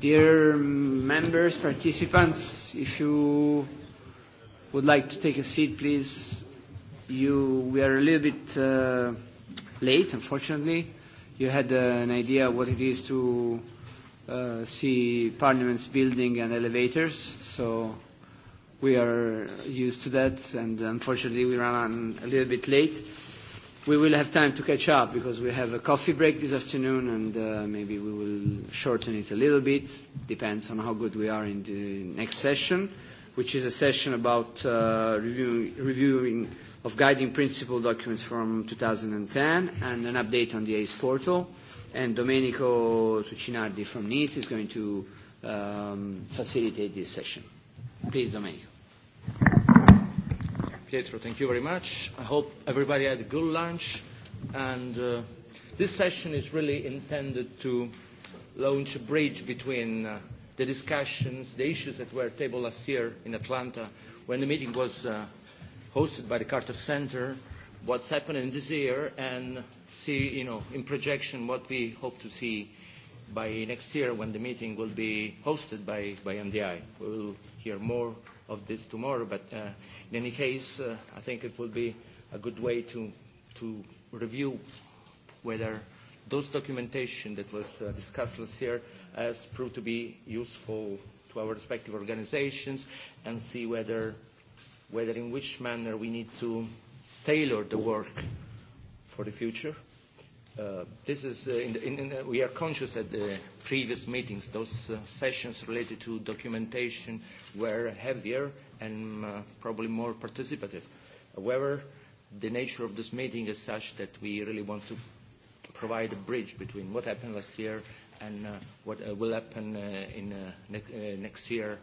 Dear members, participants, if you would like to take a seat, please. You, we are a little bit uh, late, unfortunately. You had uh, an idea what it is to uh, see Parliament's building and elevators, so we are used to that, and unfortunately we ran on a little bit late we will have time to catch up because we have a coffee break this afternoon and uh, maybe we will shorten it a little bit. Depends on how good we are in the next session, which is a session about uh, reviewing, reviewing of guiding principle documents from 2010 and an update on the ACE portal. And Domenico Tucinardi from NEEDS is going to um, facilitate this session. Please, Domenico. Pietro, thank you very much. I hope everybody had a good lunch. And uh, this session is really intended to launch a bridge between uh, the discussions, the issues that were tabled last year in Atlanta when the meeting was uh, hosted by the Carter Center, what's happening this year, and see, you know, in projection what we hope to see by next year when the meeting will be hosted by, by MDI. We will hear more of this tomorrow, but uh, In any case, uh, I think it will be a good way to, to review whether those documentation that was uh, discussed last year has proved to be useful to our respective organizations and see whether, whether in which manner we need to tailor the work for the future Uh, this is, uh, in, in, in, uh, we are conscious at the previous meetings, those uh, sessions related to documentation were heavier and uh, probably more participative. However, the nature of this meeting is such that we really want to provide a bridge between what happened last year and what will happen in ne next year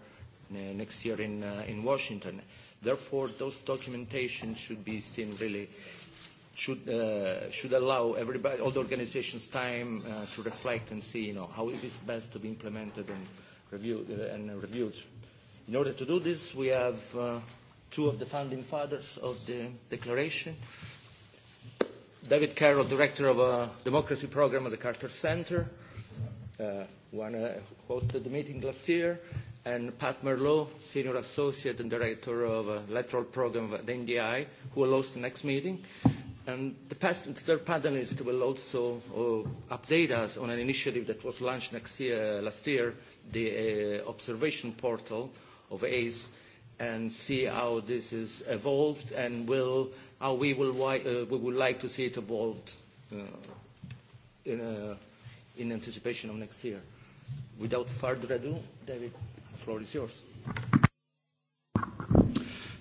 next year in, in Washington. Therefore, those documentation should be seen really should, uh, should allow everybody, all the organizations time uh, to reflect and see you know, how it is best to be implemented and reviewed. Uh, and reviewed. In order to do this, we have uh, two of the founding fathers of the declaration. David Carroll, director of a uh, democracy program at the Carter Center, uh, one uh, hosted the meeting last year, and Pat Merlot, senior associate and director of uh, electoral program at the NDI, who will host the next meeting. And the, third panelist will also uh, update us on an initiative that was launched next year, uh, last year, the uh, observation portal of ACE, and see how this is evolved and will, how we, will, uh, we would like to see it evolved uh, in, uh, in anticipation of next year. Without further ado, David, the floor is yours.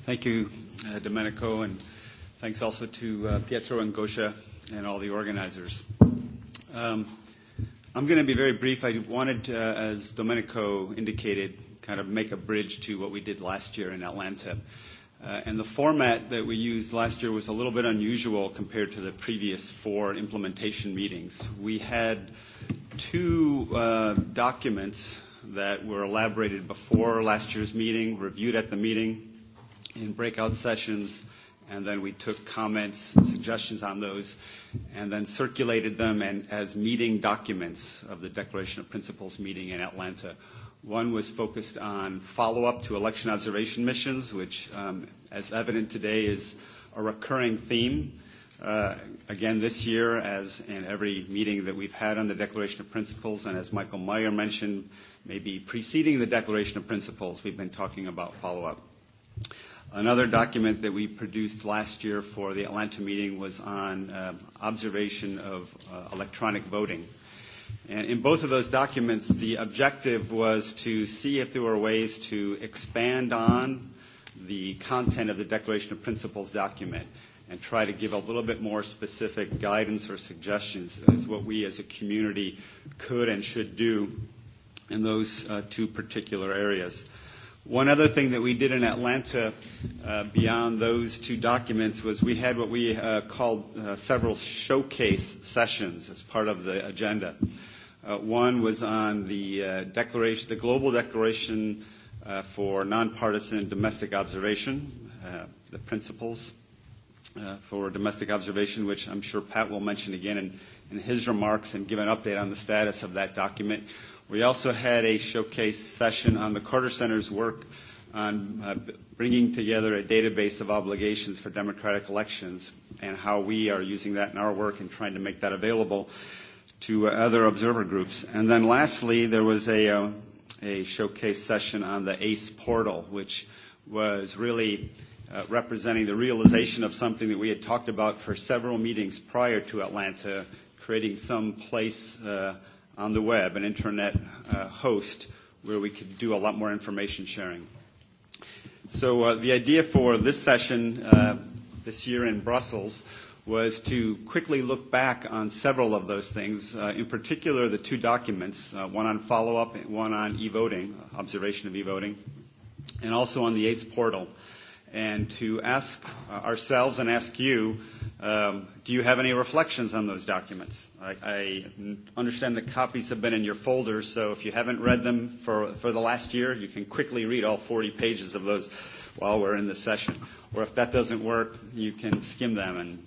Thank you, uh, Domenico. And Thanks also to uh, Pietro and Gosha and all the organizers. Um, I'm going to be very brief. I wanted, to, uh, as Domenico indicated, kind of make a bridge to what we did last year in Atlanta. Uh, and the format that we used last year was a little bit unusual compared to the previous four implementation meetings. We had two documents that were elaborated before last year's meeting, reviewed at the meeting in breakout sessions, and then we took comments and suggestions on those, and then circulated them and as meeting documents of the Declaration of Principles meeting in Atlanta. One was focused on follow-up to election observation missions, which, um, as evident today, is a recurring theme. Uh, again, this year, as in every meeting that we've had on the Declaration of Principles, and as Michael Meyer mentioned, maybe preceding the Declaration of Principles, we've been talking about follow-up. Another document that we produced last year for the Atlanta meeting was on uh, observation of uh, electronic voting. And in both of those documents, the objective was to see if there were ways to expand on the content of the Declaration of Principles document and try to give a little bit more specific guidance or suggestions as what we as a community could and should do in those uh, two particular areas. One other thing that we did in Atlanta uh, beyond those two documents was we had what we uh, called uh, several showcase sessions as part of the agenda. Uh, one was on the uh, declaration, the Global Declaration uh, for Nonpartisan Domestic Observation, uh, the principles uh, for domestic observation, which I'm sure Pat will mention again in, in his remarks and give an update on the status of that document. We also had a showcase session on the Carter Center's work on uh, bringing together a database of obligations for democratic elections and how we are using that in our work and trying to make that available to uh, other observer groups. And then lastly, there was a, uh, a showcase session on the ACE portal, which was really uh, representing the realization of something that we had talked about for several meetings prior to Atlanta, creating some place uh, – on the web, an internet uh, host, where we could do a lot more information sharing. So uh, the idea for this session uh, this year in Brussels was to quickly look back on several of those things, uh, in particular the two documents, uh, one on follow-up, one on e-voting, observation of e-voting, and also on the ACE portal. Uh, and to ask uh, ourselves and ask you, um, do you have any reflections on those documents? I, I understand the copies have been in your folders, so if you haven't read them for, for the last year, you can quickly read all 40 pages of those while we're in the session. Or if that doesn't work, you can skim them and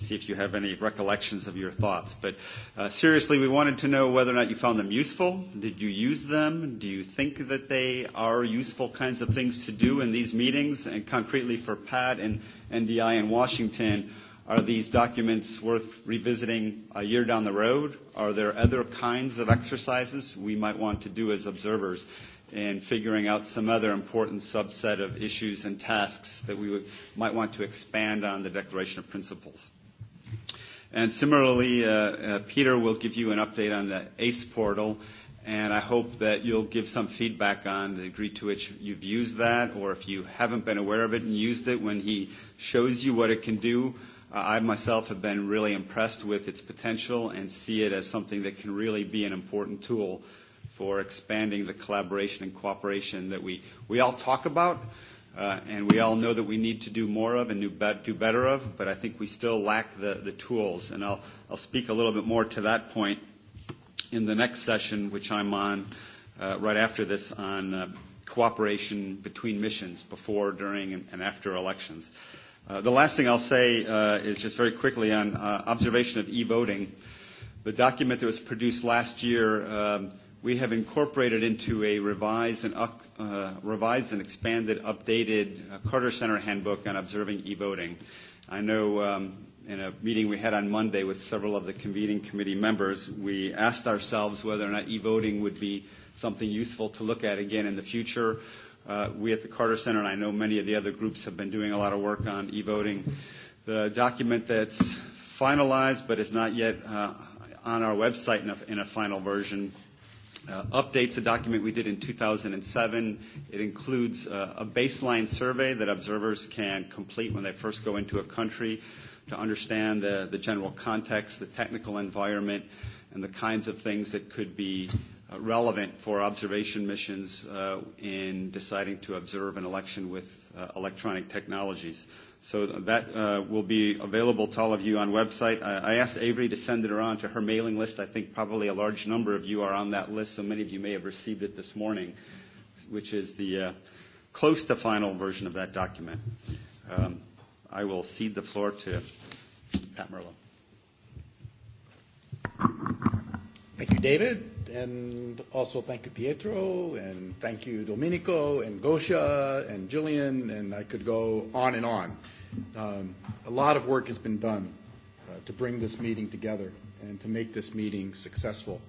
see if you have any recollections of your thoughts. But uh, seriously, we wanted to know whether or not you found them useful. Did you use them? Do you think that they are useful kinds of things to do in these meetings? And concretely for PAD and NDI in Washington, are these documents worth revisiting a year down the road? Are there other kinds of exercises we might want to do as observers? in figuring out some other important subset of issues and tasks that we would, might want to expand on the Declaration of Principles. And similarly, uh, uh, Peter will give you an update on the ACE portal, and I hope that you'll give some feedback on the degree to which you've used that, or if you haven't been aware of it and used it when he shows you what it can do. Uh, I myself have been really impressed with its potential and see it as something that can really be an important tool for expanding the collaboration and cooperation that we, we all talk about Uh, and we all know that we need to do more of and do, do better of, but I think we still lack the, the tools. And I'll, I'll speak a little bit more to that point in the next session, which I'm on uh, right after this, on uh, cooperation between missions before, during, and, and after elections. Uh, the last thing I'll say uh, is just very quickly on uh, observation of e-voting. The document that was produced last year um, we have incorporated into a revised and, up, uh, revised and expanded, updated uh, Carter Center handbook on observing e-voting. I know um, in a meeting we had on Monday with several of the convening committee members, we asked ourselves whether or not e-voting would be something useful to look at again in the future. Uh, we at the Carter Center, and I know many of the other groups have been doing a lot of work on e-voting. The document that's finalized but is not yet uh, on our website in a, in a final version uh, updates a document we did in 2007. It includes uh, a baseline survey that observers can complete when they first go into a country to understand the, the general context, the technical environment, and the kinds of things that could be uh, relevant for observation missions uh, in deciding to observe an election with uh, electronic technologies. So that uh, will be available to all of you on website. I, I asked Avery to send it around to her mailing list. I think probably a large number of you are on that list, so many of you may have received it this morning, which is the uh, close to final version of that document. Um, I will cede the floor to Pat Merlo. Thank you, David, and also thank you, Pietro, and thank you, Domenico, and Gosha, and Jillian, and I could go on and on. Um, a lot of work has been done uh, to bring this meeting together and to make this meeting successful.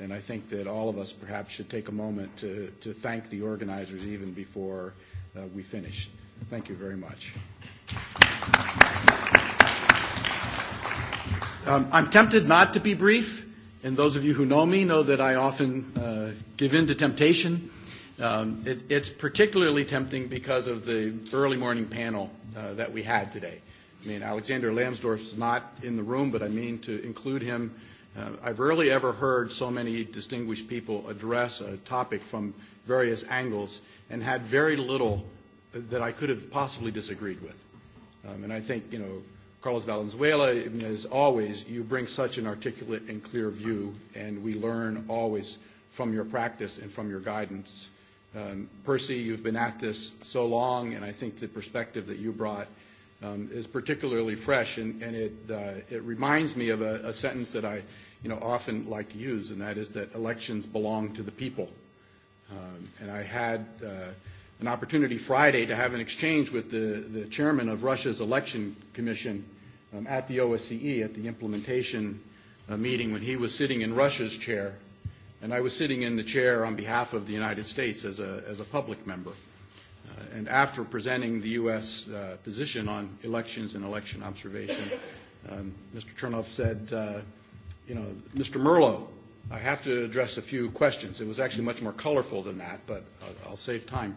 And I think that all of us perhaps should take a moment to, to thank the organizers even before uh, we finish. Thank you very much. Um, I'm tempted not to be brief, and those of you who know me know that I often uh, give in to temptation. Um, it, it's particularly tempting because of the early morning panel uh, that we had today. I mean, Alexander Lambsdorff is not in the room, but I mean to include him. Uh, I've rarely ever heard so many distinguished people address a topic from various angles and had very little that I could have possibly disagreed with. Um, and I think, you know, Carlos Valenzuela, as always, you bring such an articulate and clear view, and we learn always from your practice and from your guidance. Um, Percy, you've been at this so long, and I think the perspective that you brought um, is particularly fresh, and, and it, uh, it reminds me of a, a sentence that I you know, often like to use, and that is that elections belong to the people. Um, and I had uh, an opportunity Friday to have an exchange with the, the chairman of Russia's election commission um, at the OSCE at the implementation uh, meeting when he was sitting in Russia's chair. And I was sitting in the chair on behalf of the United States as a, as a public member. Uh, and after presenting the U.S. Uh, position on elections and election observation, um, Mr. Chernoff said, uh, you know, Mr. Merlo, I have to address a few questions. It was actually much more colorful than that, but I'll, I'll save time.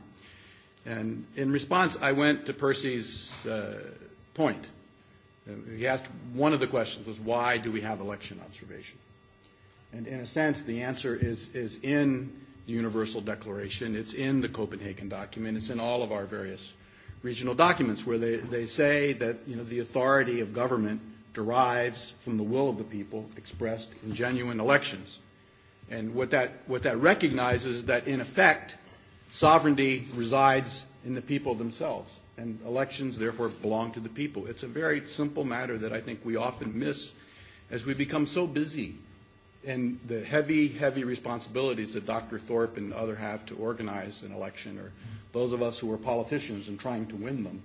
And in response, I went to Percy's uh, point. Uh, he asked, one of the questions was, why do we have election observation? And in a sense, the answer is, is in the Universal Declaration, it's in the Copenhagen document, it's in all of our various regional documents where they, they say that you know, the authority of government derives from the will of the people expressed in genuine elections. And what that, what that recognizes is that, in effect, sovereignty resides in the people themselves, and elections, therefore, belong to the people. It's a very simple matter that I think we often miss as we become so busy and the heavy, heavy responsibilities that Dr. Thorpe and others have to organize an election, or those of us who are politicians and trying to win them,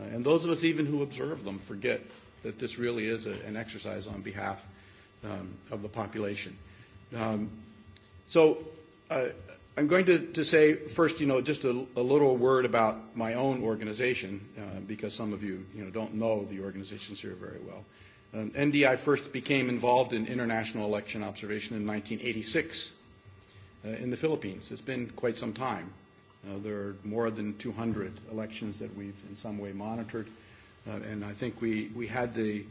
uh, and those of us even who observe them forget that this really is a, an exercise on behalf um, of the population. Um, so uh, I'm going to, to say first, you know, just a, a little word about my own organization, uh, because some of you, you know, don't know the organizations here very well. Uh, Um, NDI first became involved in international election observation in 1986 uh, in the Philippines. It's been quite some time. Uh, there are more than 200 elections that we've in some way monitored, uh, and I think we, we had the,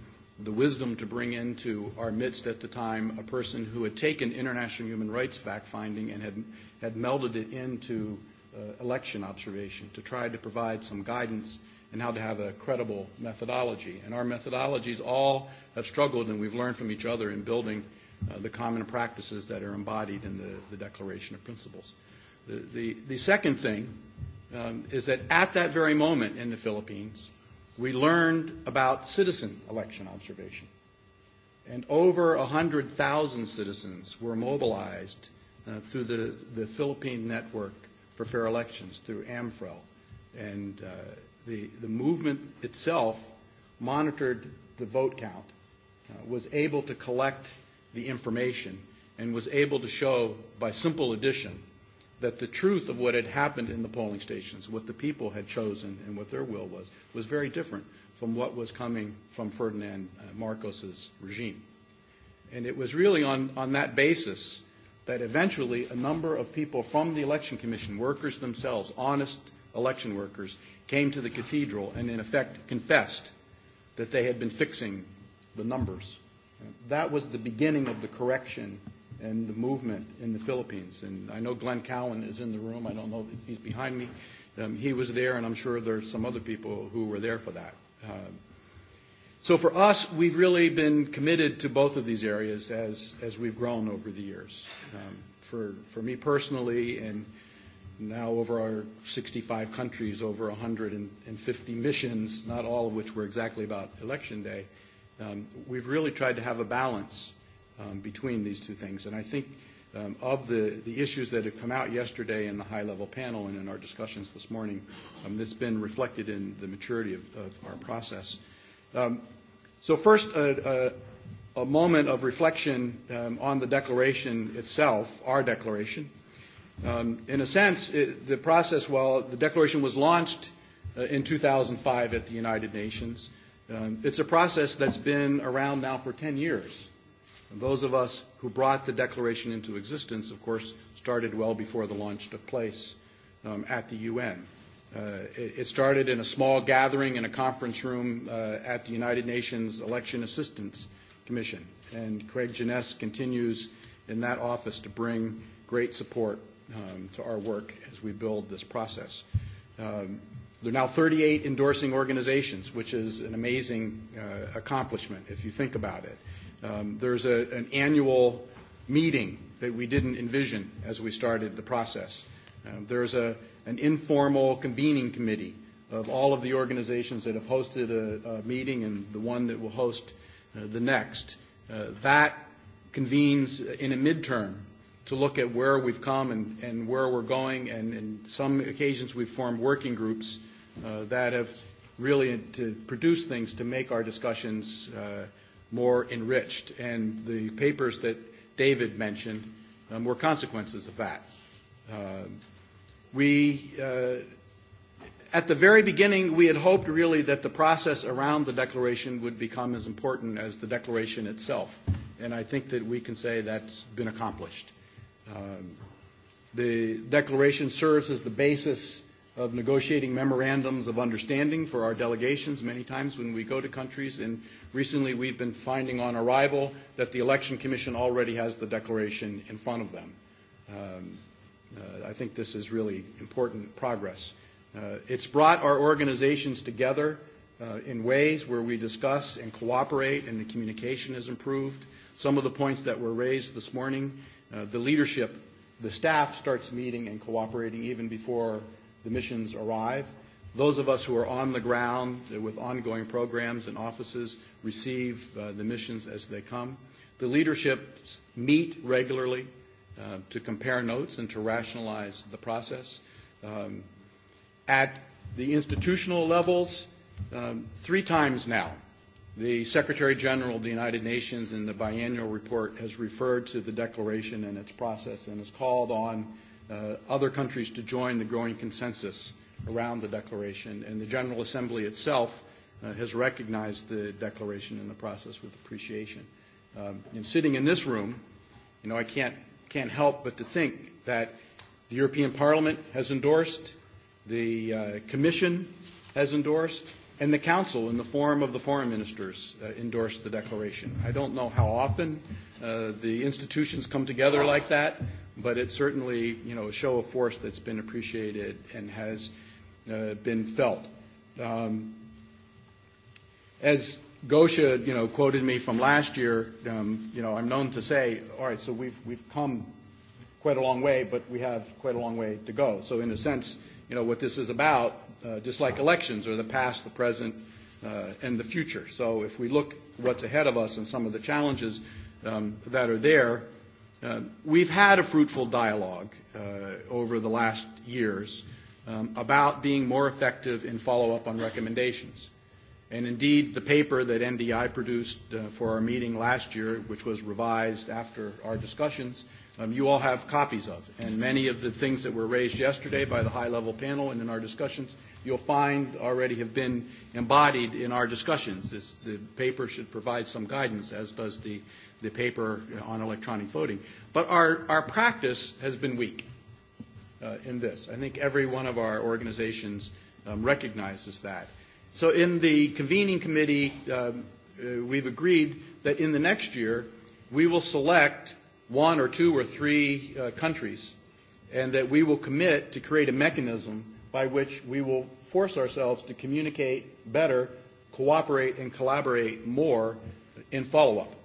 the wisdom to bring into our midst at the time a person who had taken international human rights fact finding and had, had melded it into uh, election observation to try to provide some guidance uh, and how to have a credible methodology. And our methodologies all have struggled, and we've learned from each other in building uh, the common practices that are embodied in the, the Declaration of Principles. The, the, the second thing um, is that at that very moment in the Philippines, we learned about citizen election observation. And over 100,000 citizens were mobilized uh, through the, the Philippine Network for Fair Elections, through AMFREL, and uh, the, the movement itself monitored the vote count, uh, was able to collect the information, and was able to show by simple addition that the truth of what had happened in the polling stations, what the people had chosen and what their will was, was very different from what was coming from Ferdinand uh, Marcos's regime. And it was really on, on that basis that eventually a number of people from the Election Commission, workers themselves, honest election workers, came to the cathedral and, in effect, confessed that they had been fixing the numbers. That was the beginning of the correction and the movement in the Philippines. And I know Glenn Cowan is in the room. I don't know if he's behind me. Um, he was there, and I'm sure there's some other people who were there for that. uh, so for us, we've really been committed to both of these areas as, as we've grown over the years. Um, for, for me personally, and now over our 65 countries, over 150 missions, not all of which were exactly about election day, um, we've really tried to have a balance um, between these two things. And I think um, of the, the issues that have come out yesterday in the high level panel and in our discussions this morning, um, that's been reflected in the maturity of, of our process. Um, so, first, a, uh, a, uh, a moment of reflection um, on the declaration itself, our declaration. Um, in a sense, it, the process, while the declaration was launched uh, in 2005 at the United Nations, um, it's a process that's been around now for 10 years. And those of us who brought the declaration into existence, of course, started well before the launch took place um, at the UN. Uh, it, it started in a small gathering in a conference room uh, at the United Nations Election Assistance Commission. And Craig Jeunesse continues in that office to bring great support um, to our work as we build this process. Um, there are now 38 endorsing organizations, which is an amazing uh, accomplishment if you think about it. Um, there's a, an annual meeting that we didn't envision as we started the process. Um, there's a, an informal convening committee of all of the organizations that have hosted a, a meeting and the one that will host uh, the next. Uh, that convenes in a midterm to look at where we've come and, and where we're going. And in some occasions, we've formed working groups uh, that have really to produce things to make our discussions uh, more enriched. And the papers that David mentioned um, were consequences of that. Uh, we, uh, at the very beginning, we had hoped really that the process around the declaration would become as important as the declaration itself. And I think that we can say that's been accomplished. Um, the declaration serves as the basis of negotiating memorandums of understanding for our delegations. Many times when we go to countries, and recently we've been finding on arrival that the Election Commission already has the declaration in front of them. Um, uh, I think this is really important progress. Uh, it's brought our organizations together uh, in ways where we discuss and cooperate, and the communication has improved. Some of the points that were raised this morning Uh, the leadership, the staff starts meeting and cooperating even before the missions arrive. Those of us who are on the ground with ongoing programs and offices receive uh, the missions as they come. The leaderships meet regularly uh, to compare notes and to rationalize the process. Um, at the institutional levels, um, three times now, The Secretary General of the United Nations in the biannual report has referred to the declaration and its process and has called on uh, other countries to join the growing consensus around the declaration. And the General Assembly itself uh, has recognized the declaration and the process with appreciation. Um, and sitting in this room, you know, I can't, can't help but to think that the European Parliament has endorsed, the uh, Commission has endorsed, And the Council, in the form of the foreign ministers, uh, endorsed the declaration. I don't know how often uh, the institutions come together like that, but it's certainly you know, a show of force that's been appreciated and has uh, been felt. Um, as Gosha, you know, quoted me from last year. Um, you know, I'm known to say, all right, so we've we've come quite a long way, but we have quite a long way to go. So in a sense, you know, what this is about uh, just like elections are the past, the present, uh, and the future. So if we look what's ahead of us and some of the challenges um, that are there, uh, we've had a fruitful dialogue uh, over the last years um, about being more effective in follow-up on recommendations. And indeed, the paper that NDI produced uh, for our meeting last year, which was revised after our discussions, um, you all have copies of. And many of the things that were raised yesterday by the high-level panel and in our discussions you'll find already have been embodied in our discussions. This, the paper should provide some guidance, as does the, the paper on electronic voting. But our, our practice has been weak uh, in this. I think every one of our organizations um, recognizes that. So in the convening committee, um, uh, we've agreed that in the next year, we will select one or two or three uh, countries and that we will commit to create a mechanism by which we will force ourselves to communicate better, cooperate, and collaborate more in follow up.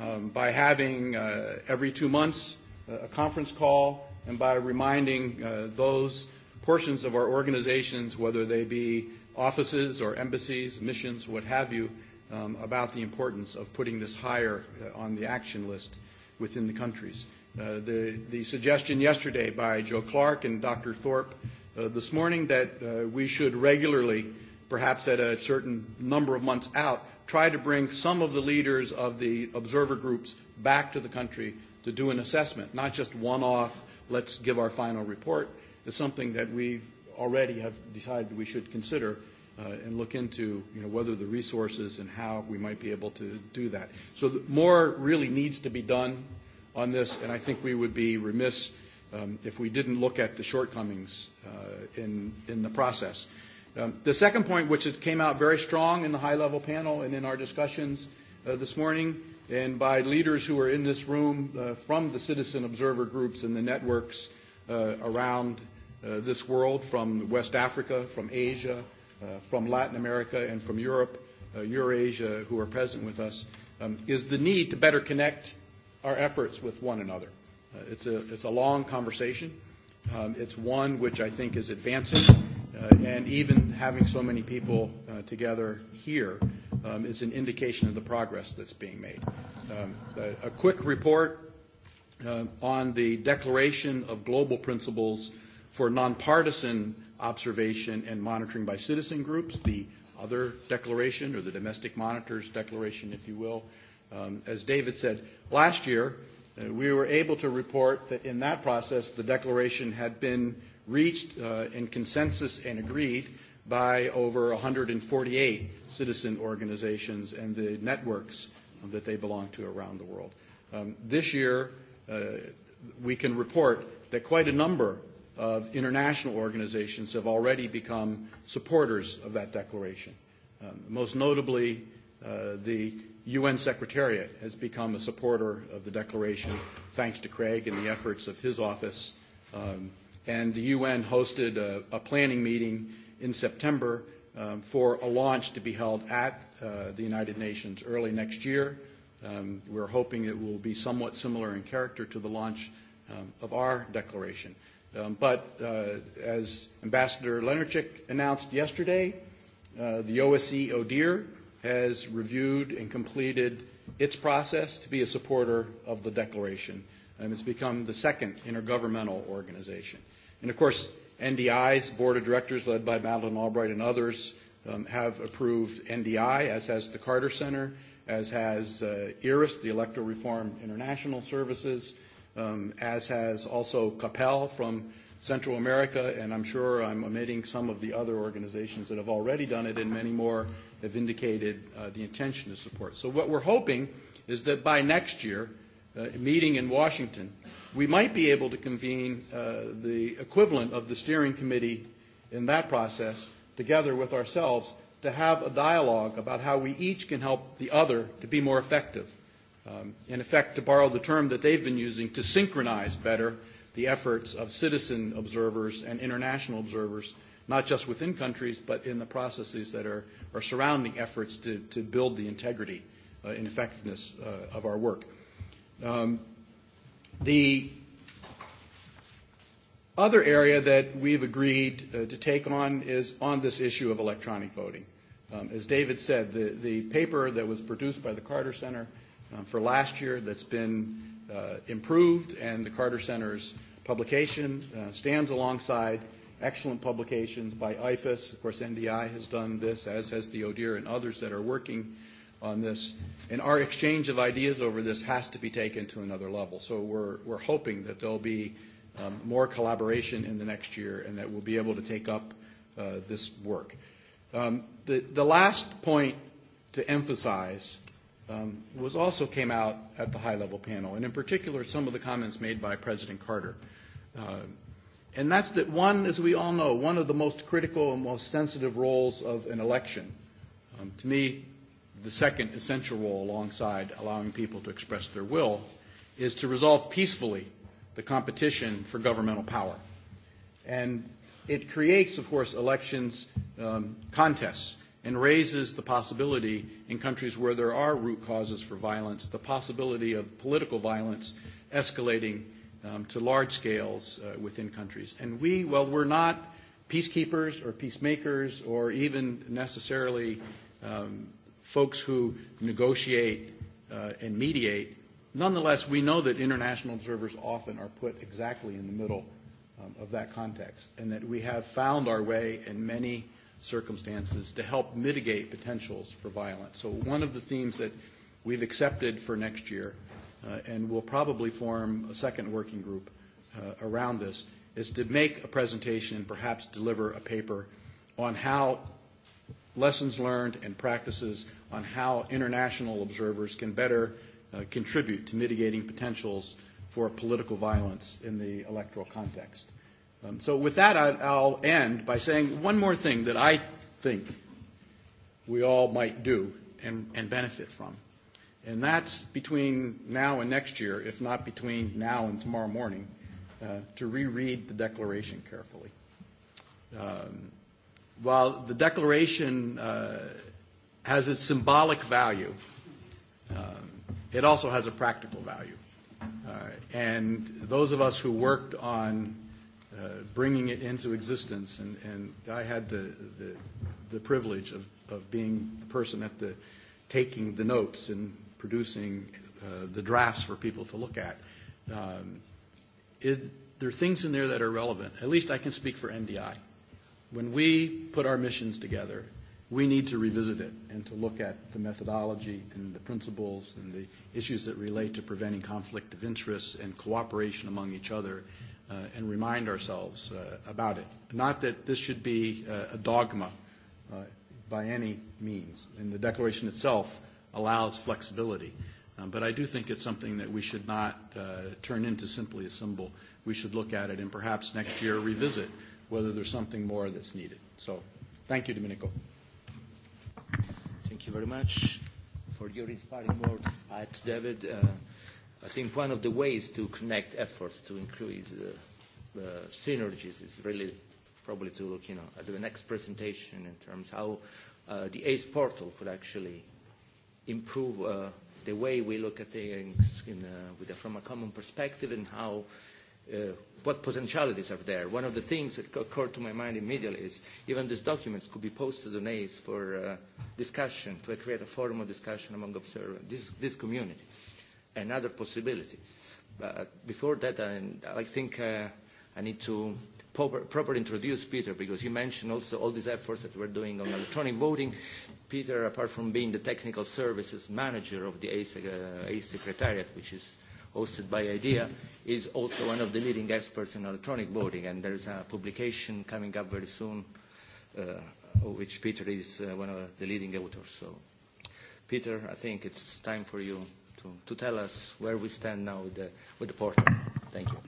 Um, by having uh, every two months uh, a conference call and by reminding uh, those portions of our organizations, whether they be offices or embassies, missions, what have you, um, about the importance of putting this higher uh, on the action list within the countries. Uh, the, the suggestion yesterday by Joe Clark and Dr. Thorpe uh, this morning that uh, we should regularly, perhaps at a certain number of months out, try to bring some of the leaders of the observer groups back to the country to do an assessment, not just one off, let's give our final report, is something that we already have decided we should consider uh, and look into you know, whether the resources and how we might be able to do that. So more really needs to be done on this, and I think we would be remiss um, if we didn't look at the shortcomings uh, in, in the process. Um, the second point, which is, came out very strong in the high level panel and in our discussions uh, this morning, and by leaders who are in this room uh, from the citizen observer groups and the networks uh, around uh, this world, from West Africa, from Asia, uh, from Latin America, and from Europe, uh, Eurasia, who are present with us, um, is the need to better connect our efforts with one another. Uh, it's, a, it's a long conversation. Um, it's one which I think is advancing, uh, and even having so many people uh, together here um, is an indication of the progress that's being made. Um, a, a quick report uh, on the Declaration of Global Principles for Nonpartisan Observation and Monitoring by Citizen Groups, the other declaration, or the Domestic Monitors Declaration, if you will. Um, as David said, last year, Uh, we were able to report that in that process, the declaration had been reached uh, in consensus and agreed by over 148 citizen organizations and the networks that they belong to around the world. Um, this year, uh, we can report that quite a number of international organizations have already become supporters of that declaration. Um, most notably, uh, the UN Secretariat has become a supporter of the Declaration, thanks to Craig and the efforts of his office. Um, and the UN hosted a, a planning meeting in September um, for a launch to be held at uh, the United Nations early next year. Um, we're hoping it will be somewhat similar in character to the launch um, of our declaration. Um, but uh, as Ambassador Lenarchik announced yesterday, uh, the OSCE ODIHR has reviewed and completed its process to be a supporter of the Declaration. And it's become the second intergovernmental organization. And of course, NDI's board of directors, led by Madeleine Albright and others, um, have approved NDI, as has the Carter Center, as has uh, IRIS, the Electoral Reform International Services, um, as has also CAPEL from Central America, and I'm sure I'm omitting some of the other organizations that have already done it, and many more have indicated uh, the intention to support. So what we're hoping is that by next year, uh, meeting in Washington, we might be able to convene uh, the equivalent of the steering committee in that process together with ourselves to have a dialogue about how we each can help the other to be more effective. Um, in effect, to borrow the term that they've been using, to synchronize better the efforts of citizen observers and international observers not just within countries, but in the processes that are, are surrounding efforts to, to build the integrity uh, and effectiveness uh, of our work. Um, the other area that we've agreed uh, to take on is on this issue of electronic voting. Um, as David said, the, the paper that was produced by the Carter Center um, for last year that's been uh, improved, and the Carter Center's publication uh, stands alongside excellent publications by IFAS. Of course, NDI has done this, as has the ODIR and others that are working on this. And our exchange of ideas over this has to be taken to another level. So we're, we're hoping that there'll be um, more collaboration in the next year and that we'll be able to take up uh, this work. Um, the, the last point to emphasize um, was also came out at the high level panel, and in particular some of the comments made by President Carter. Uh, And that's that one, as we all know, one of the most critical and most sensitive roles of an election. Um, to me, the second essential role, alongside allowing people to express their will, is to resolve peacefully the competition for governmental power. And it creates, of course, elections um, contests and raises the possibility in countries where there are root causes for violence, the possibility of political violence escalating um, to large scales uh, within countries. And we, well, we're not peacekeepers or peacemakers or even necessarily um, folks who negotiate uh, and mediate. Nonetheless, we know that international observers often are put exactly in the middle um, of that context, and that we have found our way in many circumstances to help mitigate potentials for violence. So, one of the themes that we've accepted for next year uh, and we'll probably form a second working group uh, around this, is to make a presentation and perhaps deliver a paper on how lessons learned and practices on how international observers can better uh, contribute to mitigating potentials for political violence in the electoral context. Um, so with that, I, I'll end by saying one more thing that I think we all might do and, and benefit from. And that's between now and next year, if not between now and tomorrow morning, uh, to reread the declaration carefully. Um, while the declaration uh, has its symbolic value, um, it also has a practical value. Uh, and those of us who worked on bringing it into existence, and, I had the, privilege of, of being the person at the taking the notes and producing uh, the drafts for people to look at. Um, it, there are things in there that are relevant. At least I can speak for NDI. When we put our missions together, we need to revisit it and to look at the methodology and the principles and the issues that relate to preventing conflict of interest and cooperation among each other uh, and remind ourselves uh, about it. Not that this should be uh, a dogma uh, by any means. And the Declaration itself allows flexibility. Um, but I do think it's something that we should not uh, turn into simply a symbol. We should look at it and perhaps next year revisit whether there's something more that's needed. So thank you, Domenico. Thank you very much for your inspiring words, David. Uh, I think one of the ways to connect efforts to increase uh, uh, synergies is really probably to look you know, at the next presentation in terms how uh, the ACE portal could actually improve uh, the way we look at things in, uh, with a, from a common perspective and how uh, what potentialities are there. One of the things that occurred to my mind immediately is even these documents could be posted on ACE for uh, discussion, to create a forum of discussion among observers, this, this community, another possibility. But before that, I, I think uh, I need to proper, properly introduce Peter because he mentioned also all these efforts that we're doing on electronic voting. Peter, apart from being the technical services manager of the ACE uh, Secretariat, which is hosted by IDEA, is also one of the leading experts in electronic voting. And there's a publication coming up very soon, uh, of which Peter is uh, one of the leading authors. So, Peter, I think it's time for you to, to tell us where we stand now with the, with the portal. Thank you.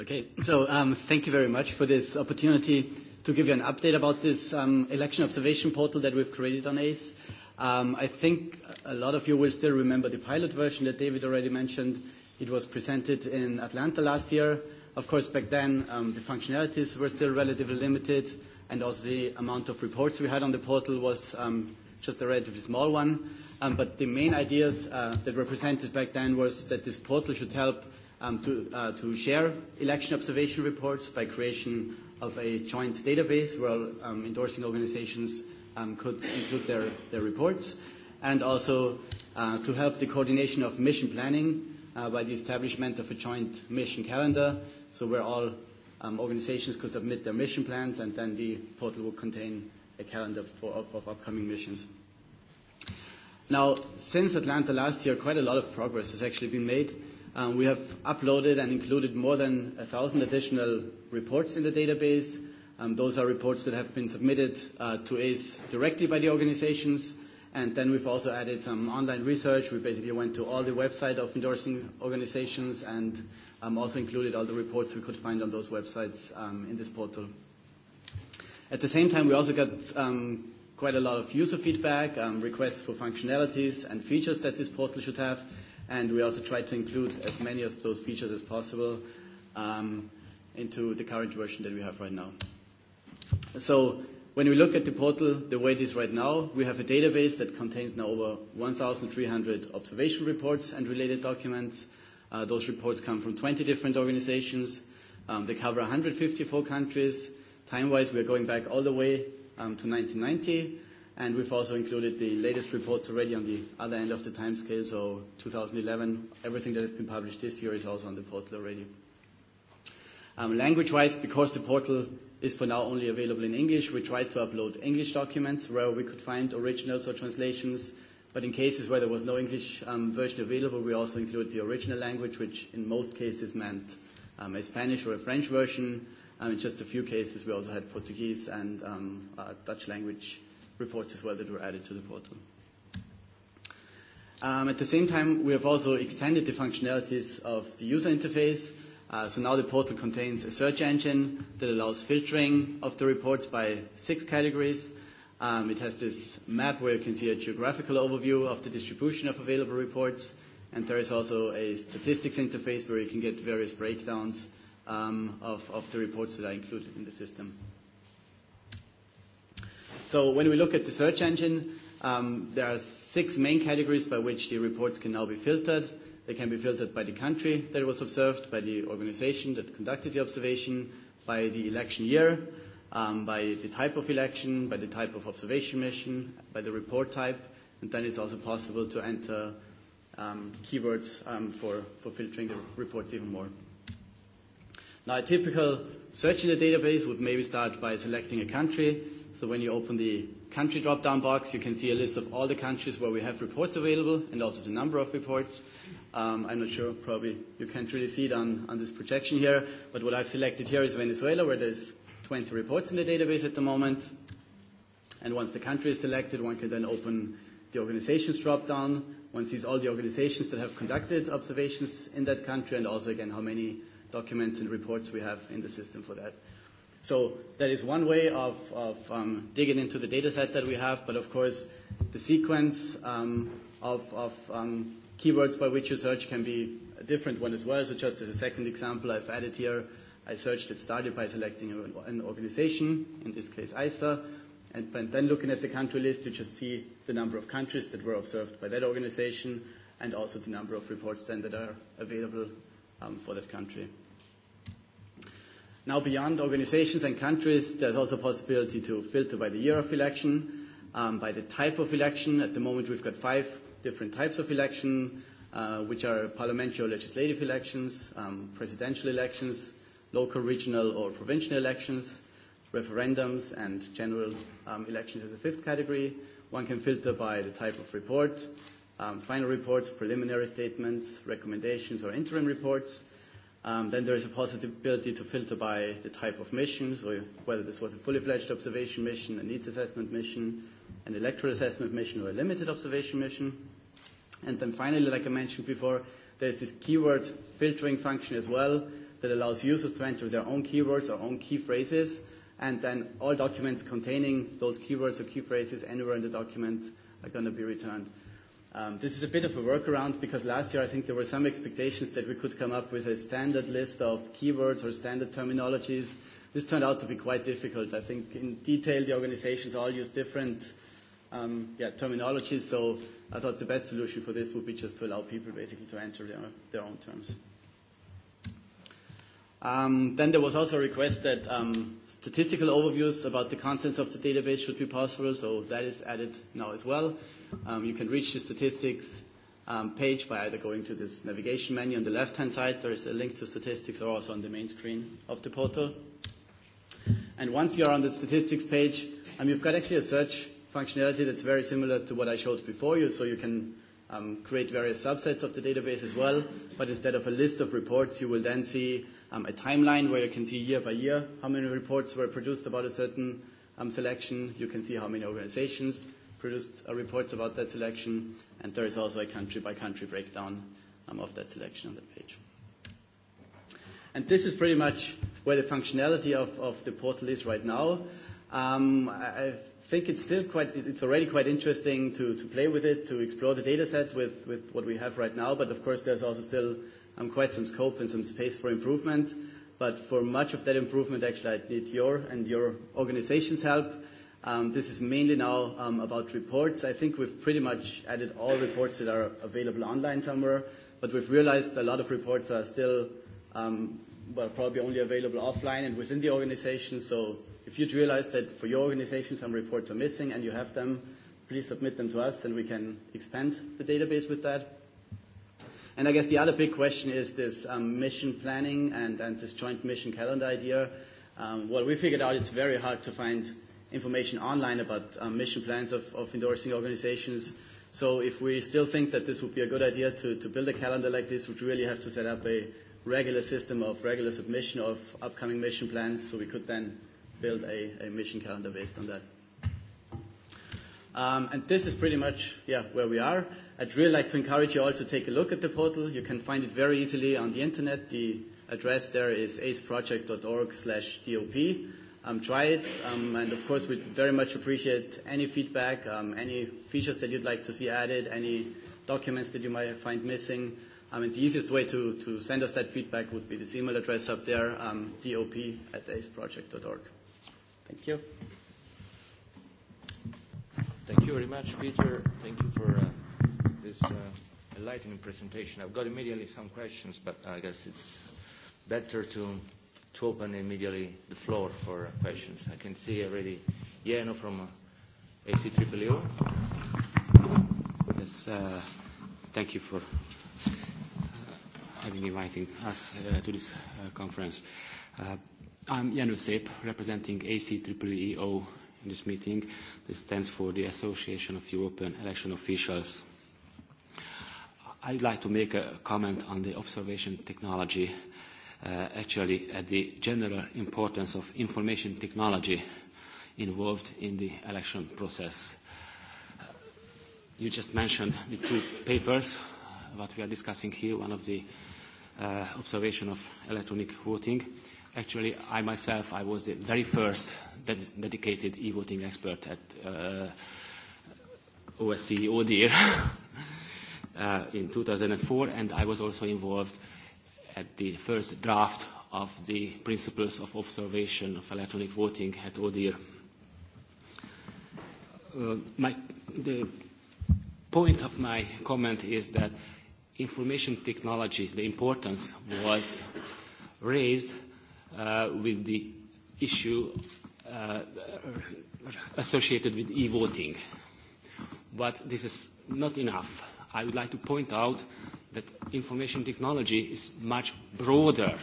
Okay, so um, thank you very much for this opportunity to give you an update about this um, election observation portal that we've created on ACE. Um, I think a lot of you will still remember the pilot version that David already mentioned. It was presented in Atlanta last year. Of course, back then, um, the functionalities were still relatively limited, and also the amount of reports we had on the portal was um, just a relatively small one. Um, but the main ideas uh, that were presented back then was that this portal should help um, to, uh, to share election observation reports by creation of a joint database where um, endorsing organizations um, could include their, their reports, and also uh, to help the coordination of mission planning uh, by the establishment of a joint mission calendar, so where all um, organizations could submit their mission plans, and then the portal will contain a calendar for, of, of upcoming missions. Now, since Atlanta last year, quite a lot of progress has actually been made Um, we have uploaded and included more than 1,000 additional reports in the database. Um, those are reports that have been submitted uh, to ACE directly by the organizations. And then we've also added some online research. We basically went to all the website of endorsing organizations and um, also included all the reports we could find on those websites um, in this portal. At the same time, we also got um, quite a lot of user feedback, um, requests for functionalities and features that this portal should have. And we also tried to include as many of those features as possible um, into the current version that we have right now. So when we look at the portal, the way it is right now, we have a database that contains now over 1,300 observation reports and related documents. Uh, those reports come from 20 different organizations. Um, they cover 154 countries. Time-wise, we are going back all the way um, to 1990. And we've also included the latest reports already on the other end of the timescale, so 2011. Everything that has been published this year is also on the portal already. Um, Language-wise, because the portal is for now only available in English, we tried to upload English documents where we could find originals or translations. But in cases where there was no English um, version available, we also include the original language, which in most cases meant um, a Spanish or a French version. Um, in just a few cases, we also had Portuguese and um, uh, Dutch language reports as well that were added to the portal. Um, at the same time, we have also extended the functionalities of the user interface. Uh, so now the portal contains a search engine that allows filtering of the reports by six categories. Um, it has this map where you can see a geographical overview of the distribution of available reports. And there is also a statistics interface where you can get various breakdowns um, of, of the reports that are included in the system. So when we look at the search engine, um, there are six main categories by which the reports can now be filtered. They can be filtered by the country that was observed, by the organization that conducted the observation, by the election year, um, by the type of election, by the type of observation mission, by the report type, and then it's also possible to enter um, keywords um, for, for filtering the reports even more. Now, a typical search in the database would maybe start by selecting a country, So when you open the country drop-down box, you can see a list of all the countries where we have reports available and also the number of reports. Um, I'm not sure, probably you can't really see it on, on this projection here, but what I've selected here is Venezuela, where there's 20 reports in the database at the moment. And once the country is selected, one can then open the organizations drop-down. One sees all the organizations that have conducted observations in that country and also, again, how many documents and reports we have in the system for that. So that is one way of, of um, digging into the data set that we have, but of course, the sequence um, of, of um, keywords by which you search can be a different one as well. So just as a second example, I've added here, I searched it started by selecting an organization, in this case ISA, and then looking at the country list, you just see the number of countries that were observed by that organization and also the number of reports then that are available um, for that country. Now beyond organizations and countries, there's also possibility to filter by the year of election, um, by the type of election. At the moment, we've got five different types of election, uh, which are parliamentary or legislative elections, um, presidential elections, local, regional, or provincial elections, referendums, and general um, elections as a fifth category. One can filter by the type of report, um, final reports, preliminary statements, recommendations, or interim reports. Um, then there is a possibility to filter by the type of mission, so whether this was a fully fledged observation mission, a needs assessment mission, an electoral assessment mission, or a limited observation mission. And then finally, like I mentioned before, there's this keyword filtering function as well that allows users to enter their own keywords or own key phrases, and then all documents containing those keywords or key phrases anywhere in the document are going to be returned. Um, this is a bit of a workaround because last year I think there were some expectations that we could come up with a standard list of keywords or standard terminologies. This turned out to be quite difficult. I think in detail the organizations all use different um, yeah, terminologies, so I thought the best solution for this would be just to allow people basically to enter their, their own terms. Um, then there was also a request that um, statistical overviews about the contents of the database should be possible, so that is added now as well. Um, you can reach the statistics um, page by either going to this navigation menu on the left-hand side. There is a link to statistics or also on the main screen of the portal. And once you're on the statistics page, um, you've got actually a search functionality that's very similar to what I showed before you. So you can um, create various subsets of the database as well. But instead of a list of reports, you will then see um, a timeline where you can see year by year how many reports were produced about a certain um, selection. You can see how many organizations produced uh, reports about that selection, and there is also a country-by-country breakdown um, of that selection on that page. And this is pretty much where the functionality of, of the portal is right now. Um, I think it's still quite, it's already quite interesting to, to play with it, to explore the data set with, with what we have right now, but of course there's also still um, quite some scope and some space for improvement. But for much of that improvement, actually, I need your and your organization's help. Um, this is mainly now um, about reports. I think we've pretty much added all reports that are available online somewhere, but we've realized a lot of reports are still, um, well, probably only available offline and within the organization. So if you'd realize that for your organization some reports are missing and you have them, please submit them to us and we can expand the database with that. And I guess the other big question is this um, mission planning and, and this joint mission calendar idea. Um, well, we figured out it's very hard to find information online about um, mission plans of, of endorsing organizations. So if we still think that this would be a good idea to, to build a calendar like this, we'd really have to set up a regular system of regular submission of upcoming mission plans so we could then build a, a mission calendar based on that. Um, and this is pretty much yeah, where we are. I'd really like to encourage you all to take a look at the portal. You can find it very easily on the internet. The address there is aceproject.org slash DOP um, try it. Um, and of course, we'd very much appreciate any feedback, um, any features that you'd like to see added, any documents that you might find missing. I mean, the easiest way to, to send us that feedback would be this email address up there, um, dop at aceproject.org. Thank you. Thank you very much, Peter. Thank you for uh, this uh, enlightening presentation. I've got immediately some questions, but I guess it's better to to open immediately the floor for questions. I can see already Jeno from uh, ACEEO. Yes, uh, thank you for uh, having inviting us uh, to this uh, conference. Uh, I'm Jano Sip, representing ACEEO in this meeting. This stands for the Association of European Election Officials. I'd like to make a comment on the observation technology uh, actually at the general importance of information technology involved in the election process. You just mentioned the two papers, uh, what we are discussing here, one of the uh, observation of electronic voting. Actually, I myself, I was the very first ded dedicated e-voting expert at uh, OSCE ODIR uh, in 2004, and I was also involved at the first draft of the principles of observation of electronic voting at ODIR. Uh, my, the point of my comment is that information technology, the importance was raised uh, with the issue uh, associated with e-voting. But this is not enough. I would like to point out that information technology is much broader,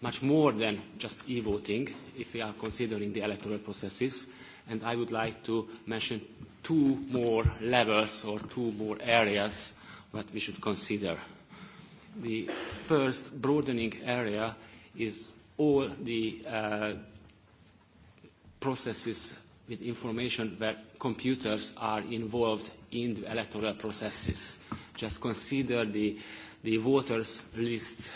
much more than just e-voting, if we are considering the electoral processes. And I would like to mention two more levels or two more areas that we should consider. The first broadening area is all the uh, processes with information where computers are involved in the electoral processes. Uh, just consider the, the voters lists.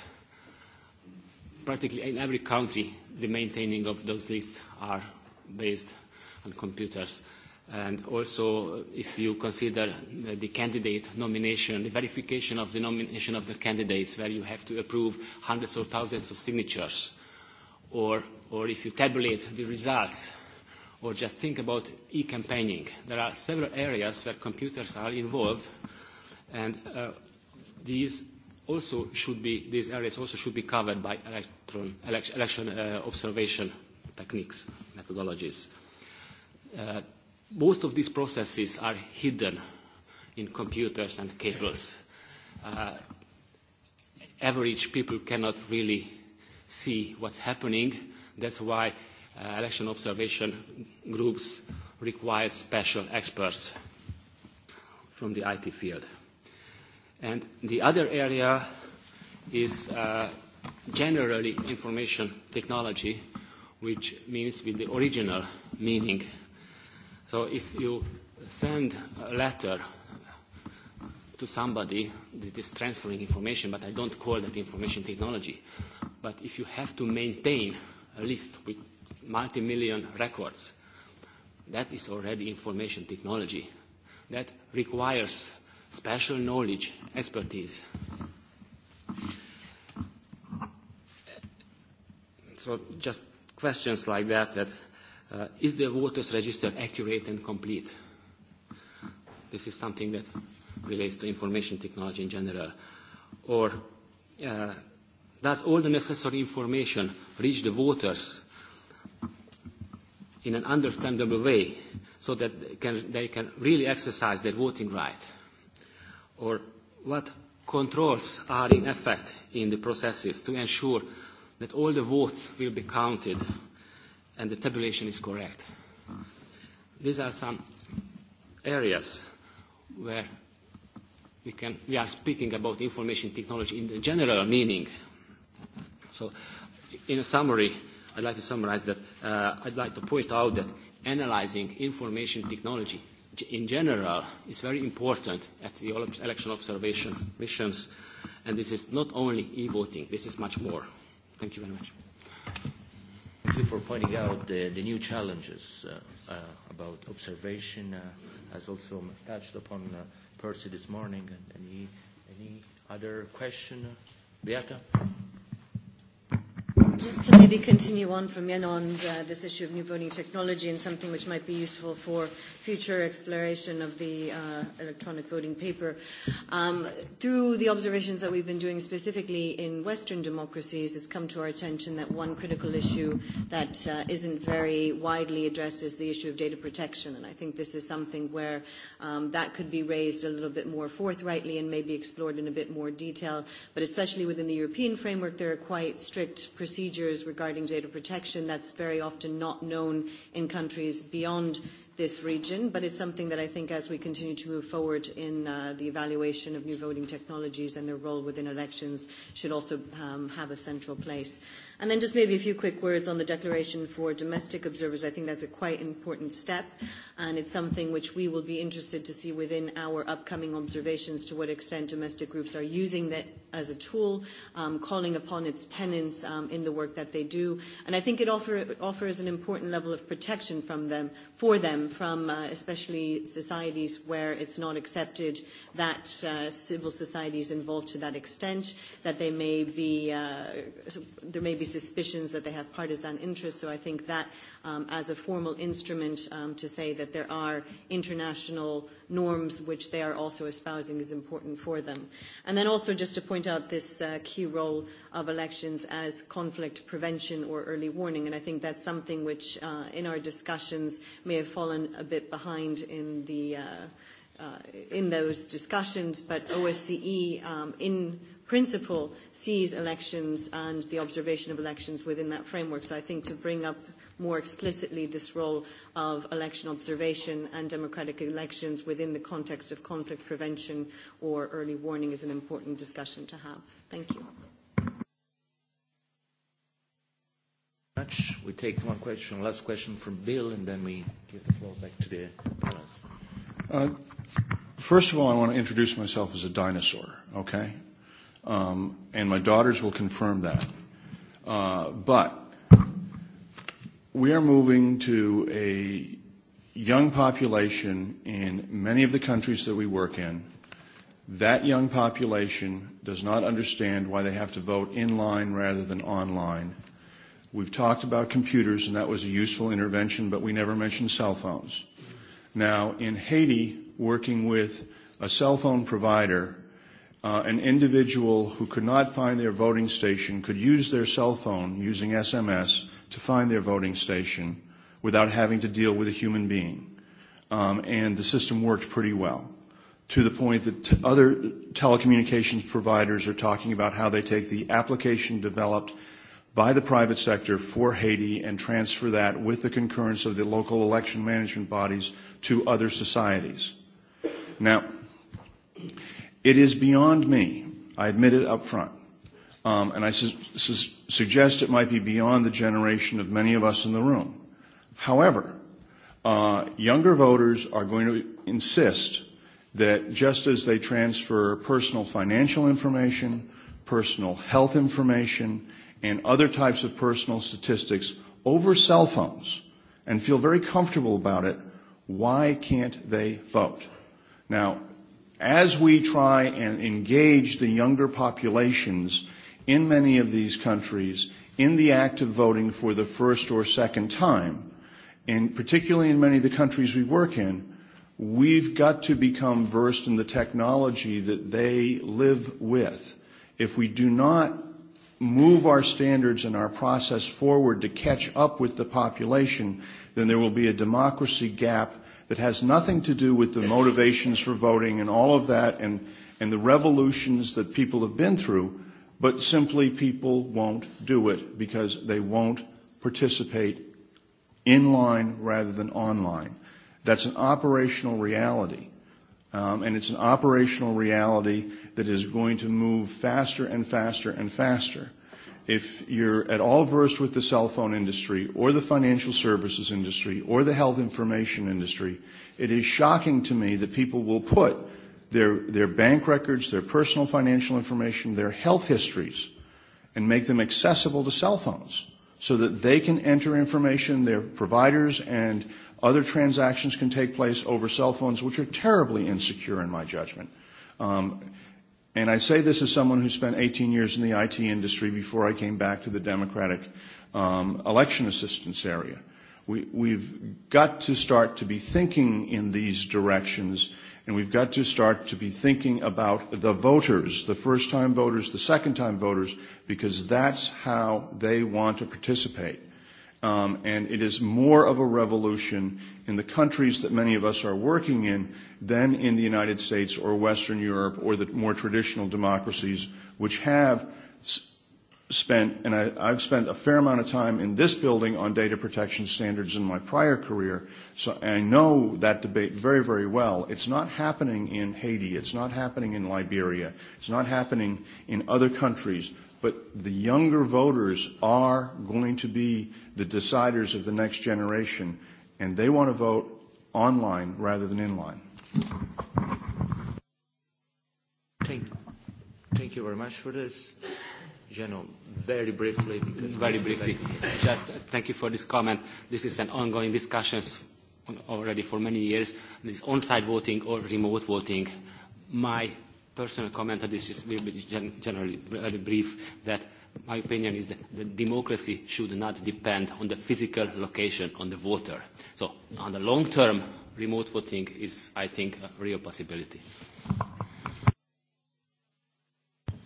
Practically in every country, the maintaining of those lists are based on computers. And also, if you consider the candidate nomination, the verification of the nomination of the candidates, where you have to approve hundreds or thousands of signatures, or, or if you tabulate the results, or just think about e-campaigning. There are several areas where computers are involved, And uh, these also should be, these areas also should be covered by electron, election uh, observation techniques, methodologies. Uh, most of these processes are hidden in computers and cables. Uh, average people cannot really see what's happening. That's why uh, election observation groups require special experts from the IT field. And the other area is uh, generally information technology, which means with the original meaning. So if you send a letter to somebody that is transferring information, but I don't call that information technology. But if you have to maintain a list with multi-million records, that is already information technology. That requires special knowledge, expertise. So just questions like that, that uh, is the voters register accurate and complete? This is something that relates to information technology in general. Or uh, does all the necessary information reach the voters in an understandable way so that they can, they can really exercise their voting right? or what controls are in effect in the processes to ensure that all the votes will be counted and the tabulation is correct. These are some areas where we, can, we are speaking about information technology in the general meaning. So in a summary, I'd like to summarize that uh, I'd like to point out that analyzing information technology in general is very important at the election observation missions, and this is not only e-voting, this is much more. Thank you very much. Thank you for pointing out the, the new challenges uh, uh, about observation, uh, as also touched upon uh, Percy this morning. any, any other question? Beata? Just to maybe continue on from Yen on the, uh, this issue of new voting technology and something which might be useful for future exploration of the uh, electronic voting paper. Um, through the observations that we've been doing specifically in Western democracies, it's come to our attention that one critical issue that uh, isn't very widely addressed is the issue of data protection. And I think this is something where um, that could be raised a little bit more forthrightly and maybe explored in a bit more detail. But especially within the European framework, there are quite strict procedures procedures regarding data protection that's very often not known in countries beyond this region, but it's something that I think as we continue to move forward in uh, the evaluation of new voting technologies and their role within elections should also um, have a central place. And then just maybe a few quick words on the declaration for domestic observers. I think that's a quite important step, and it's something which we will be interested to see within our upcoming observations to what extent domestic groups are using that as a tool, um, calling upon its tenants um, in the work that they do. And I think it, offer, it offers an important level of protection from them, for them from uh, especially societies where it's not accepted that uh, civil society is involved to that extent, that they may be, uh, there may be suspicions that they have partisan interests. So I think that um, as a formal instrument um, to say that there are international norms which they are also espousing is important for them. And then also just to point out this uh, key role of elections as conflict prevention or early warning. And I think that's something which uh, in our discussions may have fallen a bit behind in the uh, uh, in those discussions, but OSCE um, in principle sees elections and the observation of elections within that framework. So I think to bring up more explicitly this role of election observation and democratic elections within the context of conflict prevention or early warning is an important discussion to have. Thank you. much. We take one question, last question from Bill, and then we give the floor back to the panelists. Uh, first of all, I want to introduce myself as a dinosaur, okay? um, and my daughters will confirm that. Uh, but we are moving to a young population in many of the countries that we work in. That young population does not understand why they have to vote in line rather than online. We've talked about computers, and that was a useful intervention, but we never mentioned cell phones. Now, in Haiti, working with a cell phone provider, Uh, an individual who could not find their voting station could use their cell phone using SMS to find their voting station without having to deal with a human being. Um, and the system worked pretty well to the point that t- other telecommunications providers are talking about how they take the application developed by the private sector for Haiti and transfer that with the concurrence of the local election management bodies to other societies. Now, It is beyond me. I admit it up front. Um, and I su- su- suggest it might be beyond the generation of many of us in the room. However, uh, younger voters are going to insist that just as they transfer personal financial information, personal health information, and other types of personal statistics over cell phones and feel very comfortable about it, why can't they vote? Now, as we try and engage the younger populations in many of these countries in the act of voting for the first or second time, and particularly in many of the countries we work in, we've got to become versed in the technology that they live with. If we do not move our standards and our process forward to catch up with the population, then there will be a democracy gap that has nothing to do with the motivations for voting and all of that and, and the revolutions that people have been through, but simply people won't do it because they won't participate in line rather than online. That's an operational reality. Um, and it's an operational reality that is going to move faster and faster and faster if you're at all versed with the cell phone industry or the financial services industry or the health information industry, it is shocking to me that people will put their, their bank records, their personal financial information, their health histories, and make them accessible to cell phones so that they can enter information, their providers and other transactions can take place over cell phones, which are terribly insecure in my judgment. Um, And I say this as someone who spent 18 years in the IT industry before I came back to the Democratic um, election assistance area. We, we've got to start to be thinking in these directions, and we've got to start to be thinking about the voters, the first time voters, the second time voters, because that's how they want to participate. Um, and it is more of a revolution in the countries that many of us are working in than in the United States or Western Europe or the more traditional democracies, which have spent, and I, I've spent a fair amount of time in this building on data protection standards in my prior career, so I know that debate very, very well. It's not happening in Haiti. It's not happening in Liberia. It's not happening in other countries. But the younger voters are going to be the deciders of the next generation, and they want to vote online rather than in line. Thank, thank you very much for this. Geno, very briefly. Because very briefly. Just uh, thank you for this comment. This is an ongoing discussion already for many years, this on-site voting or remote voting. My personal comment on this is will generally very brief, that my opinion is that democracy should not depend on the physical location on the voter. So on the long term, remote voting is, I think, a real possibility.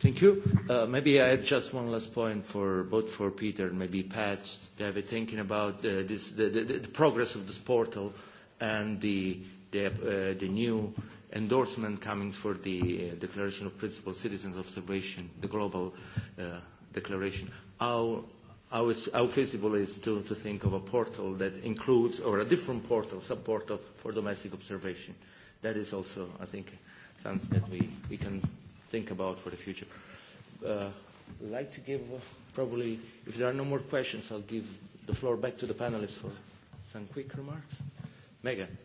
Thank you. Uh, maybe I had just one last point for both for Peter and maybe Pat. They were thinking about uh, this, the, the, the progress of this portal and the, the, uh, the new endorsement coming for the uh, Declaration of Principal Citizens Observation, the global uh, declaration, how, how, is, how feasible is to, to think of a portal that includes, or a different portal, sub-portal for domestic observation. That is also, I think, something that we, we can think about for the future. Uh, I'd like to give, uh, probably, if there are no more questions, I'll give the floor back to the panelists for some quick remarks. Megan.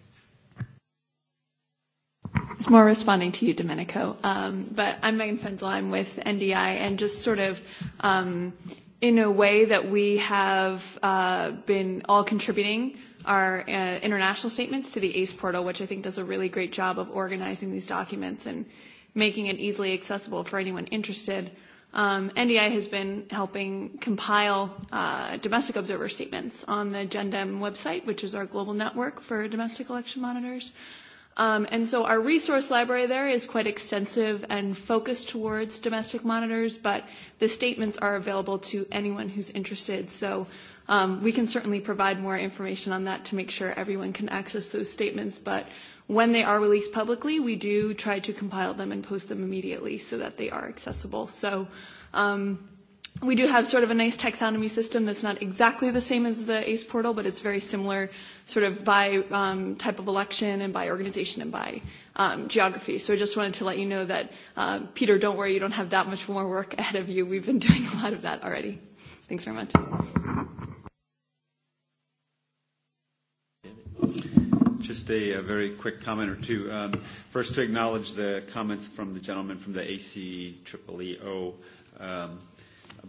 It's more responding to you, Domenico. Um, but I'm Megan Fenzel. I'm with NDI, and just sort of um, in a way that we have uh, been all contributing our uh, international statements to the ACE portal, which I think does a really great job of organizing these documents and making it easily accessible for anyone interested. Um, NDI has been helping compile uh, domestic observer statements on the GENDEM website, which is our global network for domestic election monitors. Um, and so our resource library there is quite extensive and focused towards domestic monitors, but the statements are available to anyone who's interested. So um, we can certainly provide more information on that to make sure everyone can access those statements. But when they are released publicly, we do try to compile them and post them immediately so that they are accessible. So um, we do have sort of a nice taxonomy system that's not exactly the same as the ACE portal, but it's very similar sort of by um, type of election and by organization and by um, geography. So I just wanted to let you know that, uh, Peter, don't worry, you don't have that much more work ahead of you. We've been doing a lot of that already. Thanks very much. Just a, a very quick comment or two. Um, first, to acknowledge the comments from the gentleman from the ACEEO. Um,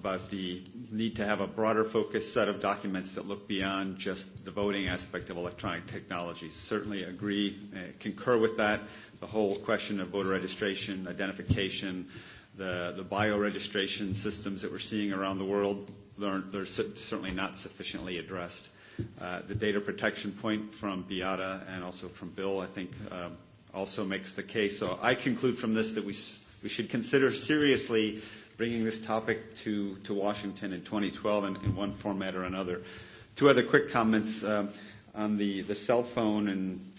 about the need to have a broader focused set of documents that look beyond just the voting aspect of electronic technologies. Certainly agree, uh, concur with that. The whole question of voter registration, identification, the, the bioregistration systems that we're seeing around the world, they're, they're certainly not sufficiently addressed. Uh, the data protection point from Beata and also from Bill, I think, uh, also makes the case. So I conclude from this that we, we should consider seriously bringing this topic to, to Washington in 2012 in, in one format or another. Two other quick comments um, on the, the cell phone and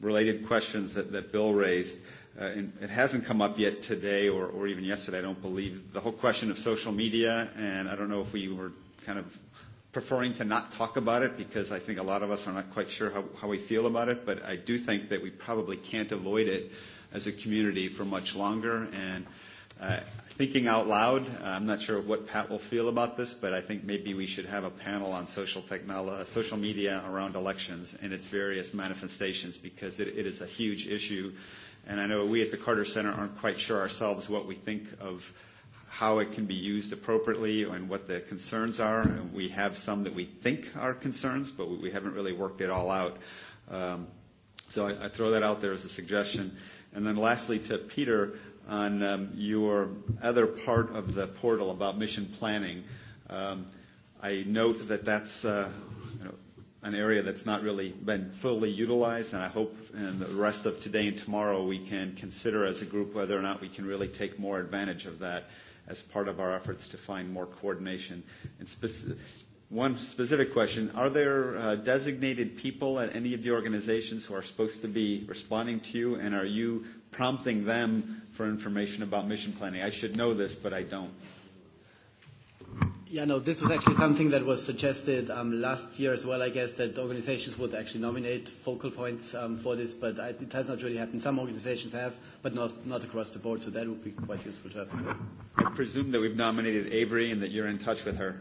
related questions that, that Bill raised. Uh, and it hasn't come up yet today or, or even yesterday, I don't believe. The whole question of social media, and I don't know if we were kind of preferring to not talk about it because I think a lot of us are not quite sure how, how we feel about it, but I do think that we probably can't avoid it as a community for much longer. And Uh, thinking out loud, uh, I'm not sure what Pat will feel about this, but I think maybe we should have a panel on social technology, uh, social media around elections and its various manifestations because it, it is a huge issue. And I know we at the Carter Center aren't quite sure ourselves what we think of how it can be used appropriately and what the concerns are. And we have some that we think are concerns, but we haven't really worked it all out. Um, so I, I throw that out there as a suggestion. And then lastly, to Peter, on um, your other part of the portal about mission planning. Um, I note that that's uh, you know, an area that's not really been fully utilized, and I hope in the rest of today and tomorrow we can consider as a group whether or not we can really take more advantage of that as part of our efforts to find more coordination. And one specific question, are there uh, designated people at any of the organizations who are supposed to be responding to you, and are you prompting them for information about mission planning. I should know this, but I don't. Yeah, no, this was actually something that was suggested um, last year as well, I guess, that organizations would actually nominate focal points um, for this, but I, it has not really happened. Some organizations have, but not, not across the board, so that would be quite useful to have as well. I presume that we've nominated Avery and that you're in touch with her,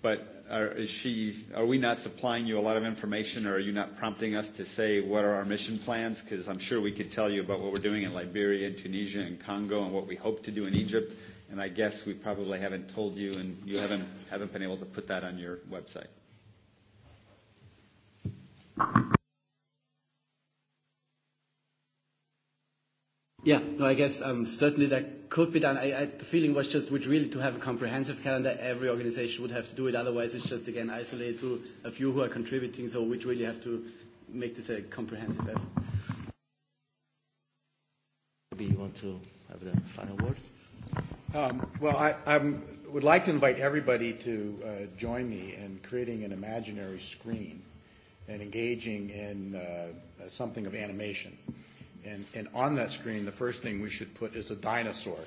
but are, is she, are we not supplying you a lot of information or are you not prompting us to say what are our mission plans? Because I'm sure we could tell you about what we're doing in Liberia and Tunisia and Congo and what we hope to do in Egypt. And I guess we probably haven't told you and you haven't, haven't been able to put that on your website. Yeah, no, I guess um, certainly that could be done. I, I, the feeling was just would really to have a comprehensive calendar. Every organization would have to do it. Otherwise, it's just, again, isolated to a few who are contributing. So we'd really have to make this a comprehensive effort. Maybe you want to have the final word? Um, well, I I'm, would like to invite everybody to uh, join me in creating an imaginary screen and engaging in uh, something of animation. And, and on that screen, the first thing we should put is a dinosaur.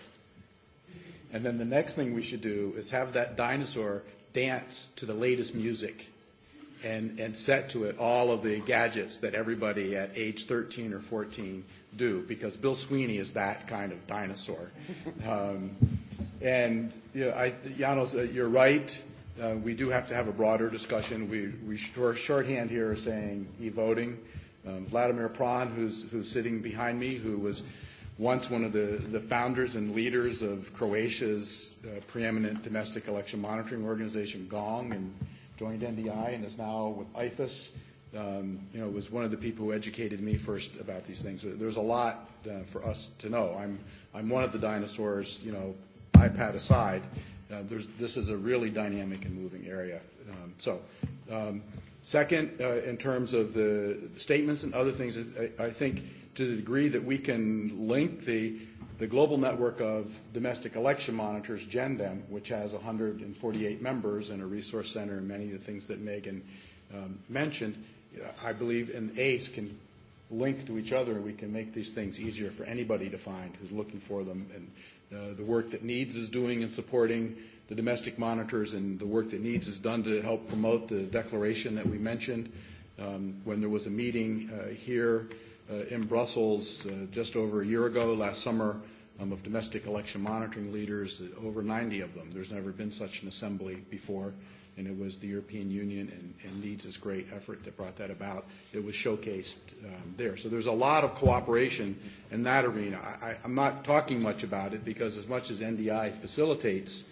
And then the next thing we should do is have that dinosaur dance to the latest music and, and set to it all of the gadgets that everybody at age 13 or 14 do, because Bill Sweeney is that kind of dinosaur. Um, and you know, I, Janos, uh, you're right. Uh, we do have to have a broader discussion. We, we short, shorthand here saying e-voting. Um, Vladimir Pran, who's, who's sitting behind me, who was once one of the, the founders and leaders of Croatia's uh, preeminent domestic election monitoring organization, GONG, and joined NDI and is now with IFAS. Um, you know, was one of the people who educated me first about these things. There's a lot uh, for us to know. I'm, I'm one of the dinosaurs, you know, iPad aside. Uh, there's, this is a really dynamic and moving area. Um, so, um, Second, uh, in terms of the statements and other things, I, think to the degree that we can link the, the global network of domestic election monitors, GENDEM, which has 148 members and a resource center and many of the things that Megan um, mentioned, I believe in ACE can link to each other and we can make these things easier for anybody to find who's looking for them. And uh, the work that NEEDS is doing in supporting the domestic monitors and the work that needs is done to help promote the declaration that we mentioned. Um, when there was a meeting uh, here uh, in Brussels uh, just over a year ago, last summer, um, of domestic election monitoring leaders, uh, over 90 of them. There's never been such an assembly before, and it was the European Union and, and this great effort that brought that about. It was showcased um, there. So there's a lot of cooperation in that arena. I, I, I'm not talking much about it because as much as NDI facilitates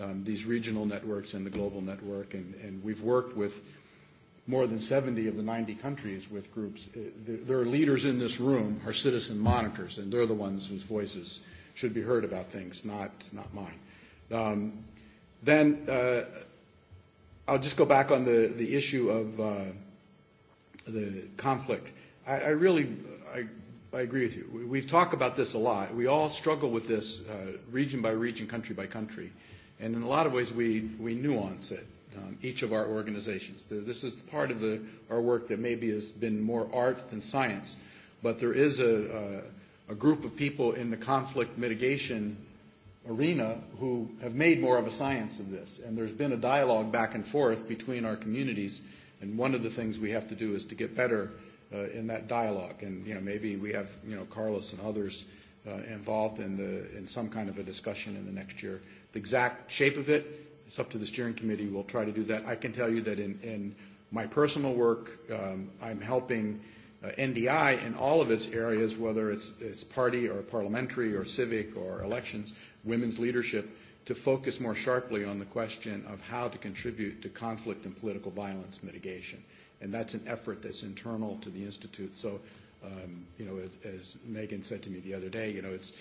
um, these regional networks and the global network. And, and we've worked with more than 70 of the 90 countries with groups. Uh, There are leaders in this room, are citizen monitors, and they're the ones whose voices should be heard about things, not, not mine. Um, then uh, I'll just go back on the, the issue of uh, the conflict. I, I really I, I agree with you. we've talked about this a lot. We all struggle with this uh, region by region, country by country. And in a lot of ways, we, we nuance it, um, each of our organizations. The, this is part of the, our work that maybe has been more art than science, but there is a, a, a group of people in the conflict mitigation arena who have made more of a science of this. And there's been a dialogue back and forth between our communities. And one of the things we have to do is to get better uh, in that dialogue. And you know, maybe we have you know Carlos and others uh, involved in the in some kind of a discussion in the next year the exact shape of it, it's up to the steering committee. We'll try to do that. I can tell you that in, in my personal work, um, I'm helping uh, NDI in all of its areas, whether it's, it's party or parliamentary or civic or elections, women's leadership, to focus more sharply on the question of how to contribute to conflict and political violence mitigation. And that's an effort that's internal to the Institute. So, um, you know, as, as Megan said to me the other day, you know, it's,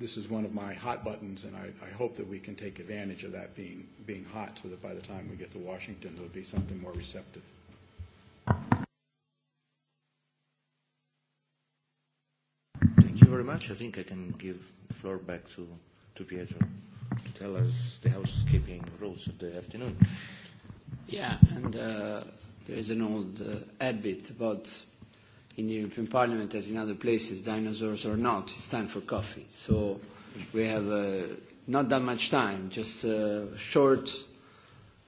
this is one of my hot buttons, and I, I hope that we can take advantage of that being, being hot so that by the time we get to Washington, there'll be something more receptive. Thank you very much. I think I can give the floor back to, to Pietro to tell us the housekeeping rules of the afternoon. Yeah, and uh, there is an old uh, habit about in the European Parliament as in other places, dinosaurs or not, it's time for coffee. So we have uh, not that much time, just a short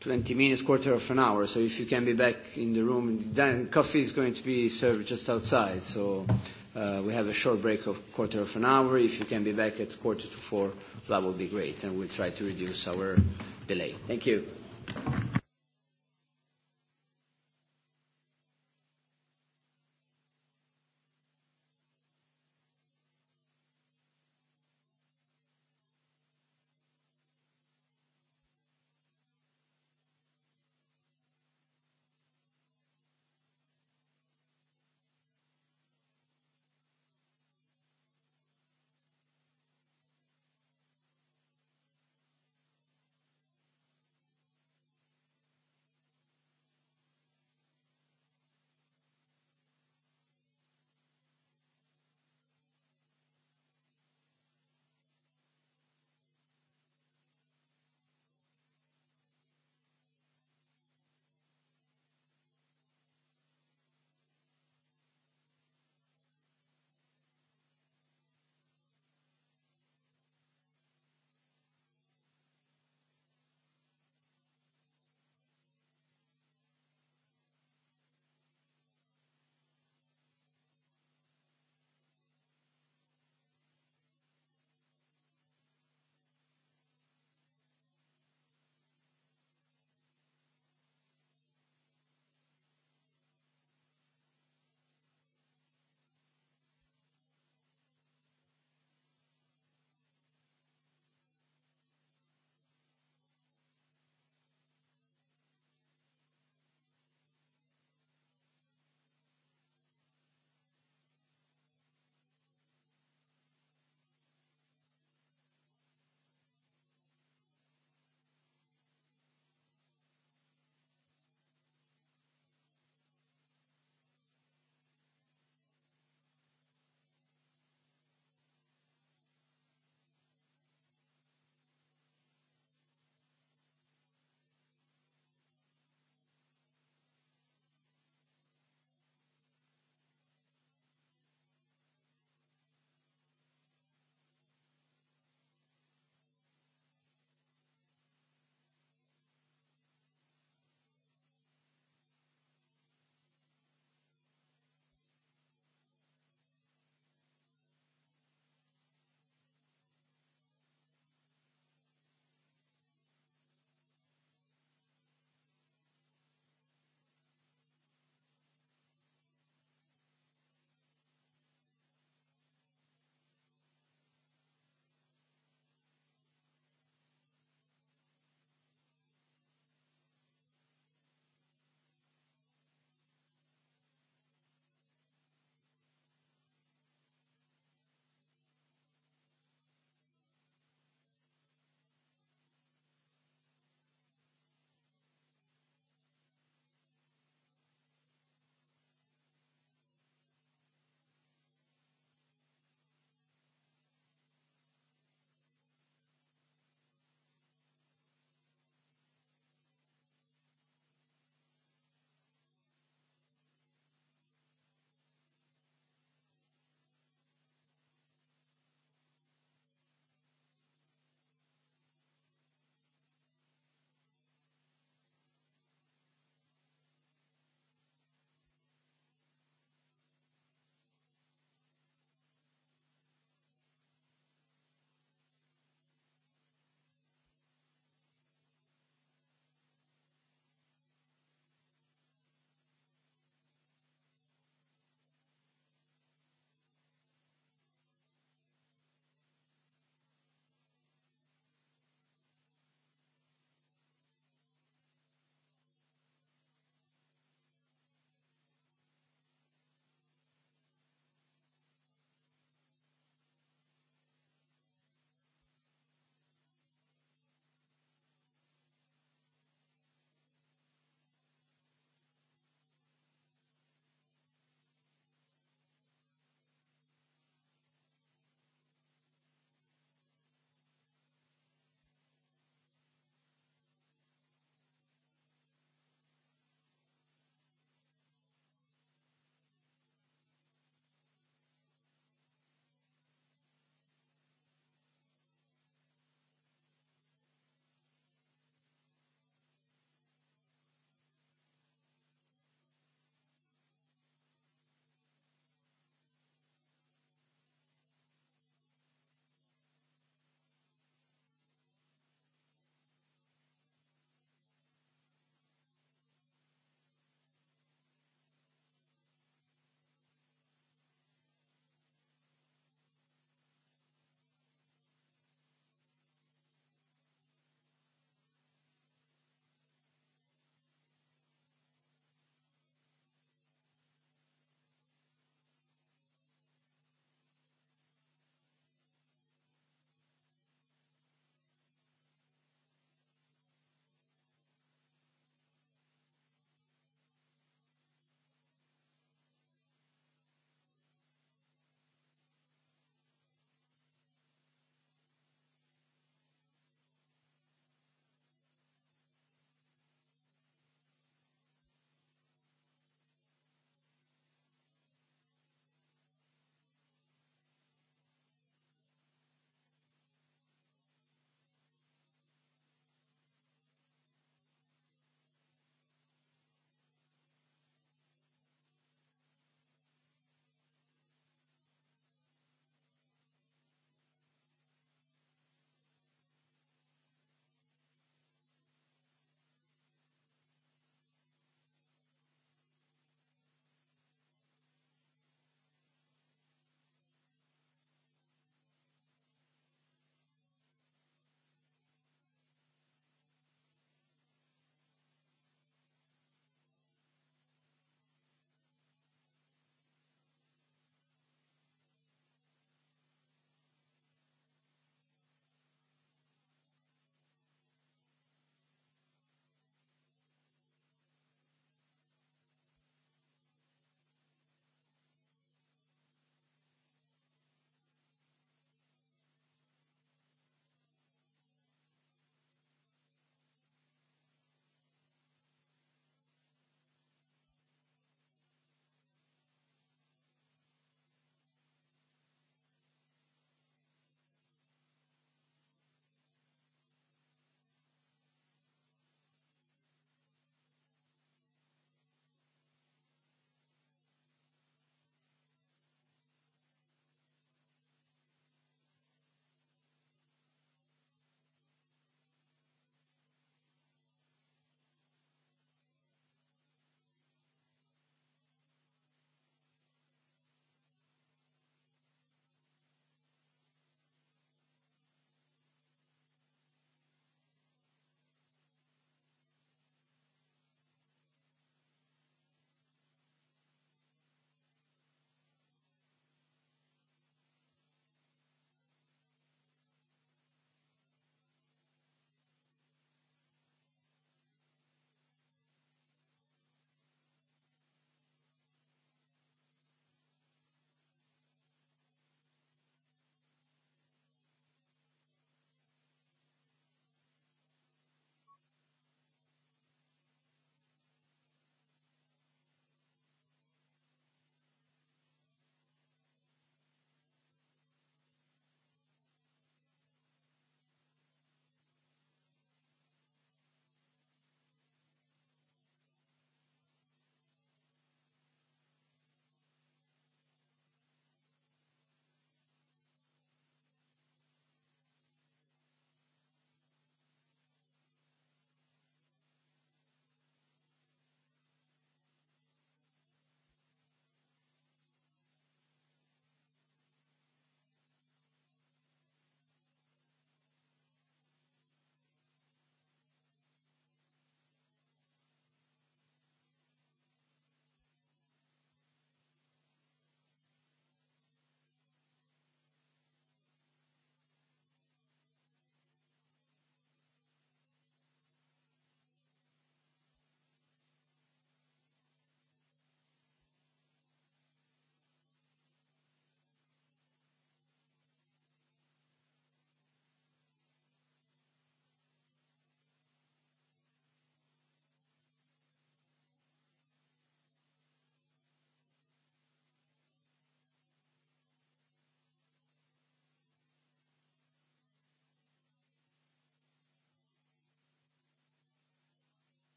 20 minutes, quarter of an hour. So if you can be back in the room, then coffee is going to be served just outside. So uh, we have a short break of quarter of an hour. If you can be back at quarter to four, that would be great, and we'll try to reduce our delay. Thank you.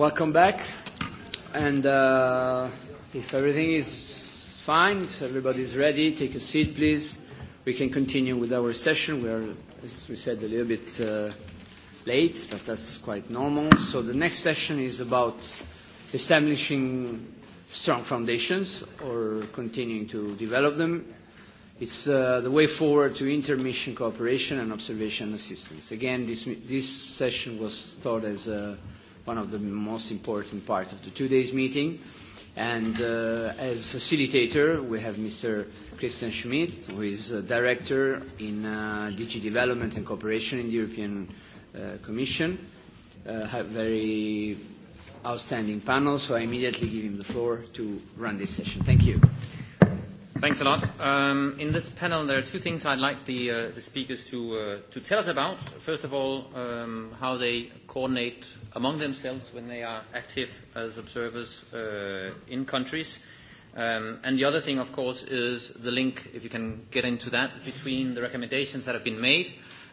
Welcome back. And uh, if everything is fine, if everybody's ready, take a seat, please. We can continue with our session. We are, as we said, a little bit uh, late, but that's quite normal. So the next session is about establishing strong foundations or continuing to develop them. It's uh, the way forward to intermission cooperation and observation assistance. Again, this, this session was thought as a one of the most important parts of the two days meeting. And uh, as facilitator, we have Mr. Christian Schmidt, who is uh, Director in uh, DG Development and Cooperation in the European uh, Commission. Uh, have very outstanding panel, so I immediately give him the floor to run this session. Thank you. Thanks a lot. Um, in this panel, there are two things I'd like the, uh, the speakers to, uh, to tell us about. First of all, um, how they coordinate among themselves when they are active as observers uh, in countries. Um, and the other thing, of course, is the link, if you can get into that, between the recommendations that have been made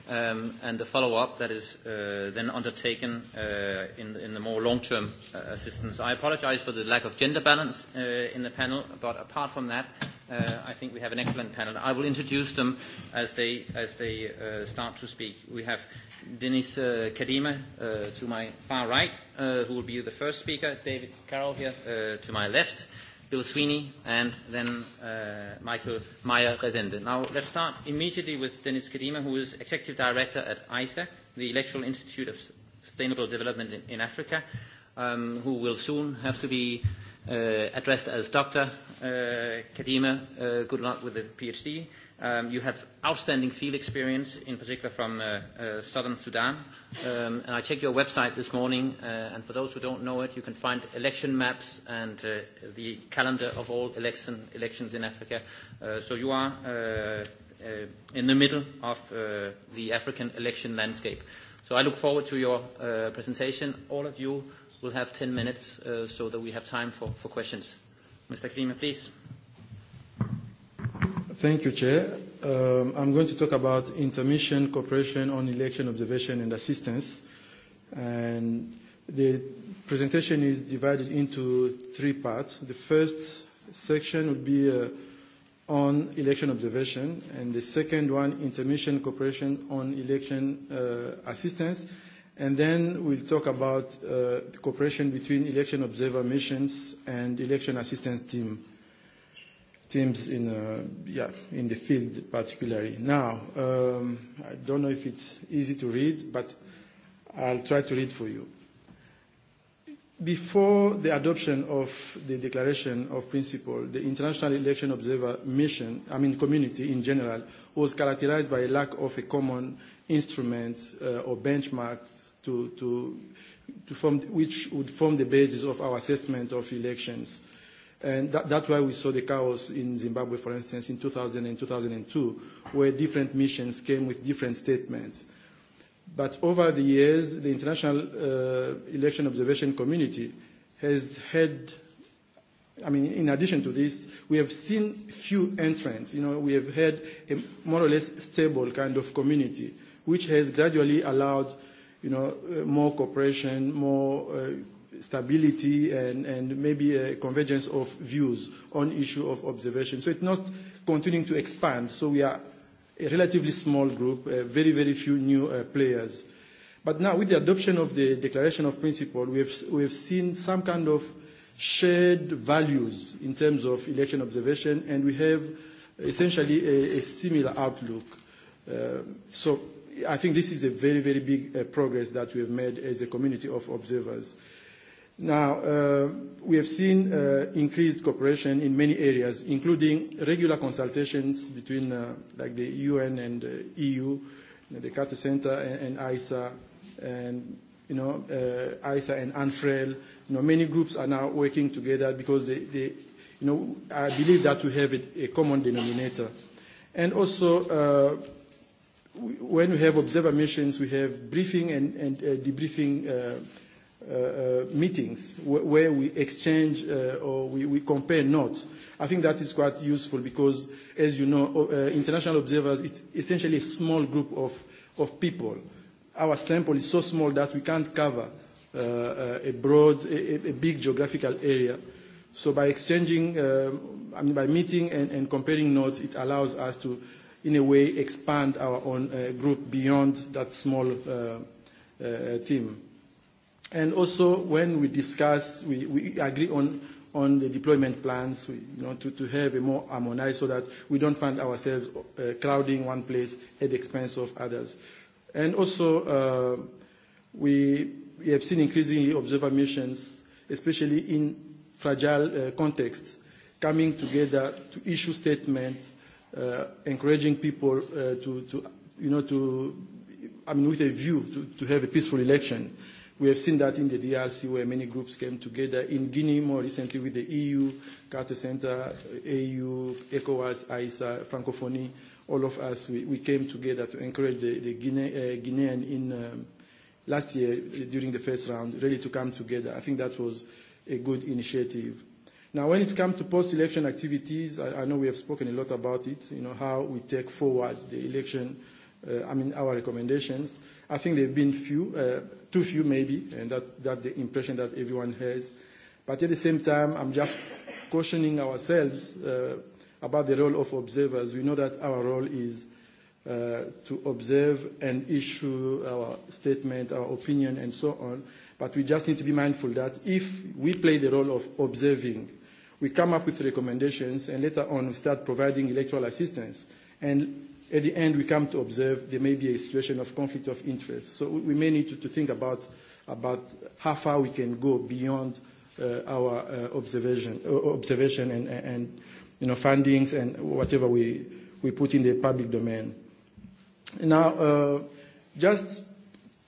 um, and the follow-up that is uh, then undertaken uh, in, in the more long-term uh, assistance. I apologize for the lack of gender balance uh, in the panel, but apart from that, uh, I think we have an excellent panel. I will introduce them as they, as they uh, start to speak. We have Denis uh, Kadima uh, to my far right, uh, who will be the first speaker, David Carroll here uh, to my left, Bill Sweeney, and then uh, Michael Meyer-Resende. Now, let's start immediately with Dennis Kadima, who is Executive Director at ISA, the Electoral Institute of Sustainable Development in, in Africa, um, who will soon have to be uh, addressed as Dr. Uh, Kadima. Uh, good luck with the PhD. Um, you have outstanding field experience, in particular from uh, uh, southern Sudan. Um, and I checked your website this morning, uh, and for those who don't know it, you can find election maps and uh, the calendar of all election, elections in Africa. Uh, so you are uh, uh, in the middle of uh, the African election landscape. So I look forward to your uh, presentation. All of you will have 10 minutes uh, so that we have time for, for questions. Mr. Klima, please. Thank you, Chair. Um, I'm going to talk about intermission cooperation on election observation and assistance. And the presentation is divided into three parts. The first section would be uh, on election observation, and the second one, intermission cooperation on election uh, assistance. And then we'll talk about uh, the cooperation between election observer missions and election assistance team teams in, uh, yeah, in the field particularly. Now, um, I don't know if it's easy to read, but I'll try to read for you. Before the adoption of the Declaration of Principle, the International Election Observer Mission, I mean community in general, was characterized by a lack of a common instrument uh, or benchmark to, to, to form, which would form the basis of our assessment of elections uh, And that, that's why we saw the chaos in Zimbabwe, for instance, in 2000 and 2002, where different missions came with different statements. But over the years, the International uh, Election Observation Community has had, I mean, in addition to this, we have seen few entrants. You know, we have had a more or less stable kind of community, which has gradually allowed, you know, uh, more cooperation, more uh, stability and, and maybe a convergence of views on issue of observation. So it's not continuing to expand. So we are a relatively small group, uh, very, very few new uh, players. But now with the adoption of the Declaration of Principle, we have, we have seen some kind of shared values in terms of election observation, and we have essentially a, a similar outlook. Uh, so I think this is a very, very big uh, progress that we have made as a community of observers. Uh, Now, uh, we have seen uh, increased cooperation in many areas, including regular consultations between uh, like the UN and the EU, you know, the Carter Center and, and ISA, and you know, uh, ISA and ANFREL. You know, many groups are now working together because they, they you know, I believe that we have a, a common denominator. And also, uh, when we have observer missions, we have briefing and, and uh, debriefing uh, Uh, uh, meetings wh where we exchange uh, or we, we compare notes. I think that is quite useful because, as you know, uh, international observers is essentially a small group of, of people. Our sample is so small that we can't cover uh, uh a broad, a, a big geographical area. So by exchanging, um, I mean by meeting and, and comparing notes, it allows us to, in a way, expand our own uh, group beyond that small uh, uh, team. And also, when we discuss, we, we agree on, on the deployment plans, we, you know, to, to have a more harmonized so that we don't find ourselves uh, crowding one place at the expense of others. And also, uh, we, we have seen increasingly observer missions, especially in fragile uh, contexts, coming together to issue statements, uh, encouraging people uh, to, to, you know, to, I mean, with a view to, to have a peaceful election. Uh, We have seen that in the DRC, where many groups came together. In Guinea, more recently, with the EU, Carter Center, AU, ECOWAS, ISA, Francophonie, all of us, we, we came together to encourage the, the Guine uh, Guinean in um, last year uh, during the first round, really to come together. I think that was a good initiative. Now, when it comes to post-election activities, I, I know we have spoken a lot about it, you know, how we take forward the election, uh, I mean, our recommendations. Uh, I think they've been few, uh, too few maybe, and uh, that, that's the impression that everyone has. But at the same time, I'm just cautioning ourselves uh, about the role of observers. We know that our role is uh, to observe and issue our statement, our opinion, and so on. But we just need to be mindful that if we play the role of observing, we come up with recommendations and later on we start providing electoral assistance. And at the end we come to observe there may be a situation of conflict of interest. So we may need to, to think about, about how far we can go beyond uh, our uh, observation, uh, observation and, and you know, findings and whatever we, we put in the public domain. Now, uh, just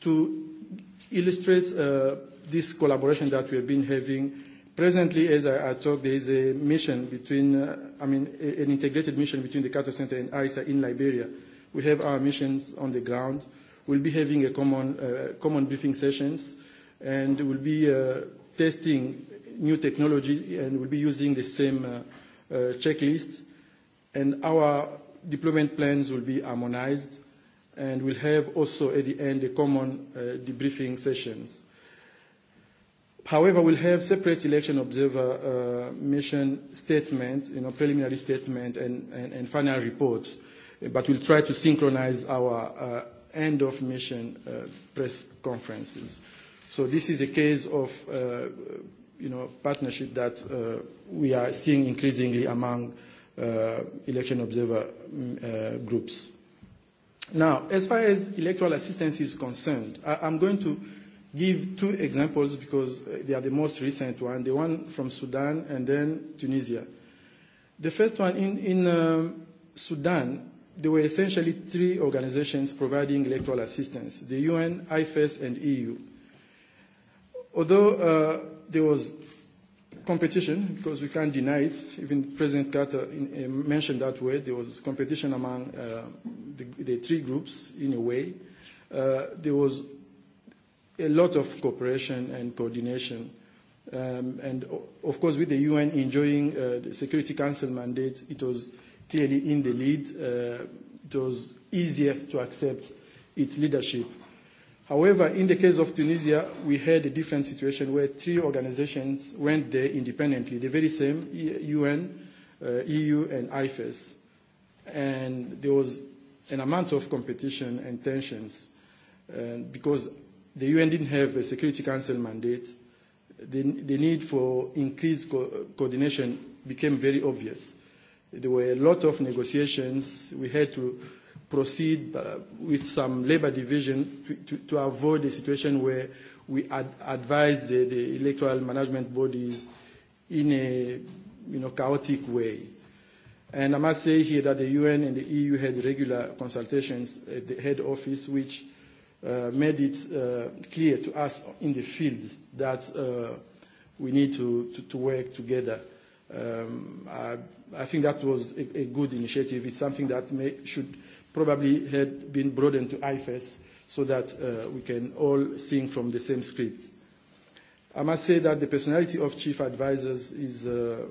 to illustrate uh, this collaboration that we have been having Presently, as I, I talk, there is a mission between, uh, I mean, a, an integrated mission between the Carter Center and ISA in Liberia. We have our missions on the ground. We'll be having a common, uh, common briefing sessions, and we'll be uh, testing new technology, and we'll be using the same uh, uh, checklist. And our deployment plans will be harmonized, and we'll have also at the end a common uh, debriefing sessions. However, we'll have separate election observer uh, mission statements, you know, preliminary statement and, and, and final reports, but we'll try to synchronize our uh, end of mission uh, press conferences. So this is a case of, uh, you know, partnership that uh, we are seeing increasingly among uh, election observer mm, uh, groups. Now, as far as electoral assistance is concerned, I- I'm going to give two examples because uh, they are the most recent one, the one from Sudan and then Tunisia. The first one, in, in um, Sudan, there were essentially three organizations providing electoral assistance, the UN, IFES, and EU. Although uh, there was competition, because we can't deny it, even President Carter in, in uh, mentioned that way. there was competition among uh, the, the three groups in a way. Uh, there was a lot of cooperation and coordination. Um, and of course, with the UN enjoying uh, the Security Council mandate, it was clearly in the lead. Uh, it was easier to accept its leadership. However, in the case of Tunisia, we had a different situation where three organizations went there independently, the very same UN, uh, EU, and IFES. And there was an amount of competition and tensions uh, because the UN didn't have a Security Council mandate, the, the need for increased co- coordination became very obvious. There were a lot of negotiations. We had to proceed uh, with some labor division to, to, to avoid a situation where we ad- advised the, the electoral management bodies in a you know, chaotic way. And I must say here that the UN and the EU had regular consultations at the head office, which Uh, made it uh, clear to us in the field that uh, we need to, to, to work together. Um, I, I think that was a, a good initiative. It's something that may, should probably have been broadened to IFES so that uh, we can all sing from the same script. I must say that the personality of chief advisors is uh,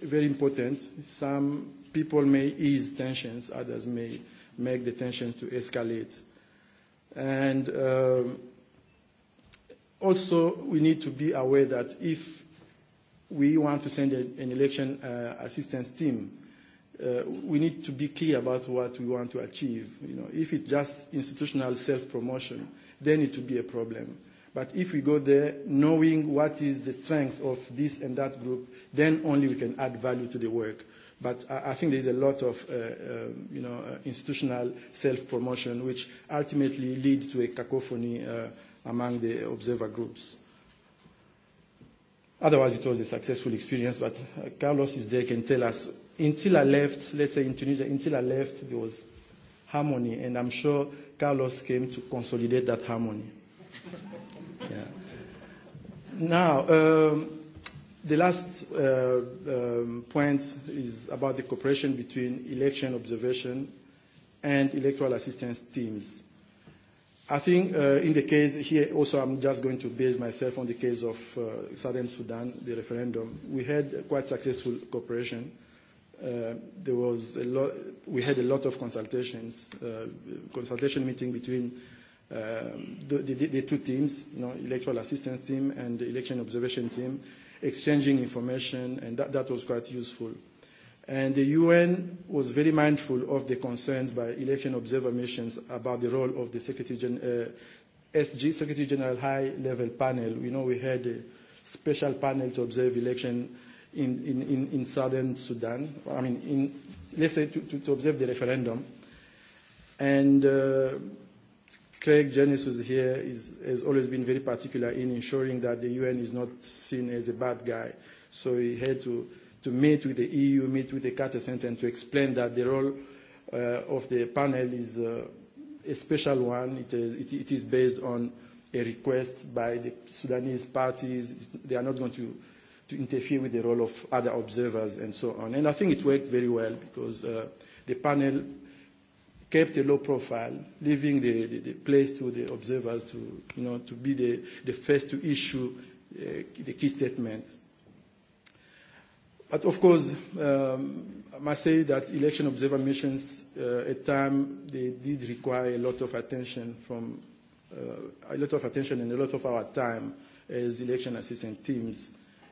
very important. Some people may ease tensions, others may make the tensions to escalate. And um, also, we need to be aware that if we want to send a, an election uh, assistance team, uh, we need to be clear about what we want to achieve. You know, if it's just institutional self-promotion, then it will be a problem. But if we go there knowing what is the strength of this and that group, then only we can add value to the work. But I, I think there's a lot of uh, uh, you know, uh, institutional self-promotion which ultimately leads to a cacophony uh, among the observer groups. Otherwise, it was a successful experience, but uh, Carlos is there can tell us. Until I left, let's say in Tunisia, until I left, there was harmony, and I'm sure Carlos came to consolidate that harmony. yeah. Now, um, The last uh, uh, point is about the cooperation between election observation and electoral assistance teams. I think uh, in the case here also I'm just going to base myself on the case of uh, Southern Sudan, the referendum. We had quite successful cooperation. Uh, there was a lot, we had a lot of consultations, uh, consultation meeting between um, the, the, the two teams, you know, electoral assistance team and the election observation team exchanging information, and that, that was quite useful. And the UN was very mindful of the concerns by election observer missions about the role of the Secretary Gen- uh, SG, Secretary General High Level Panel. We know, we had a special panel to observe election in, in, in, in southern Sudan, I mean, in, let's say to, to, to observe the referendum. And uh, Craig Genesis here is, has always been very particular in ensuring that the UN is not seen as a bad guy. So he had to, to meet with the EU, meet with the Carter Center, and to explain that the role uh, of the panel is uh, a special one. It is, it, it is based on a request by the Sudanese parties. They are not going to, to interfere with the role of other observers and so on. And I think it worked very well because uh, the panel kept a low profile, leaving the, the, the place to the observers to, you know, to be the, the first to issue uh, the key statements. But of course, um, I must say that election observer missions uh, at time they did require a lot of attention from uh, a lot of attention and a lot of our time as election assistant teams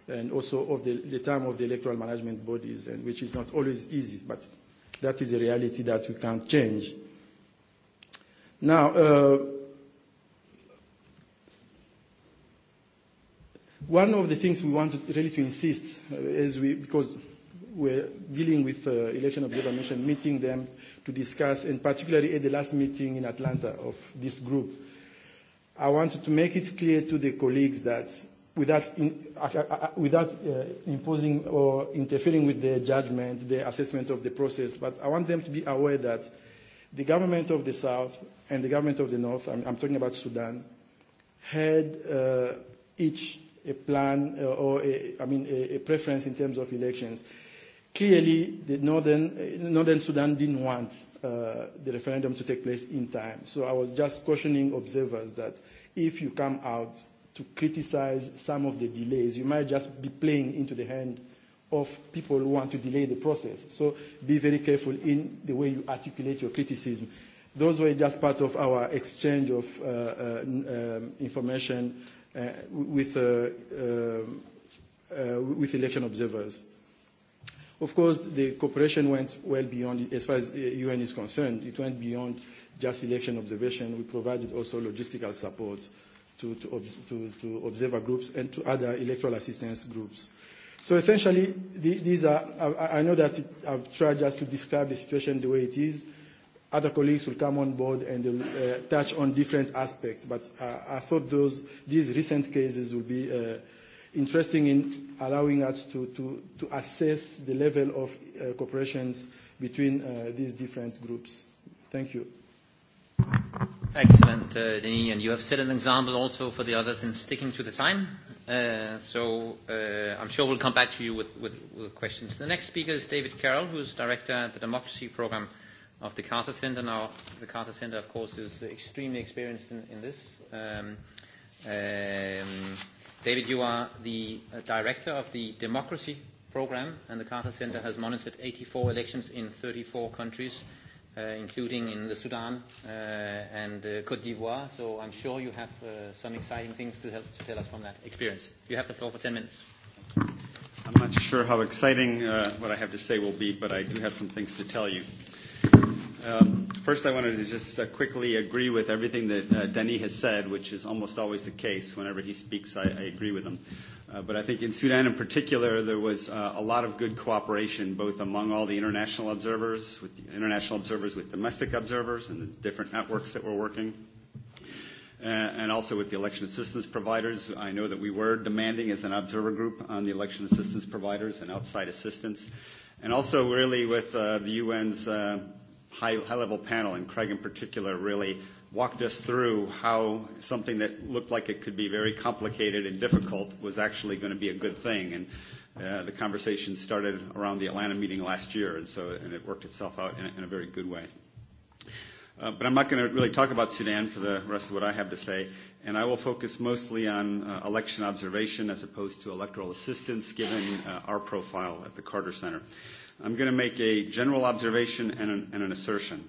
and also of the, the time of the electoral management bodies, and which is not always easy, but That is a reality that we can't change. Now, uh, one of the things we want to really to insist uh, is we, because we're dealing with uh, election nation, meeting them to discuss, and particularly at the last meeting in Atlanta of this group, I wanted to make it clear to the colleagues that without, in, without uh, imposing or interfering with their judgment, their assessment of the process. But I want them to be aware that the government of the South and the government of the North, I'm, I'm talking about Sudan, had uh, each a plan uh, or, a, I mean, a, a preference in terms of elections. Clearly, the northern, uh, northern Sudan didn't want uh, the referendum to take place in time. So I was just cautioning observers that if you come out to criticize some of the delays. You might just be playing into the hand of people who want to delay the process. So be very careful in the way you articulate your criticism. Those were just part of our exchange of uh, uh, um, information uh, with, uh, um, uh, with election observers. Of course, the cooperation went well beyond, as far as the UN is concerned, it went beyond just election observation. We provided also logistical support uh, to, to, ob to, to observer groups and to other electoral assistance groups. So essentially, the, these are, I, I know that it, I've tried just to describe the situation the way it is. Other colleagues will come on board and they'll, uh, touch on different aspects, but uh, I thought those, these recent cases will be uh, interesting in allowing us to, to, to assess the level of uh, cooperations between uh, these different groups. Thank you. Excellent, uh, Denis, and you have set an example also for the others in sticking to the time. Uh, so uh, I'm sure we'll come back to you with, with, with questions. The next speaker is David Carroll, who's director at the Democracy Program of the Carter Center. Now, the Carter Center, of course, is extremely experienced in, in this. Um, um, David, you are the uh, director of the Democracy Program, and the Carter Center has monitored 84 elections in 34 countries – Uh, including in the Sudan uh, and uh, Cote d'Ivoire. So I'm sure you have uh, some exciting things to, help to tell us from that experience. You have the floor for 10 minutes. I'm not sure how exciting uh, what I have to say will be, but I do have some things to tell you. Uh, Um, first, I wanted to just uh, quickly agree with everything that uh, has said, which is almost always the case. Whenever he speaks, I, I agree with him. Uh, but I think in Sudan in particular, there was uh, a lot of good cooperation, both among all the international observers, with the international observers, with domestic observers, and the different networks that were working. Uh, and also with the election assistance providers. I know that we were demanding as an observer group on the election assistance providers and outside assistance. And also really with uh, the UN's uh, high, high-level panel, and Craig in particular really walked us through how something that looked like it could be very complicated and difficult was actually going to be a good thing. And uh, the conversation started around the Atlanta meeting last year, and so and it worked itself out in a, in a very good way. Uh, but I'm not going to really talk about Sudan for the rest of what I have to say and I will focus mostly on uh, election observation as opposed to electoral assistance, given uh, our profile at the Carter Center. I'm going to make a general observation and an, and an assertion.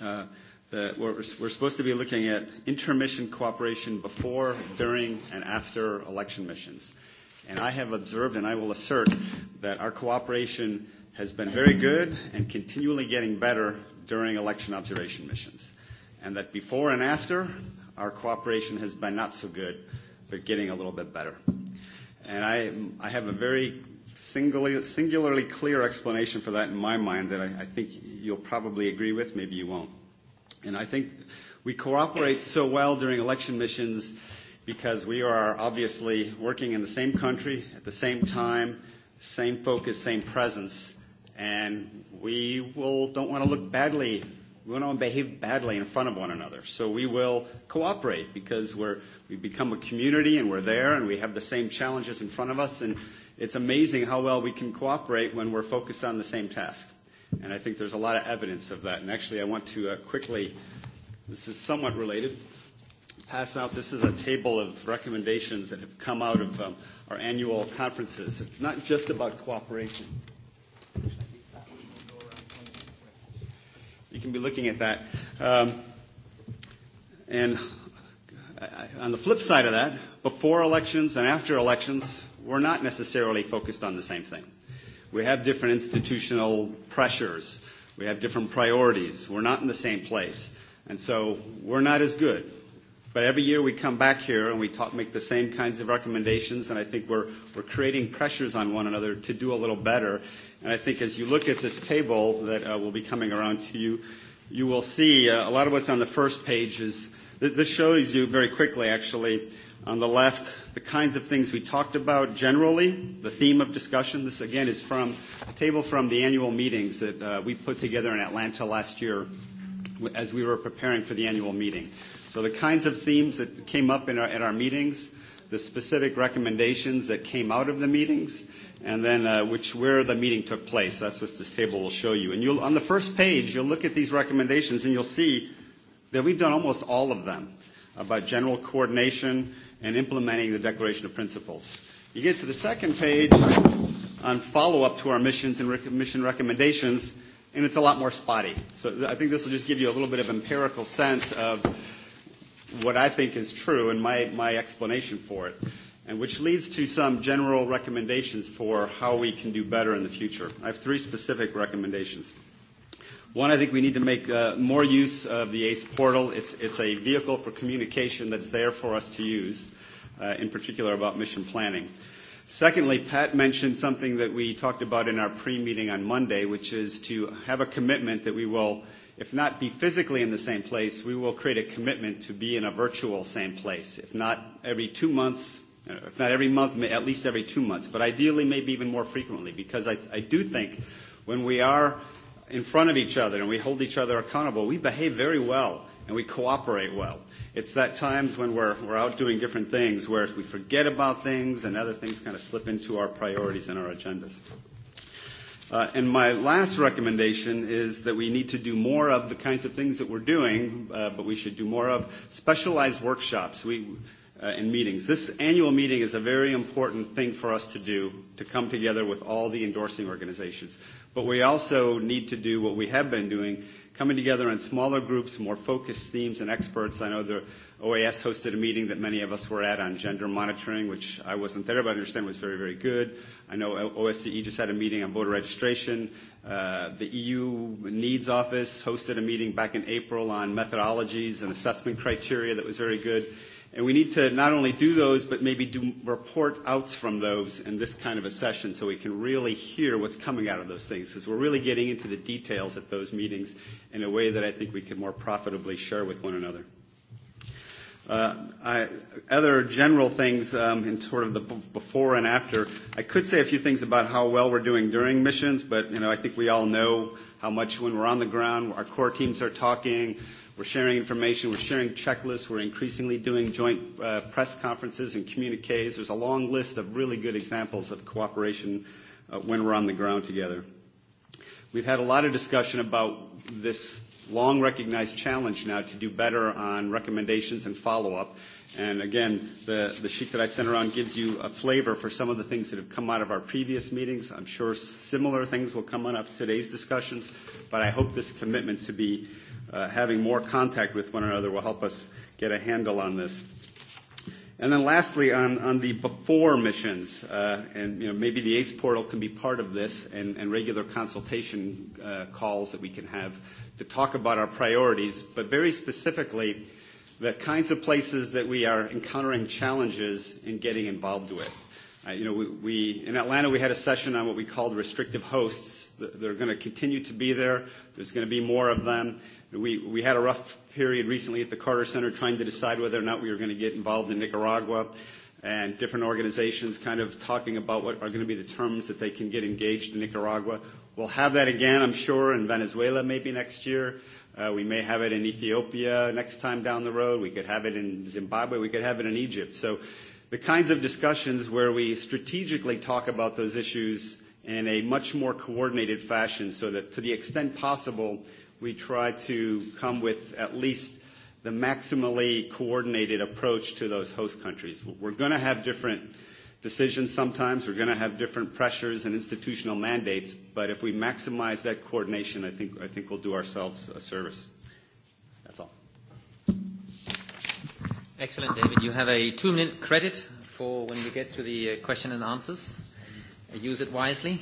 Uh, the, we're, we're supposed to be looking at intermission cooperation before, during, and after election missions. And I have observed, and I will assert, that our cooperation has been very good and continually getting better during election observation missions. And that before and after, our cooperation has been not so good, but getting a little bit better. And I, I have a very singularly, singularly clear explanation for that in my mind that I, I think you'll probably agree with, maybe you won't. And I think we cooperate so well during election missions because we are obviously working in the same country at the same time, same focus, same presence, and we will don't want to look badly We want to behave badly in front of one another. So we will cooperate because we're, we've become a community and we're there and we have the same challenges in front of us. And it's amazing how well we can cooperate when we're focused on the same task. And I think there's a lot of evidence of that. And actually, I want to uh, quickly, this is somewhat related, pass out. This is a table of recommendations that have come out of um, our annual conferences. It's not just about cooperation. Actually, So you can be looking at that. Um, and on the flip side of that, before elections and after elections, we're not necessarily focused on the same thing. We have different institutional pressures. We have different priorities. We're not in the same place. And so we're not as good. But every year we come back here and we talk, make the same kinds of recommendations, and I think we're, we're creating pressures on one another to do a little better. And I think as you look at this table that uh, will be coming around to you, you will see uh, a lot of what's on the first page is th- this shows you very quickly, actually, on the left, the kinds of things we talked about generally, the theme of discussion. This, again, is from a table from the annual meetings that uh, we put together in Atlanta last year as we were preparing for the annual meeting. So the kinds of themes that came up in our, at our meetings, the specific recommendations that came out of the meetings, and then uh, which where the meeting took place. That's what this table will show you. And you'll, on the first page, you'll look at these recommendations and you'll see that we've done almost all of them about general coordination and implementing the Declaration of Principles. You get to the second page on follow-up to our missions and rec- mission recommendations, and it's a lot more spotty. So th- I think this will just give you a little bit of empirical sense of what I think is true and my, my explanation for it, and which leads to some general recommendations for how we can do better in the future. I have three specific recommendations. One, I think we need to make uh, more use of the ACE portal. It's, it's a vehicle for communication that's there for us to use, uh, in particular about mission planning. Secondly, Pat mentioned something that we talked about in our pre-meeting on Monday, which is to have a commitment that we will – if not be physically in the same place, we will create a commitment to be in a virtual same place. If not every two months, if not every month, at least every two months, but ideally maybe even more frequently, because I, I do think when we are in front of each other and we hold each other accountable, we behave very well and we cooperate well. It's that times when we're, we're out doing different things where we forget about things and other things kind of slip into our priorities and our agendas. Uh, and my last recommendation is that we need to do more of the kinds of things that we're doing, uh, but we should do more of specialized workshops we, uh, and meetings. This annual meeting is a very important thing for us to do, to come together with all the endorsing organizations. But we also need to do what we have been doing coming together in smaller groups, more focused themes and experts. I know the OAS hosted a meeting that many of us were at on gender monitoring, which I wasn't there, but I understand was very, very good. I know OSCE just had a meeting on voter registration. Uh, the EU Needs Office hosted a meeting back in April on methodologies and assessment criteria that was very good. And we need to not only do those, but maybe do report outs from those in this kind of a session so we can really hear what's coming out of those things, because we're really getting into the details at those meetings in a way that I think we can more profitably share with one another. Uh, I, other general things um, in sort of the before and after, I could say a few things about how well we're doing during missions, but you know I think we all know how much when we're on the ground, our core teams are talking, We're sharing information. We're sharing checklists. We're increasingly doing joint uh, press conferences and communiques. There's a long list of really good examples of cooperation uh, when we're on the ground together. We've had a lot of discussion about this long recognized challenge now to do better on recommendations and follow up. And again, the, the sheet that I sent around gives you a flavor for some of the things that have come out of our previous meetings. I'm sure similar things will come on up today's discussions, but I hope this commitment to be uh, having more contact with one another will help us get a handle on this. And then lastly, on, on the before missions, uh, and you know, maybe the ACE portal can be part of this and, and regular consultation uh, calls that we can have to talk about our priorities, but very specifically, the kinds of places that we are encountering challenges in getting involved with. Uh, you know, we, we, in Atlanta, we had a session on what we called restrictive hosts. They're going to continue to be there. There's going to be more of them. We, we had a rough period recently at the Carter Center trying to decide whether or not we were going to get involved in Nicaragua and different organizations kind of talking about what are going to be the terms that they can get engaged in Nicaragua. We'll have that again, I'm sure, in Venezuela maybe next year. Uh, we may have it in Ethiopia next time down the road. We could have it in Zimbabwe. We could have it in Egypt. So the kinds of discussions where we strategically talk about those issues in a much more coordinated fashion so that to the extent possible – we try to come with at least the maximally coordinated approach to those host countries. We're going to have different decisions sometimes. We're going to have different pressures and institutional mandates. But if we maximize that coordination, I think, I think we'll do ourselves a service. That's all. Excellent, David. You have a two-minute credit for when we get to the uh, question and answers. Uh, use it wisely.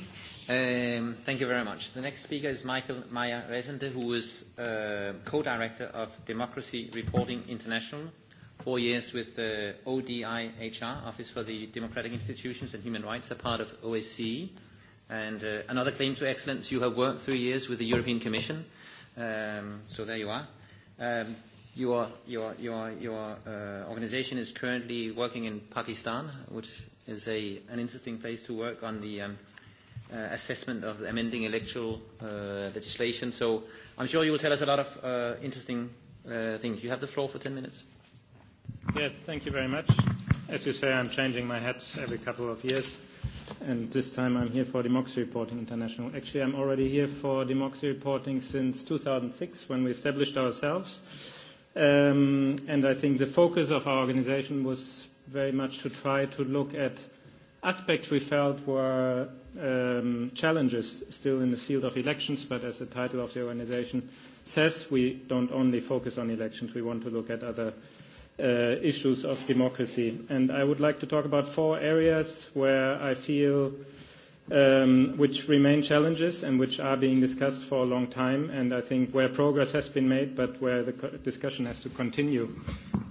Um, thank you very much. The next speaker is Michael Meyer Resende, who is uh, co-director of Democracy Reporting International, four years with the uh, ODIHR, Office for the Democratic Institutions and Human Rights, a part of OSCE. And uh, another claim to excellence, you have worked three years with the European Commission. Um, so there you are. Um, your your, your, your uh, organization is currently working in Pakistan, which is a, an interesting place to work on the um, – uh, assessment of the amending electoral uh, legislation. So I'm sure you will tell us a lot of uh, interesting uh, things. You have the floor for 10 minutes. Yes, thank you very much. As you say, I'm changing my hat every couple of years. And this time I'm here for Democracy Reporting International. Actually, I'm already here for Democracy Reporting since 2006 when we established ourselves. Um, and I think the focus of our organization was very much to try to look at aspects we felt were um, challenges still in the field of elections, but as the title of the organization says, we don't only focus on elections, we want to look at other uh, issues of democracy. And I would like to talk about four areas where I feel um, which remain challenges and which are being discussed for a long time, and I think where progress has been made, but where the discussion has to continue.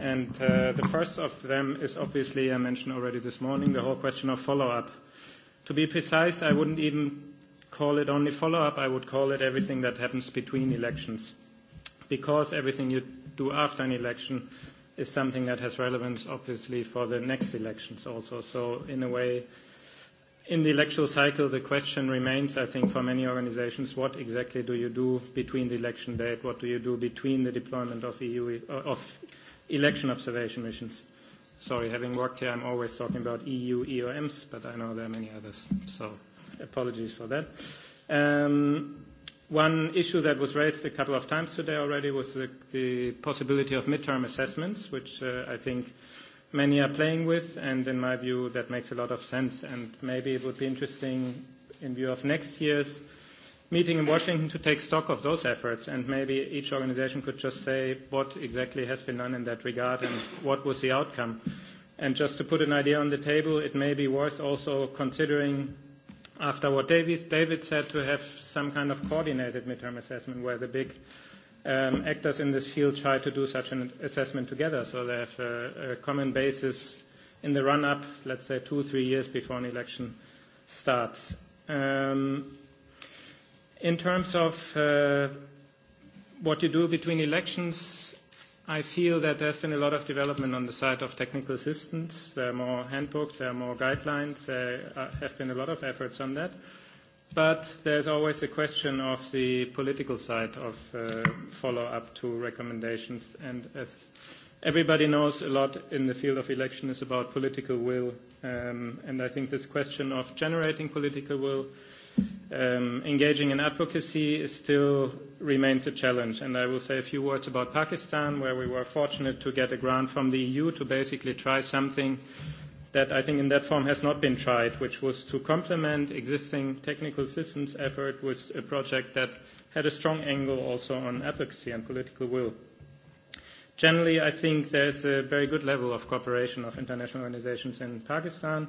And uh, the first of them is obviously, I mentioned already this morning, the whole question of follow-up. To be precise, I wouldn't even call it only follow-up, I would call it everything that happens between elections, because everything you do after an election is something that has relevance, obviously, for the next elections also. So in a way, in the electoral cycle, the question remains, I think, for many organizations, what exactly do you do between the election date? What do you do between the deployment of EU uh, of election observation missions? Sorry, having worked here, I'm always talking about EU EOMs, but I know there are many others, so apologies for that. Um, one issue that was raised a couple of times today already was the, the possibility of midterm assessments, which uh, I think many are playing with, and in my view, that makes a lot of sense. And maybe it would be interesting in view of next year's meeting in Washington to take stock of those efforts, and maybe each organization could just say what exactly has been done in that regard and what was the outcome. And just to put an idea on the table, it may be worth also considering, after what David said, to have some kind of coordinated midterm assessment where the big um, actors in this field try to do such an assessment together so they have a, a common basis in the run-up, let's say two, three years before an election starts. Um, in terms of uh, what you do between elections, I feel that there's been a lot of development on the side of technical assistance. There are more handbooks, there are more guidelines, there uh, have been a lot of efforts on that. Uh, But there's always a question of the political side of uh, follow-up to recommendations. And as everybody knows, a lot in the field of election is about political will. Um, and I think this question of generating political will, um, engaging in advocacy is still remains a challenge. And I will say a few words about Pakistan, where we were fortunate to get a grant from the EU to basically try something that I think in that form has not been tried, which was to complement existing technical systems effort with a project that had a strong angle also on advocacy and political will. Generally, I think there's a very good level of cooperation of international organizations in Pakistan.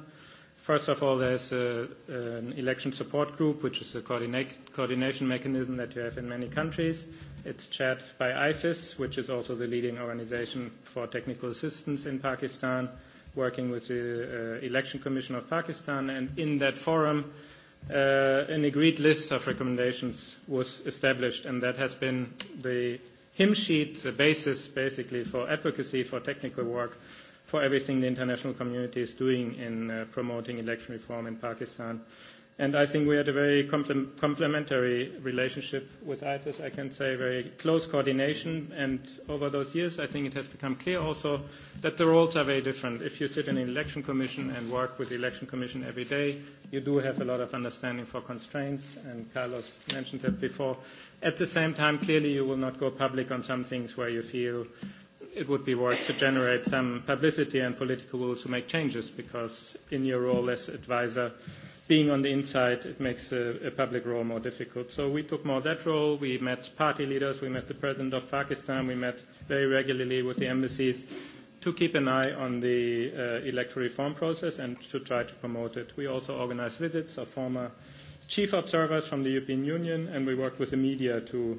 First of all, there's a, an election support group, which is a coordinate, coordination mechanism that you have in many countries. It's chaired by IFIS, which is also the leading organization for technical assistance in Pakistan working with the uh, Election Commission of Pakistan, and in that forum, uh, an agreed list of recommendations was established, and that has been the hymn sheet, the basis basically for advocacy, for technical work, for everything the international community is doing in uh, promoting election reform in Pakistan. Uh, And I think we had a very complementary relationship with IFES. I can say very close coordination. And over those years, I think it has become clear also that the roles are very different. If you sit in an election commission and work with the election commission every day, you do have a lot of understanding for constraints, and Carlos mentioned that before. At the same time, clearly you will not go public on some things where you feel it would be worth to generate some publicity and political will to make changes, because in your role as advisor, being on the inside, it makes a, a public role more difficult. So we took more that role. We met party leaders. We met the president of Pakistan. We met very regularly with the embassies to keep an eye on the uh, electoral reform process and to try to promote it. We also organized visits of former chief observers from the European Union, and we worked with the media to,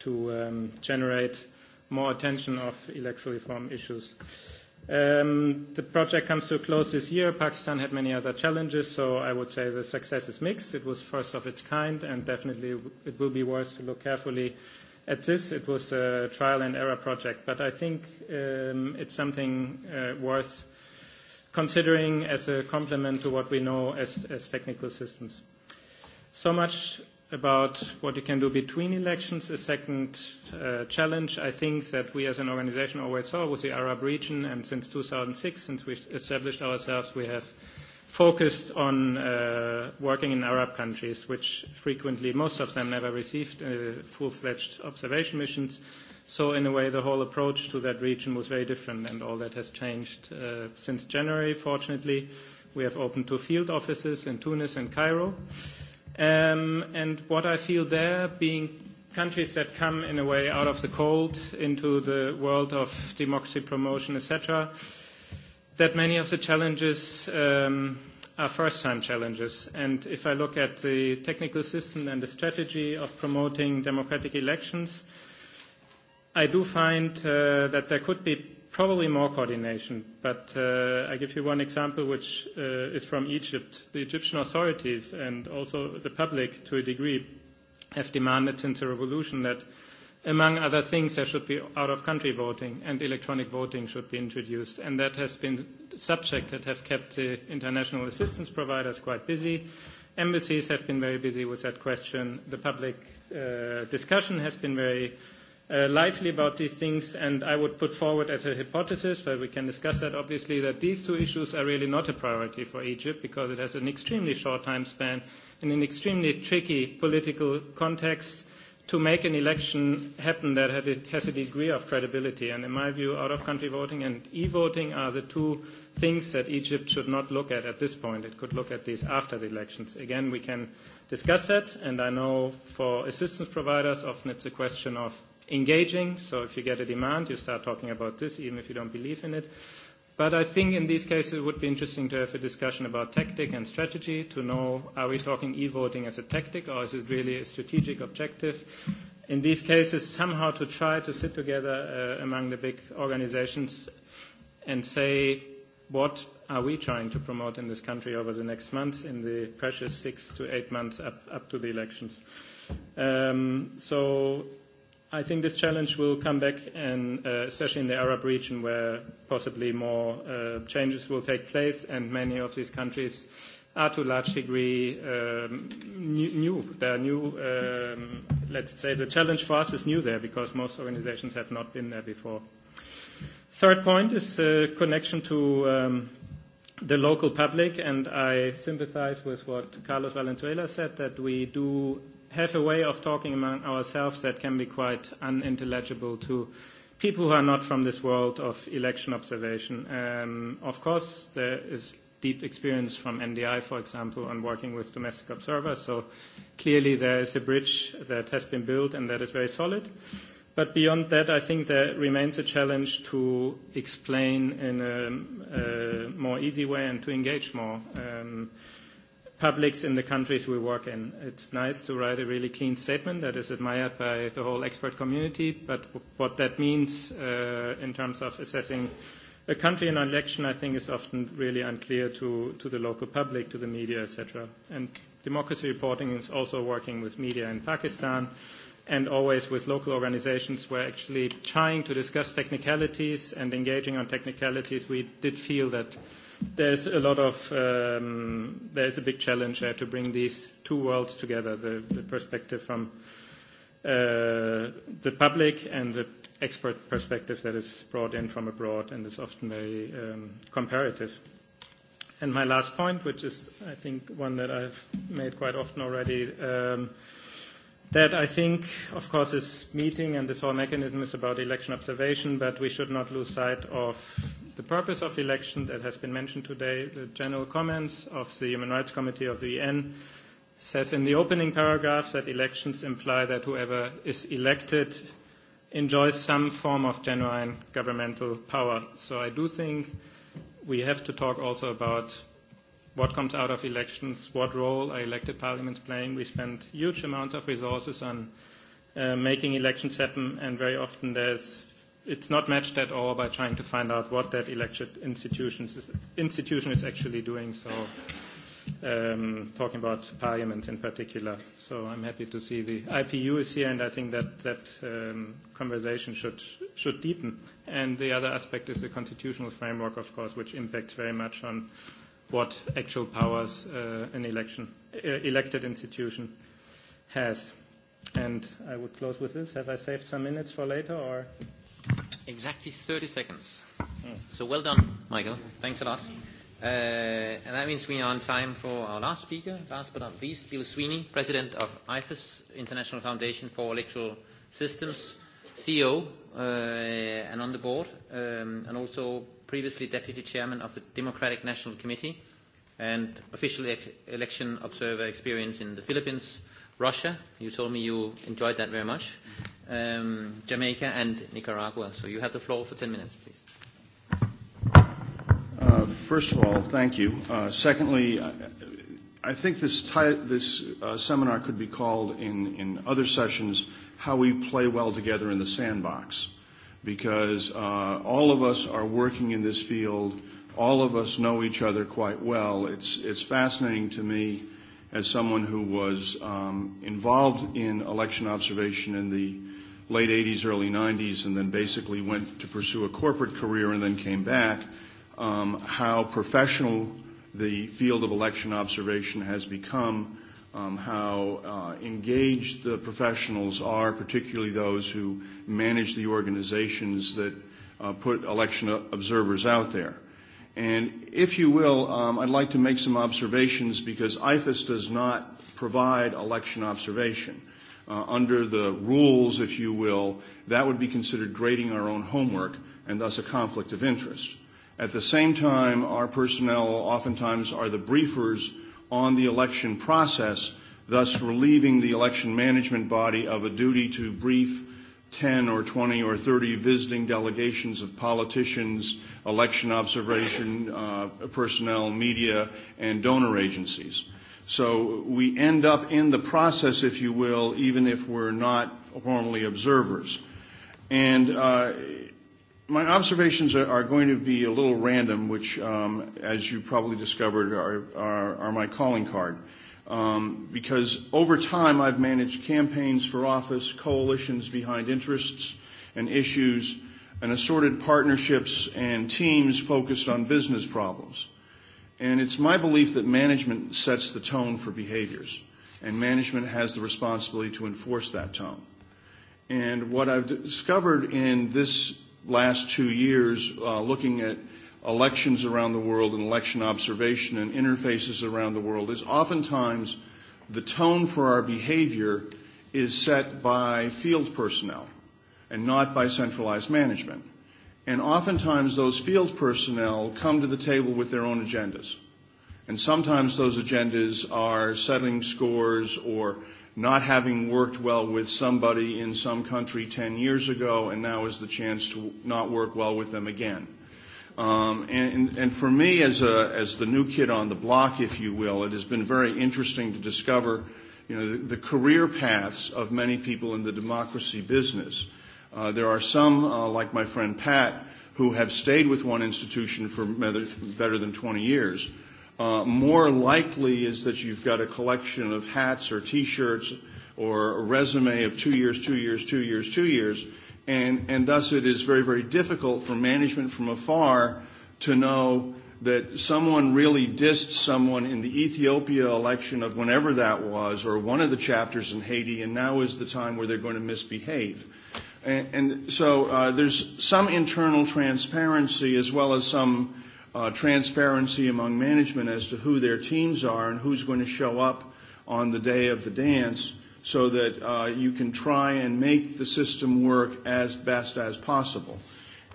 to um, generate more attention of electoral reform issues. Uh, Um, the project comes to a close this year. Pakistan had many other challenges, so I would say the success is mixed. It was first of its kind, and definitely it will be worth to look carefully at this. It was a trial and error project, but I think um, it's something uh, worth considering as a complement to what we know as, as technical systems. So much about what you can do between elections. A second uh, challenge, I think, that we as an organization always saw was the Arab region, and since 2006, since we established ourselves, we have focused on uh, working in Arab countries, which frequently, most of them, never received uh, full-fledged observation missions. So in a way, the whole approach to that region was very different, and all that has changed uh, since January, fortunately. We have opened two field offices in Tunis and Cairo. Um, and what I feel there being countries that come in a way out of the cold into the world of democracy promotion, etc., that many of the challenges um, are first-time challenges. And if I look at the technical system and the strategy of promoting democratic elections, I do find uh, that there could be probably more coordination, but uh, I give you one example which uh, is from Egypt. The Egyptian authorities and also the public to a degree have demanded since the revolution that among other things there should be out-of-country voting and electronic voting should be introduced. And that has been subject that have kept the international assistance providers quite busy. Embassies have been very busy with that question. The public uh, discussion has been very uh, Uh, lively about these things, and I would put forward as a hypothesis, but we can discuss that obviously, that these two issues are really not a priority for Egypt because it has an extremely short time span and an extremely tricky political context to make an election happen that has a degree of credibility. And in my view, out-of-country voting and e-voting are the two things that Egypt should not look at at this point. It could look at these after the elections. Again, we can discuss that, and I know for assistance providers, often it's a question of engaging. So if you get a demand, you start talking about this, even if you don't believe in it. But I think in these cases it would be interesting to have a discussion about tactic and strategy to know are we talking e-voting as a tactic or is it really a strategic objective? In these cases, somehow to try to sit together uh, among the big organizations and say what are we trying to promote in this country over the next months in the precious six to eight months up, up to the elections. Um, so I think this challenge will come back, and uh, especially in the Arab region, where possibly more uh, changes will take place, and many of these countries are to a large degree um, new. They are new. Um, let's say the challenge for us is new there because most organizations have not been there before. Third point is uh, connection to um, the local public, and I sympathize with what Carlos Valenzuela said that we do have a way of talking among ourselves that can be quite unintelligible to people who are not from this world of election observation. Um, of course, there is deep experience from NDI, for example, on working with domestic observers. So clearly there is a bridge that has been built and that is very solid. But beyond that, I think there remains a challenge to explain in a, a more easy way and to engage more. Um, publics in the countries we work in. It's nice to write a really clean statement that is admired by the whole expert community, but what that means uh, in terms of assessing a country in an election, I think, is often really unclear to, to the local public, to the media, etc. And democracy reporting is also working with media in Pakistan and always with local organizations where actually trying to discuss technicalities and engaging on technicalities, we did feel that there's a lot of um, is a big challenge there to bring these two worlds together the, the perspective from uh, the public and the expert perspective that is brought in from abroad and is often very um, comparative and my last point which is i think one that i've made quite often already um, that I think, of course, this meeting and this whole mechanism is about election observation, but we should not lose sight of the purpose of elections. election that has been mentioned today. The general comments of the Human Rights Committee of the UN says in the opening paragraphs that elections imply that whoever is elected enjoys some form of genuine governmental power. So I do think we have to talk also about what comes out of elections, what role are elected parliaments playing. We spend huge amounts of resources on uh, making elections happen, and very often there's it's not matched at all by trying to find out what that elected institutions is, institution is actually doing. So, um, talking about parliament in particular. So, I'm happy to see the IPU is here, and I think that that um, conversation should should deepen. And the other aspect is the constitutional framework, of course, which impacts very much on what actual powers uh, an election, uh, elected institution has. And I would close with this. Have I saved some minutes for later or? Exactly 30 seconds. Oh. So well done, Michael. Thanks a lot. Uh, and that means we are on time for our last speaker, last but not least, Bill Sweeney, President of IFAS, International Foundation for Electoral Systems, CEO, uh, and on the board, um, and also previously deputy chairman of the Democratic National Committee and official election observer experience in the Philippines, Russia. You told me you enjoyed that very much. Um, Jamaica and Nicaragua. So you have the floor for 10 minutes, please. Uh, first of all, thank you. Uh, secondly, I, I think this, ty- this uh, seminar could be called in, in other sessions, How We Play Well Together in the Sandbox because uh, all of us are working in this field. All of us know each other quite well. It's, it's fascinating to me as someone who was um, involved in election observation in the late 80s, early 90s, and then basically went to pursue a corporate career and then came back, um, how professional the field of election observation has become um, how uh, engaged the professionals are, particularly those who manage the organizations that uh, put election observers out there. And if you will, um, I'd like to make some observations because IFAS does not provide election observation. Uh, under the rules, if you will, that would be considered grading our own homework and thus a conflict of interest. At the same time, our personnel oftentimes are the briefers on the election process, thus relieving the election management body of a duty to brief 10 or 20 or 30 visiting delegations of politicians, election observation uh, personnel, media, and donor agencies. So we end up in the process, if you will, even if we're not formally observers. And uh, my observations are, are going to be a little random, which, um, as you probably discovered, are, are, are my calling card. Um, because over time, I've managed campaigns for office, coalitions behind interests and issues, and assorted partnerships and teams focused on business problems. And it's my belief that management sets the tone for behaviors, and management has the responsibility to enforce that tone. And what I've discovered in this last two years uh, looking at elections around the world and election observation and interfaces around the world is oftentimes the tone for our behavior is set by field personnel and not by centralized management. And oftentimes those field personnel come to the table with their own agendas. And sometimes those agendas are settling scores or not having worked well with somebody in some country 10 years ago, and now is the chance to not work well with them again. Um, and, and for me, as, a, as the new kid on the block, if you will, it has been very interesting to discover you know, the, the career paths of many people in the democracy business. Uh, there are some, uh, like my friend Pat, who have stayed with one institution for better than 20 years Uh, more likely is that you've got a collection of hats or T-shirts or a resume of two years, two years, two years, two years, and and thus it is very very difficult for management from afar to know that someone really dissed someone in the Ethiopia election of whenever that was, or one of the chapters in Haiti, and now is the time where they're going to misbehave. And, and so uh, there's some internal transparency as well as some uh, transparency among management as to who their teams are and who's going to show up on the day of the dance so that uh, you can try and make the system work as best as possible.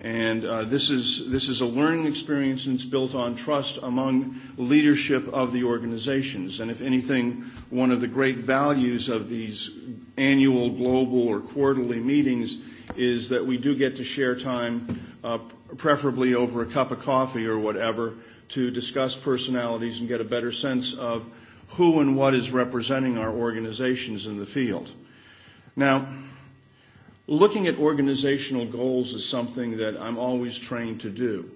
And uh, this, is, this is a learning experience and it's built on trust among leadership of the organizations. And if anything, one of the great values of these annual, global, or quarterly meetings is that we do get to share time, uh, preferably over a cup of coffee or whatever, to discuss personalities and get a better sense of who and what is representing our organizations in the field. Now, looking at organizational goals is something that I'm always trained to do.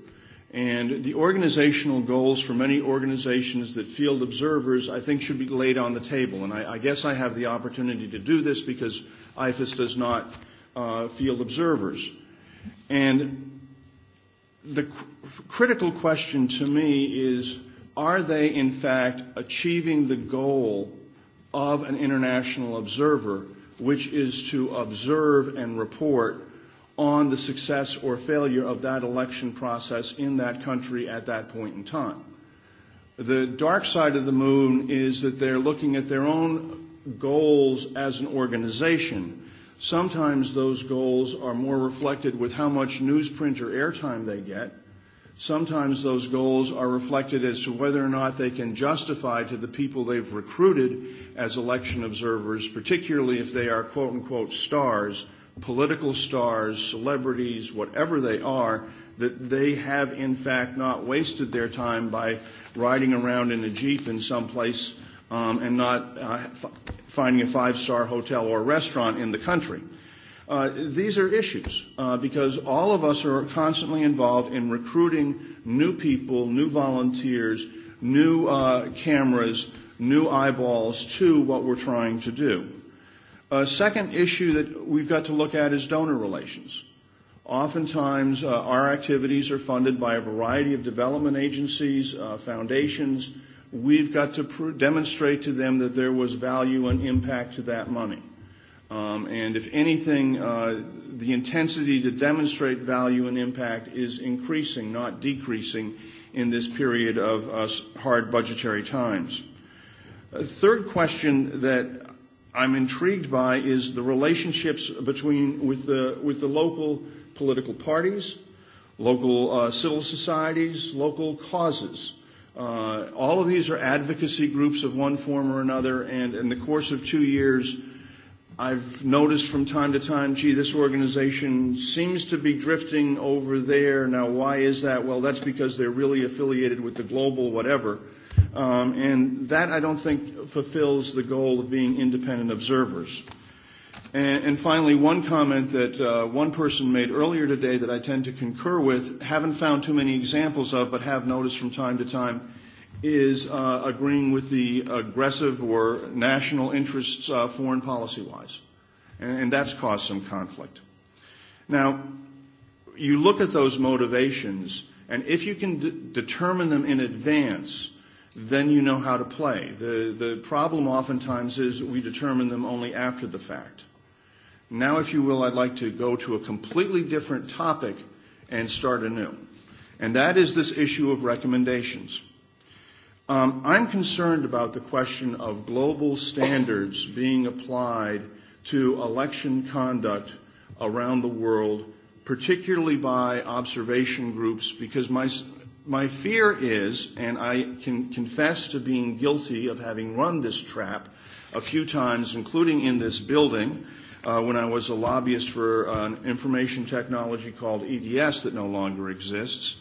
And the organizational goals for many organizations that field observers, I think, should be laid on the table. And I, I guess I have the opportunity to do this because IFAS does not uh, field observers. And the cr- critical question to me is are they, in fact, achieving the goal of an international observer? which is to observe and report on the success or failure of that election process in that country at that point in time. The dark side of the moon is that they're looking at their own goals as an organization. Sometimes those goals are more reflected with how much newsprint or airtime they get sometimes those goals are reflected as to whether or not they can justify to the people they've recruited as election observers, particularly if they are quote unquote stars, political stars, celebrities, whatever they are, that they have in fact not wasted their time by riding around in a Jeep in some place um, and not uh, f- finding a five star hotel or restaurant in the country. Uh, these are issues uh, because all of us are constantly involved in recruiting new people, new volunteers, new uh, cameras, new eyeballs to what we're trying to do. A second issue that we've got to look at is donor relations. Oftentimes, uh, our activities are funded by a variety of development agencies, uh, foundations. We've got to pr- demonstrate to them that there was value and impact to that money. Um, and if anything, uh, the intensity to demonstrate value and impact is increasing, not decreasing, in this period of uh, hard budgetary times. A third question that I'm intrigued by is the relationships between with the with the local political parties, local uh, civil societies, local causes. Uh, all of these are advocacy groups of one form or another, and in the course of two years, I've noticed from time to time, gee, this organization seems to be drifting over there. Now, why is that? Well, that's because they're really affiliated with the global whatever. Um, and that, I don't think, fulfills the goal of being independent observers. And, and finally, one comment that uh, one person made earlier today that I tend to concur with, haven't found too many examples of, but have noticed from time to time, is uh, agreeing with the aggressive or national interests uh, foreign policy wise. And, and that's caused some conflict. Now, you look at those motivations, and if you can determine them in advance, then you know how to play. The, the problem oftentimes is we determine them only after the fact. Now, if you will, I'd like to go to a completely different topic and start anew. And that is this issue of recommendations. Um, I'm concerned about the question of global standards being applied to election conduct around the world, particularly by observation groups, because my, my fear is, and I can confess to being guilty of having run this trap a few times, including in this building, uh, when I was a lobbyist for an information technology called EDS that no longer exists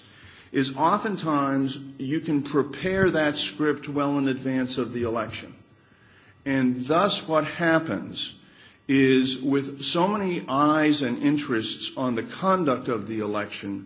is oftentimes you can prepare that script well in advance of the election. And thus what happens is with so many eyes and interests on the conduct of the election,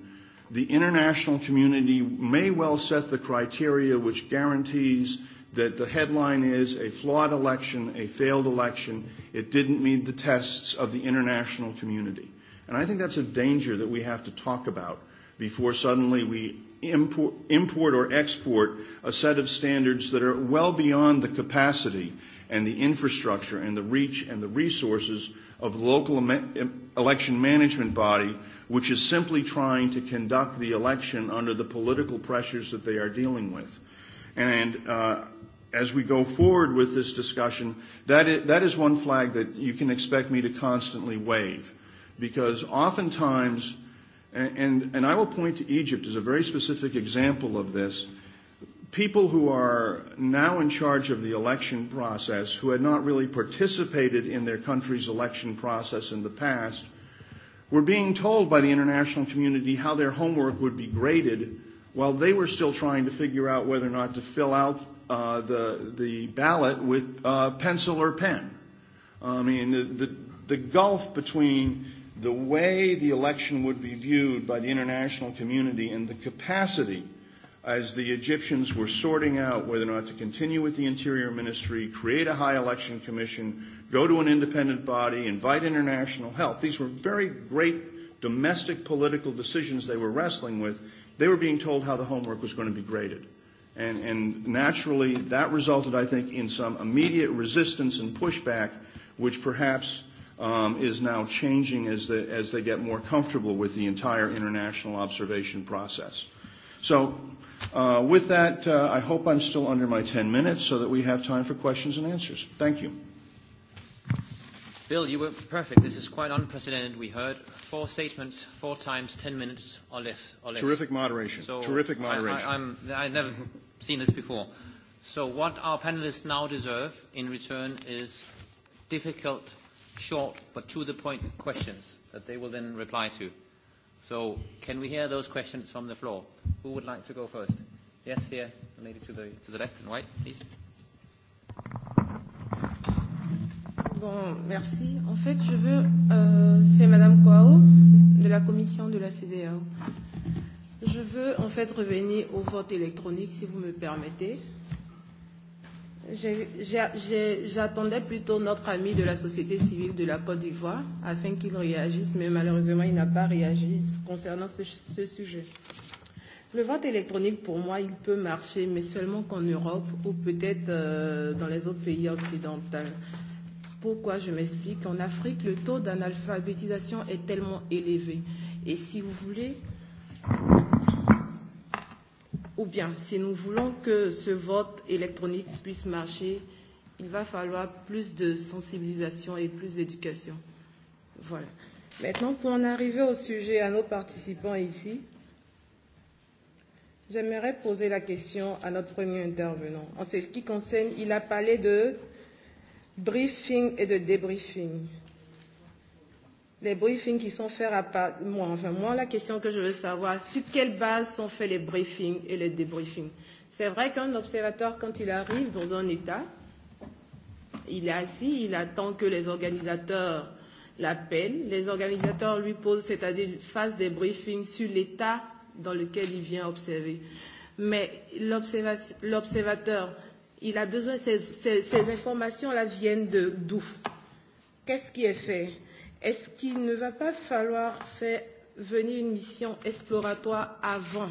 the international community may well set the criteria which guarantees that the headline is a flawed election, a failed election, it didn't meet the tests of the international community. And I think that's a danger that we have to talk about before suddenly we import, import or export a set of standards that are well beyond the capacity and the infrastructure and the reach and the resources of the local election management body, which is simply trying to conduct the election under the political pressures that they are dealing with. And uh, as we go forward with this discussion, that is, that is one flag that you can expect me to constantly wave. Because oftentimes, And, and, I will point to Egypt as a very specific example of this. People who are now in charge of the election process, who had not really participated in their country's election process in the past, were being told by the international community how their homework would be graded while they were still trying to figure out whether or not to fill out uh, the, the ballot with uh, pencil or pen. I mean, the, the, the gulf between the way the election would be viewed by the international community and the capacity as the Egyptians were sorting out whether or not to continue with the Interior Ministry, create a high election commission, go to an independent body, invite international help. These were very great domestic political decisions they were wrestling with. They were being told how the homework was going to be graded. And, and naturally, that resulted, I think, in some immediate resistance and pushback, which perhaps um, is now changing as, the, as they get more comfortable with the entire international observation process. So uh, with that, uh, I hope I'm still under my 10 minutes so that we have time for questions and answers. Thank you. Bill, you were perfect. This is quite unprecedented. We heard four statements, four times, 10 minutes or less. Or less. Terrific moderation. So Terrific moderation. I, I, I'm, I've never seen this before. So what our panelists now deserve in return is difficult short but to the point questions that they will then reply to. So can we hear those questions from the floor? Who would like to go first? Yes, here, the lady to the, to the left and right, please. Bon, merci. En fait, je veux... Euh, C'est Madame Kouao de la commission de la CDAO. Je veux en fait revenir au vote électronique, si vous me permettez. J'attendais plutôt notre ami de la société civile de la Côte d'Ivoire afin qu'il réagisse, mais malheureusement, il n'a pas réagi concernant ce, ce sujet. Le vote électronique, pour moi, il peut marcher, mais seulement qu'en Europe ou peut-être euh, dans les autres pays occidentaux. Pourquoi je m'explique En Afrique, le taux d'analphabétisation est tellement élevé. Et si vous voulez, ou bien si nous voulons que ce vote électronique puisse marcher, il va falloir plus de sensibilisation et plus d'éducation. Voilà. Maintenant, pour en arriver au sujet à nos participants ici, j'aimerais poser la question à notre premier intervenant. En ce qui concerne, il a parlé de briefing et de débriefing les briefings qui sont faits à part, moi, enfin, moi, la question que je veux savoir, sur quelle base sont faits les briefings et les débriefings C'est vrai qu'un observateur, quand il arrive dans un État, il est assis, il attend que les organisateurs l'appellent, les organisateurs lui posent, c'est-à-dire fassent des briefings sur l'État dans lequel il vient observer. Mais l'observateur, il a besoin, ces, ces, ces informations-là viennent d'où Qu'est-ce qui est fait Est-ce qu'il ne va pas falloir faire venir une mission exploratoire avant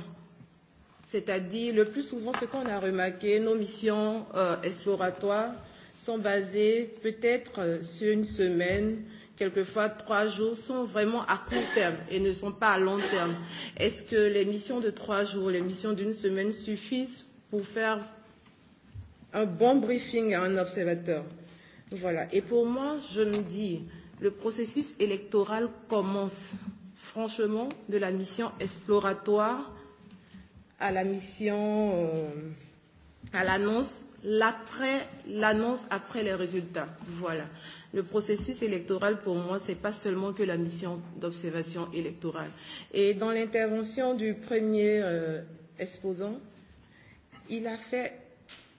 C'est-à-dire, le plus souvent, ce qu'on a remarqué, nos missions euh, exploratoires sont basées peut-être euh, sur une semaine, quelquefois trois jours, sont vraiment à court terme et ne sont pas à long terme. Est-ce que les missions de trois jours, les missions d'une semaine suffisent pour faire un bon briefing à un observateur Voilà. Et pour moi, je me dis, euh, le processus électoral commence. Franchement, de la mission exploratoire à la mission, euh, à l'annonce, l'après, l'annonce après les résultats. Voilà. Le processus électoral, pour moi, ce n'est pas seulement que la mission d'observation électorale. Et dans l'intervention du premier euh, exposant, il a fait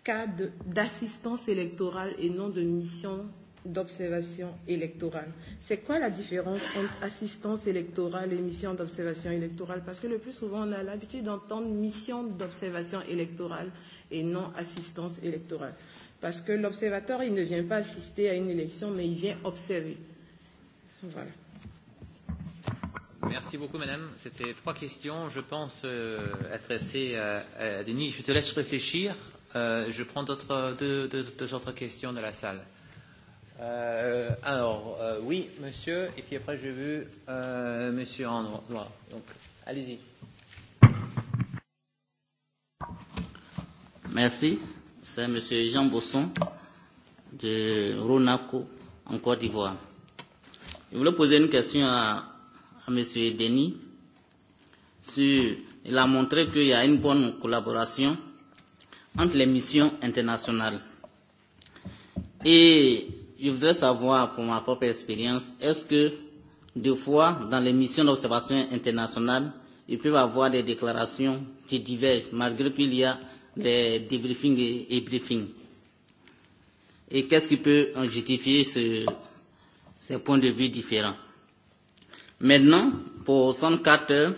cas d'assistance électorale et non de mission d'observation électorale. C'est quoi la différence entre assistance électorale et mission d'observation électorale Parce que le plus souvent, on a l'habitude d'entendre mission d'observation électorale et non assistance électorale. Parce que l'observateur, il ne vient pas assister à une élection, mais il vient observer. Voilà. Merci beaucoup, madame. C'était trois questions, je pense, euh, adressées à, à Denis. Je te laisse réfléchir. Euh, je prends d'autres, deux, deux, deux autres questions de la salle. Euh, alors, euh, oui, monsieur, et puis après j'ai vu euh, monsieur en noir. Donc, allez-y. Merci. C'est monsieur Jean Bosson de Ronaco, en Côte d'Ivoire. Je voulais poser une question à, à monsieur Denis. Sur, il a montré qu'il y a une bonne collaboration entre les missions internationales. Et je voudrais savoir, pour ma propre expérience, est-ce que des fois, dans les missions d'observation internationale, il peut y avoir des déclarations qui divergent, malgré qu'il y a des debriefings et, et briefings. Et qu'est-ce qui peut en justifier ce, ces points de vue différents Maintenant, pour 104 heures,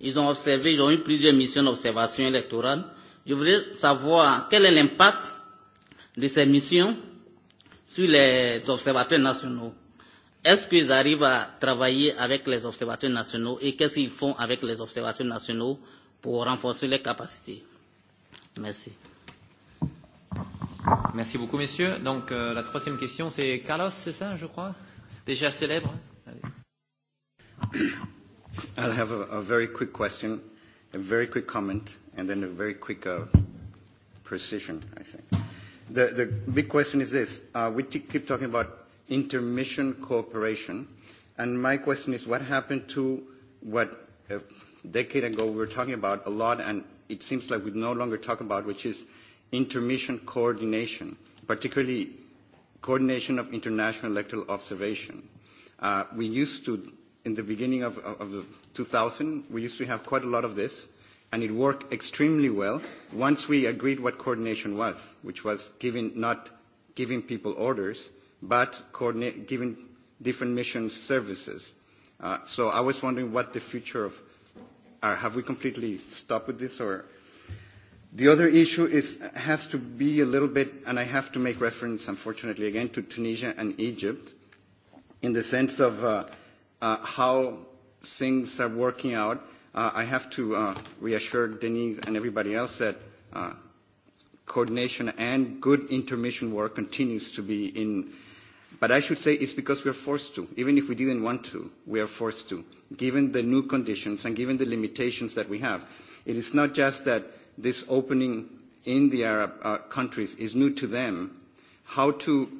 ils ont observé, ils ont eu plusieurs missions d'observation électorale. Je voudrais savoir quel est l'impact de ces missions sur les observateurs nationaux. Est-ce qu'ils arrivent à travailler avec les observateurs nationaux et qu'est-ce qu'ils font avec les observateurs nationaux pour renforcer les capacités Merci. Merci beaucoup, messieurs. Donc, euh, la troisième question, c'est Carlos, c'est ça, je crois Déjà célèbre. Allez. I'll have a, a very quick question, a very quick comment, and then a very quick uh, precision, I think the, big question is this. Uh, we keep talking about intermission cooperation, and my question is what happened to what a decade ago we were talking about a lot, and it seems like we no longer talk about, which is intermission coordination, particularly coordination of international electoral observation. Uh, we used to, in the beginning of, of the 2000, we used to have quite a lot of this, and it worked extremely well once we agreed what coordination was, which was giving, not giving people orders, but giving different missions services. Uh, so I was wondering what the future of, or uh, have we completely stopped with this, or the other issue is, has to be a little bit, and I have to make reference, unfortunately, again to Tunisia and Egypt, in the sense of uh, uh, how things are working out Uh, I have to uh, reassure Denise and everybody else that uh, coordination and good intermission work continues to be in. But I should say it's because we are forced to. Even if we didn't want to, we are forced to, given the new conditions and given the limitations that we have. It is not just that this opening in the Arab uh, countries is new to them. How to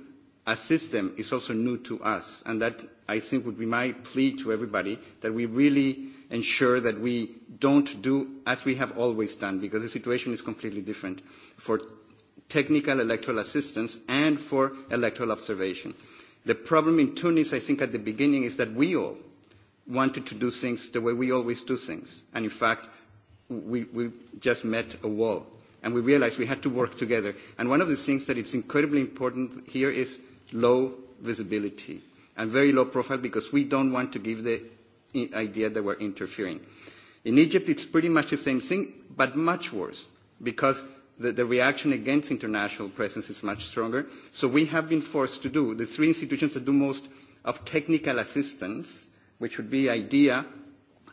assist them is also new to us. And that, I think, would be my plea to everybody, that we really ensure that we don't do as we have always done, because the situation is completely different for technical electoral assistance and for electoral observation. The problem in Tunis, I think, at the beginning is that we all wanted to do things the way we always do things. And in fact, we, we just met a wall. And we realized we had to work together. And one of the things that is incredibly important here is low visibility and very low profile because we don't want to give the idea that we're interfering. In Egypt, it's pretty much the same thing, but much worse, because the, the reaction against international presence is much stronger. So we have been forced to do, the three institutions that do most of technical assistance, which would be IDEA,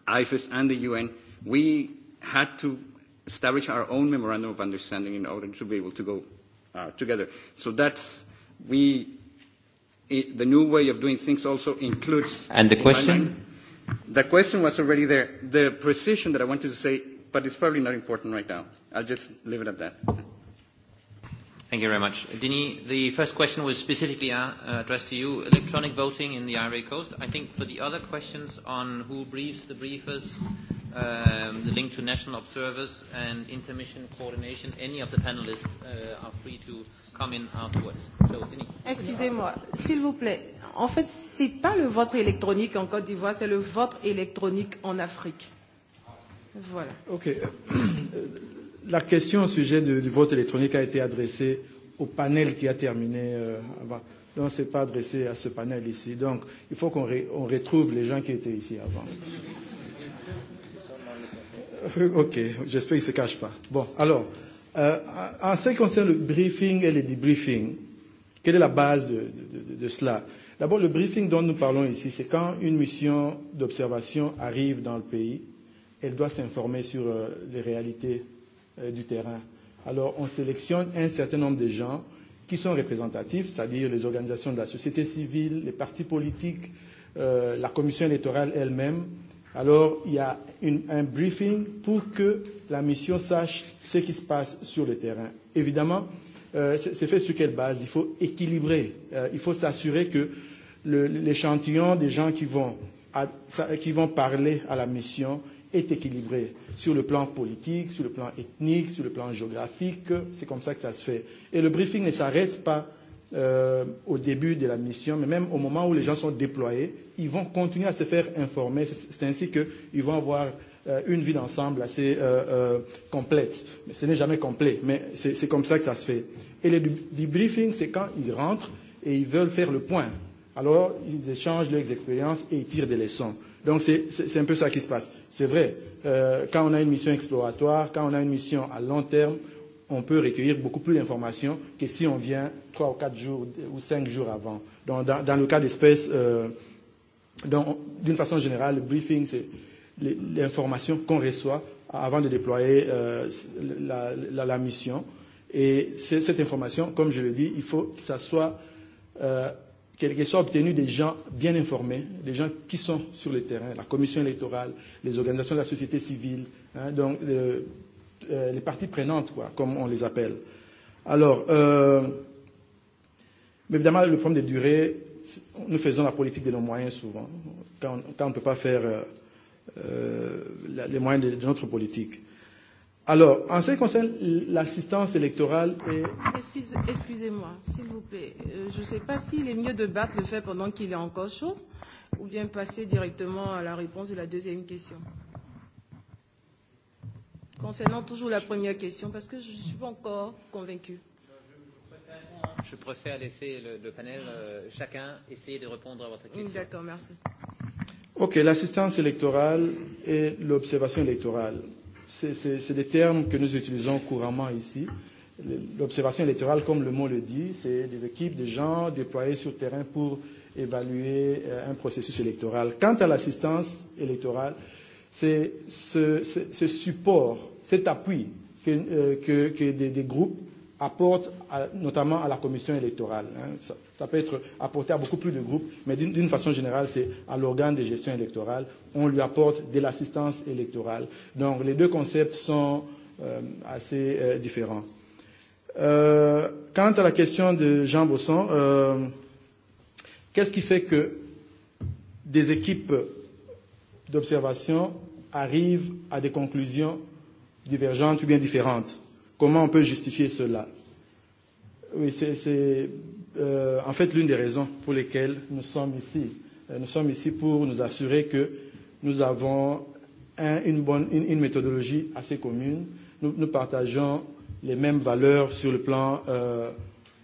IFES, and the UN, we had to establish our own memorandum of understanding in order to be able to go uh, together. So that's, we, it, the new way of doing things also includes... And the question? The question was already there. The precision that I wanted to say, but it's probably not important right now. I'll just leave it at that. Thank you very much. Dini, the first question was specifically uh, addressed to you, electronic voting in the IRA Coast. I think for the other questions on who briefs the briefers, um, the link to national observers and intermission coordination. Any of the panelists uh, are free to come in afterwards. So, Excusez-moi, s'il vous plaît. En fait, c'est pas le vote électronique en Côte d'Ivoire, c'est le vote électronique en Afrique. Voilà. Ok. La question au sujet du, du vote électronique a été adressée au panel qui a terminé euh, avant. Donc, ce n'est pas adressé à ce panel ici. Donc, il faut qu'on ré, retrouve les gens qui étaient ici avant. Euh, ok, j'espère qu'il ne se cache pas. Bon, alors, euh, en ce qui concerne le briefing et le debriefing, quelle est la base de, de, de, de cela D'abord, le briefing dont nous parlons ici, c'est quand une mission d'observation arrive dans le pays, elle doit s'informer sur euh, les réalités euh, du terrain. Alors, on sélectionne un certain nombre de gens qui sont représentatifs, c'est-à-dire les organisations de la société civile, les partis politiques, euh, la commission électorale elle-même, euh, Alors, il y a une, un briefing pour que la mission sache ce qui se passe sur le terrain. Évidemment, euh, c'est fait sur quelle base Il faut équilibrer. Euh, il faut s'assurer que l'échantillon des gens qui vont, à, qui vont parler à la mission est équilibré sur le plan politique, sur le plan ethnique, sur le plan géographique. C'est comme ça que ça se fait. Et le briefing ne s'arrête pas euh, au début de la mission, mais même au moment où les gens sont déployés, ils vont continuer à se faire informer. C'est ainsi qu'ils vont avoir euh, une vie d'ensemble assez euh, euh, complète. Mais ce n'est jamais complet, mais c'est comme ça que ça se fait. Et le debriefing, c'est quand ils rentrent et ils veulent faire le point. Alors, ils échangent leurs expériences et ils tirent des leçons. Donc, c'est un peu ça qui se passe. C'est vrai, euh, quand on a une mission exploratoire, quand on a une mission à long terme, on peut recueillir beaucoup plus d'informations que si on vient trois ou quatre jours ou cinq jours avant. Donc, dans, dans le cas d'espèces, euh, Donc, d'une façon générale, le briefing, c'est l'information qu'on reçoit avant de déployer euh, la, la, la mission. Et cette information, comme je le dis, il faut que ça soit, euh, qu'elle soit obtenue des gens bien informés, des gens qui sont sur le terrain, la commission électorale, les organisations de la société civile, hein, donc euh, euh, les parties prenantes, quoi, comme on les appelle. Alors, euh, mais évidemment, le problème des durées nous faisons la politique de nos moyens souvent, quand, quand on ne peut pas faire euh, euh les moyens de, de notre politique. Alors, en ce qui concerne l'assistance électorale et... Excuse, excusez-moi, s'il vous plaît. Euh, je ne sais pas s'il est mieux de battre le fait pendant qu'il est encore chaud ou bien passer directement à la réponse de la deuxième question. Concernant toujours la première question, parce que je ne suis pas encore convaincue je préfère laisser le, le panel euh, chacun essayer de répondre à votre question. Mm, d'accord, merci. Ok, l'assistance électorale et l'observation électorale, c'est des termes que nous utilisons couramment ici. L'observation électorale, comme le mot le dit, c'est des équipes, des gens déployés sur terrain pour évaluer euh, un processus électoral. Quant à l'assistance électorale, c'est ce, ce, ce support, cet appui que, euh, que, que des, des groupes apporte à, notamment à la commission électorale. Hein. Ça, ça peut être apporté à beaucoup plus de groupes, mais d'une façon générale, c'est à l'organe de gestion électorale. On lui apporte de l'assistance électorale. Donc les deux concepts sont euh, assez euh, différents. Euh, quant à la question de Jean Bosson, euh, qu'est-ce qui fait que des équipes d'observation arrivent à des conclusions divergentes ou bien différentes Comment on peut justifier cela Oui, c'est euh, en fait l'une des raisons pour lesquelles nous sommes ici. Euh, nous sommes ici pour nous assurer que nous avons un, une, bonne, une, une méthodologie assez commune. Nous, nous partageons les mêmes valeurs sur le plan, euh,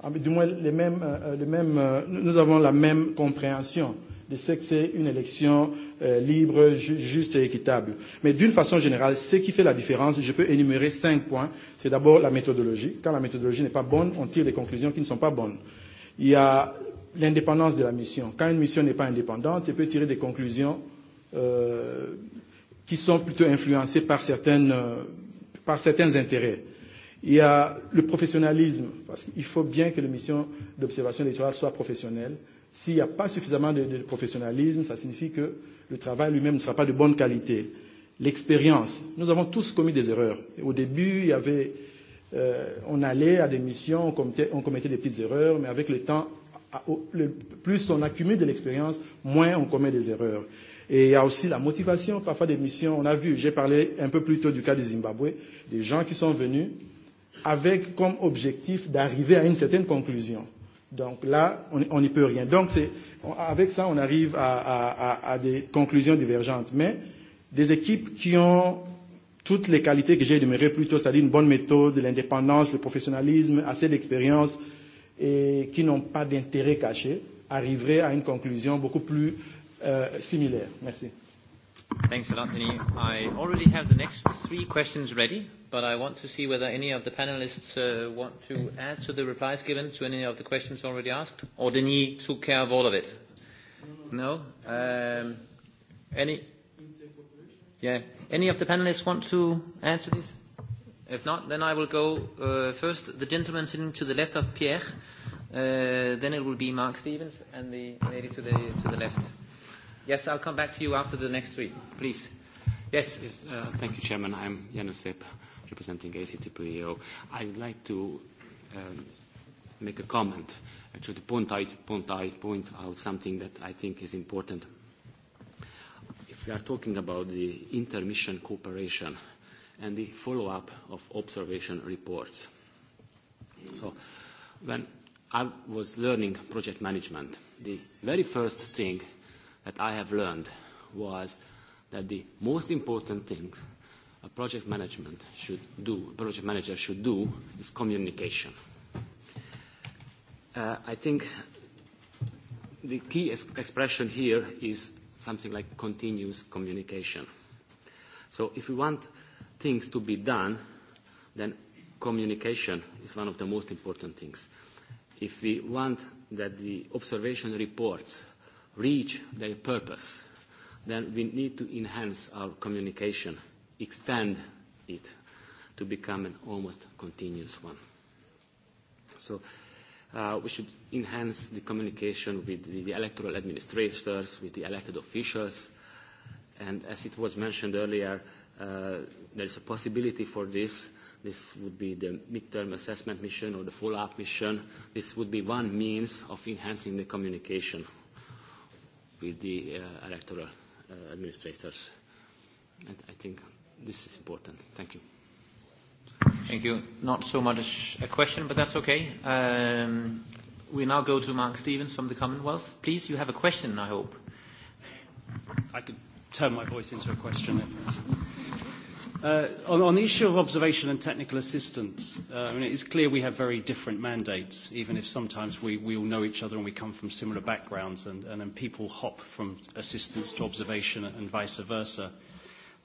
ah, du moins les mêmes, euh, euh les mêmes euh, nous avons la même compréhension euh, de ce que c'est une élection euh, libre, ju juste et équitable. Mais d'une façon générale, ce qui fait la différence, je peux énumérer cinq points. C'est d'abord la méthodologie. Quand la méthodologie n'est pas bonne, on tire des conclusions qui ne sont pas bonnes. Il y a l'indépendance de la mission. Quand une mission n'est pas indépendante, elle peut tirer des conclusions euh, qui sont plutôt influencées par, certaines, euh, par certains intérêts. Il y a le professionnalisme, parce qu'il faut bien que les missions d'observation électorale soient professionnelles. S'il n'y a pas suffisamment de, de professionnalisme, ça signifie que le travail lui-même ne sera pas de bonne qualité. L'expérience. Nous avons tous commis des erreurs. Au début, il y avait, euh, on allait à des missions, on commettait, on commettait des petites erreurs, mais avec le temps, à, au, le, plus on accumule de l'expérience, moins on commet des erreurs. Et il y a aussi la motivation, parfois des missions. On a vu, j'ai parlé un peu plus tôt du cas du Zimbabwe, des gens qui sont venus, avec comme objectif d'arriver à une certaine conclusion. Donc là, on n'y peut rien. Donc on, avec ça, on arrive à, à, à, à des conclusions divergentes. Mais des équipes qui ont toutes les qualités que j'ai énumérées plus tôt, c'est-à-dire une bonne méthode, l'indépendance, le professionnalisme, assez d'expérience, et qui n'ont pas d'intérêt caché, arriveraient à une conclusion beaucoup plus euh, similaire. Merci. Thanks a lot, Denis. I already have the next three questions ready but I want to see whether any of the panelists uh, want to add to the replies given to any of the questions already asked, or Denis took care of all of it? No? Um, any? Yeah. Any of the panelists want to add to this? If not, then I will go uh, first. The gentleman sitting to the left of Pierre, uh, then it will be Mark Stevens, and the lady to the, to the left. Yes, I'll come back to you after the next three, please. Yes. yes uh, thank you, Chairman. I'm Janusz Sepp representing ACTPEO. I would like to um, make a comment, actually point out, point, out, point out something that I think is important. If we are talking about the intermission cooperation and the follow-up of observation reports. So when I was learning project management, the very first thing that I have learned was that the most important thing a project management should do, a project manager should do is communication. Uh, I think the key ex expression here is something like continuous communication. So if we want things to be done, then communication is one of the most important things. If we want that the observation reports reach their purpose, then we need to enhance our communication extend it to become an almost continuous one. So uh, we should enhance the communication with the, electoral administrators, with the elected officials, and as it was mentioned earlier, uh, there is a possibility for this. This would be the midterm assessment mission or the follow-up mission. This would be one means of enhancing the communication with the uh, electoral uh, administrators. And I think this is important. Thank you. Thank you. Not so much a question, but that's okay. Um, we now go to Mark Stevens from the Commonwealth. Please, you have a question, I hope. I could turn my voice into a question. Uh, on, on the issue of observation and technical assistance, uh, I mean, it's clear we have very different mandates, even if sometimes we, we all know each other and we come from similar backgrounds, and, and, and people hop from assistance to observation and vice versa.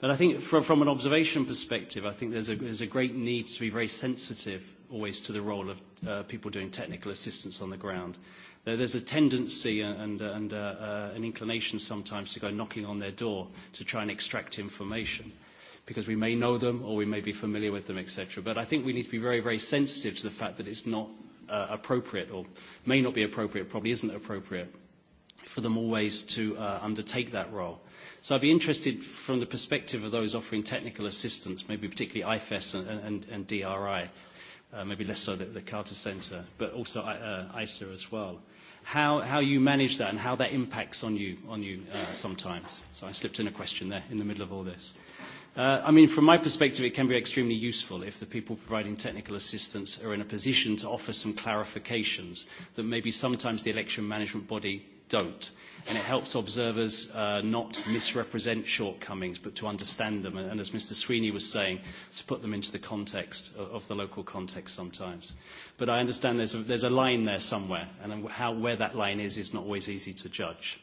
But I think from, from an observation perspective, I think there's a, there's a great need to be very sensitive always to the role of uh, people doing technical assistance on the ground. there's a tendency and, and uh, uh, an inclination sometimes to go knocking on their door to try and extract information because we may know them or we may be familiar with them, etc. But I think we need to be very, very sensitive to the fact that it's not uh, appropriate or may not be appropriate, probably isn't appropriate for them always to uh, undertake that role So I'd be interested from the perspective of those offering technical assistance, maybe particularly IFES and, and, and DRI, uh, maybe less so the, the Carter Center, but also uh, ISA as well. How, how you manage that and how that impacts on you, on you uh, sometimes. So I slipped in a question there in the middle of all this. Uh, I mean, from my perspective, it can be extremely useful if the people providing technical assistance are in a position to offer some clarifications that maybe sometimes the election management body don't. And it helps observers uh, not misrepresent shortcomings, but to understand them. And, and as Mr. Sweeney was saying, to put them into the context of, of the local context sometimes. But I understand there's a, there's a line there somewhere, and how, where that line is is not always easy to judge.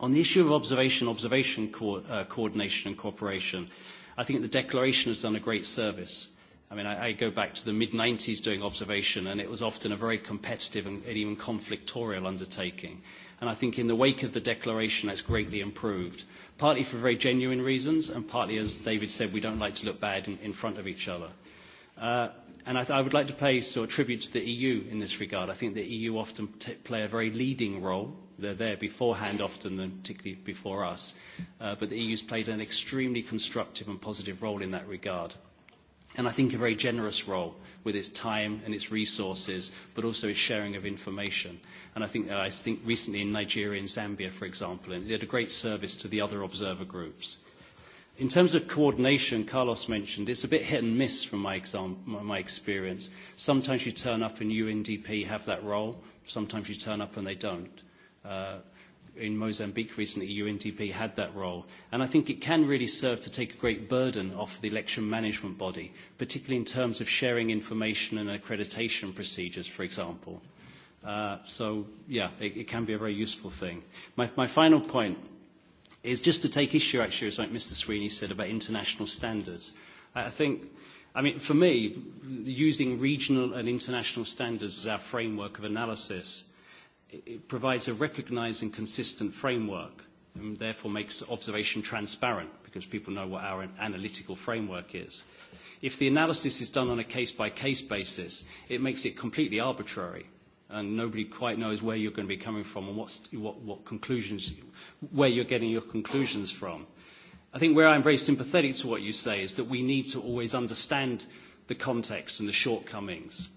On the issue of observation, observation co uh, coordination and cooperation, I think the declaration has done a great service. I mean, I, I go back to the mid-90s doing observation, and it was often a very competitive and, and even conflictorial undertaking. And I think in the wake of the declaration, that's greatly improved, partly for very genuine reasons, and partly, as David said, we don't like to look bad in, in front of each other. Uh, and I, I would like to pay sort of tribute to the EU in this regard. I think the EU often play a very leading role. They're there beforehand often, and particularly before us. Uh, but the EU's played an extremely constructive and positive role in that regard. And I think a very generous role with its time and its resources, but also its sharing of information. And I think, uh, I think recently in Nigeria and Zambia, for example, and it did a great service to the other observer groups In terms of coordination, Carlos mentioned, it's a bit hit and miss from my, exam, my experience. Sometimes you turn up and UNDP have that role. Sometimes you turn up and they don't. Uh, in Mozambique recently, UNDP had that role. And I think it can really serve to take a great burden off the election management body, particularly in terms of sharing information and accreditation procedures, for example. Uh, so, yeah, it, it can be a very useful thing. My, my final point is just to take issue, actually, as like Mr. Sweeney said about international standards. I think, I mean, for me, using regional and international standards as our framework of analysis, it provides a recognised and consistent framework and therefore makes observation transparent because people know what our analytical framework is. If the analysis is done on a case-by-case -case basis, it makes it completely arbitrary and nobody quite knows where you're going to be coming from and what's, what, what conclusions, where you're getting your conclusions from. I think where I'm very sympathetic to what you say is that we need to always understand the context and the shortcomings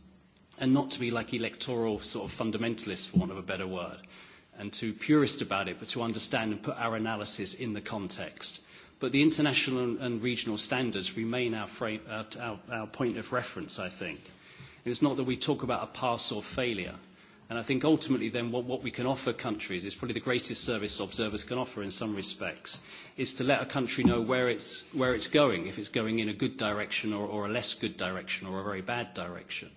and not to be like electoral sort of fundamentalists, for want of a better word, and too purist about it, but to understand and put our analysis in the context. But the international and regional standards remain our, frame, our, uh, our, our point of reference, I think. It's not that we talk about a pass or failure. And I think ultimately then what, what we can offer countries is probably the greatest service observers can offer in some respects, is to let a country know where it's, where it's going, if it's going in a good direction or, or a less good direction or a very bad direction.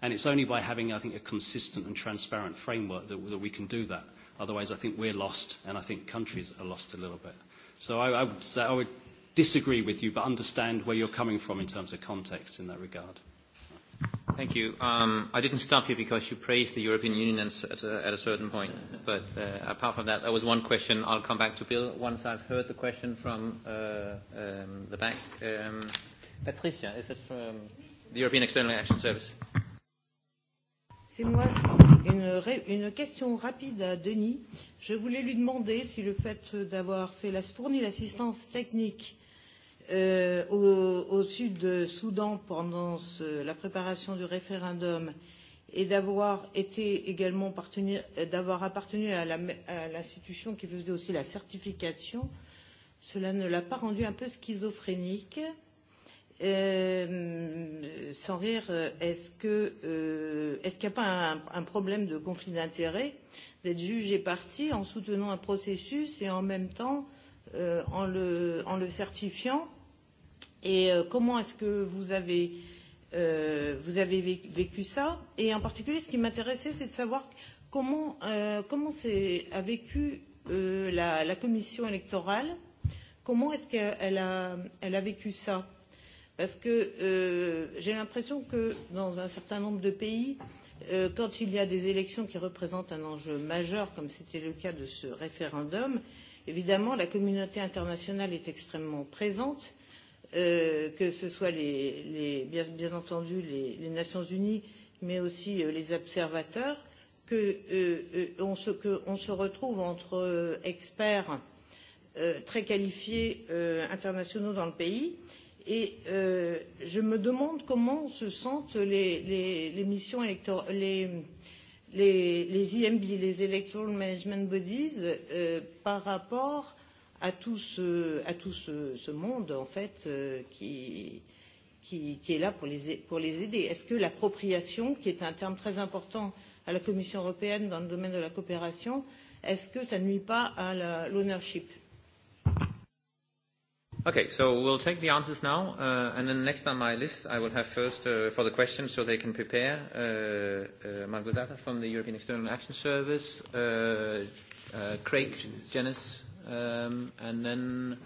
And it's only by having, I think, a consistent and transparent framework that, that we can do that. Otherwise, I think we're lost, and I think countries are lost a little bit. So I, I would, say, I would disagree with you, but understand where you're coming from in terms of context in that regard. Thank you. Um, I didn't stop you because you praised the European Union at a, at a certain point. But uh, apart from that, there was one question. I'll come back to Bill once I've heard the question from uh, um, the back. Um, Patricia, is it from the European External Action Service? C'est moi. Une, une question rapide à Denis. Je voulais lui demander si le fait d'avoir fait la, fourni l'assistance technique euh, au, au Sud de Soudan pendant ce, la préparation du référendum et d'avoir été également d'avoir appartenu à, l'institution qui faisait aussi la certification, cela ne l'a pas rendu un peu schizophrénique. Euh, sans rire, est-ce, que, euh, est-ce qu'il n'y a pas un, un problème de conflit d'intérêts d'être jugé parti en soutenant un processus et en même temps euh, en, le, en le certifiant Et euh, comment est-ce que vous avez, euh, vous avez vécu, vécu ça Et en particulier, ce qui m'intéressait, c'est de savoir comment, euh, comment a vécu euh, la, la commission électorale, comment est-ce qu'elle a, elle a vécu ça Parce que euh, j'ai l'impression que dans un certain nombre de pays, euh, quand il y a des élections qui représentent un enjeu majeur, comme c'était le cas de ce référendum, euh, Évidemment, la communauté internationale est extrêmement présente, euh, que ce soit les, les, bien, bien entendu les, les Nations Unies, mais aussi euh, les observateurs, qu'on euh, euh, se, que on se retrouve entre euh, experts euh, très qualifiés euh, internationaux dans le pays. Et euh, je me demande comment se sentent les, les, les missions électorales les, les IMB, les Electoral Management Bodies, euh, par rapport à tout ce, à tout ce, ce monde en fait euh, qui, qui, qui est là pour les, pour les aider. Est-ce que l'appropriation, qui est un terme très important à la Commission européenne dans le domaine de la coopération, est-ce que ça ne nuit pas à l'ownership Okay, so we'll take the answers now, uh, and then next on my list, I will have first uh, for the questions so they can prepare uh, uh, from the European External Action Service, uh, uh, Craig Jennis, um, and then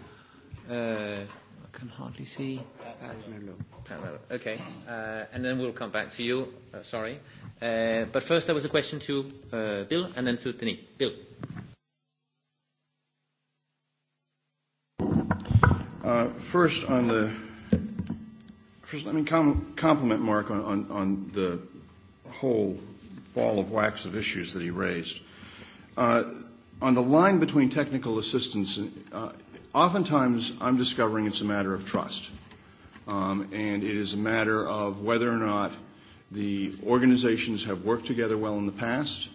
uh, I can hardly see. Okay, uh, and then we'll come back to you. Uh, sorry, uh, but first there was a question to uh, Bill, and then to Denis. Bill. Uh, first, on the first, let me com- compliment Mark on, on, on the whole ball of wax of issues that he raised. Uh, on the line between technical assistance, uh, oftentimes I'm discovering it's a matter of trust. Um, and it is a matter of whether or not the organizations have worked together well in the past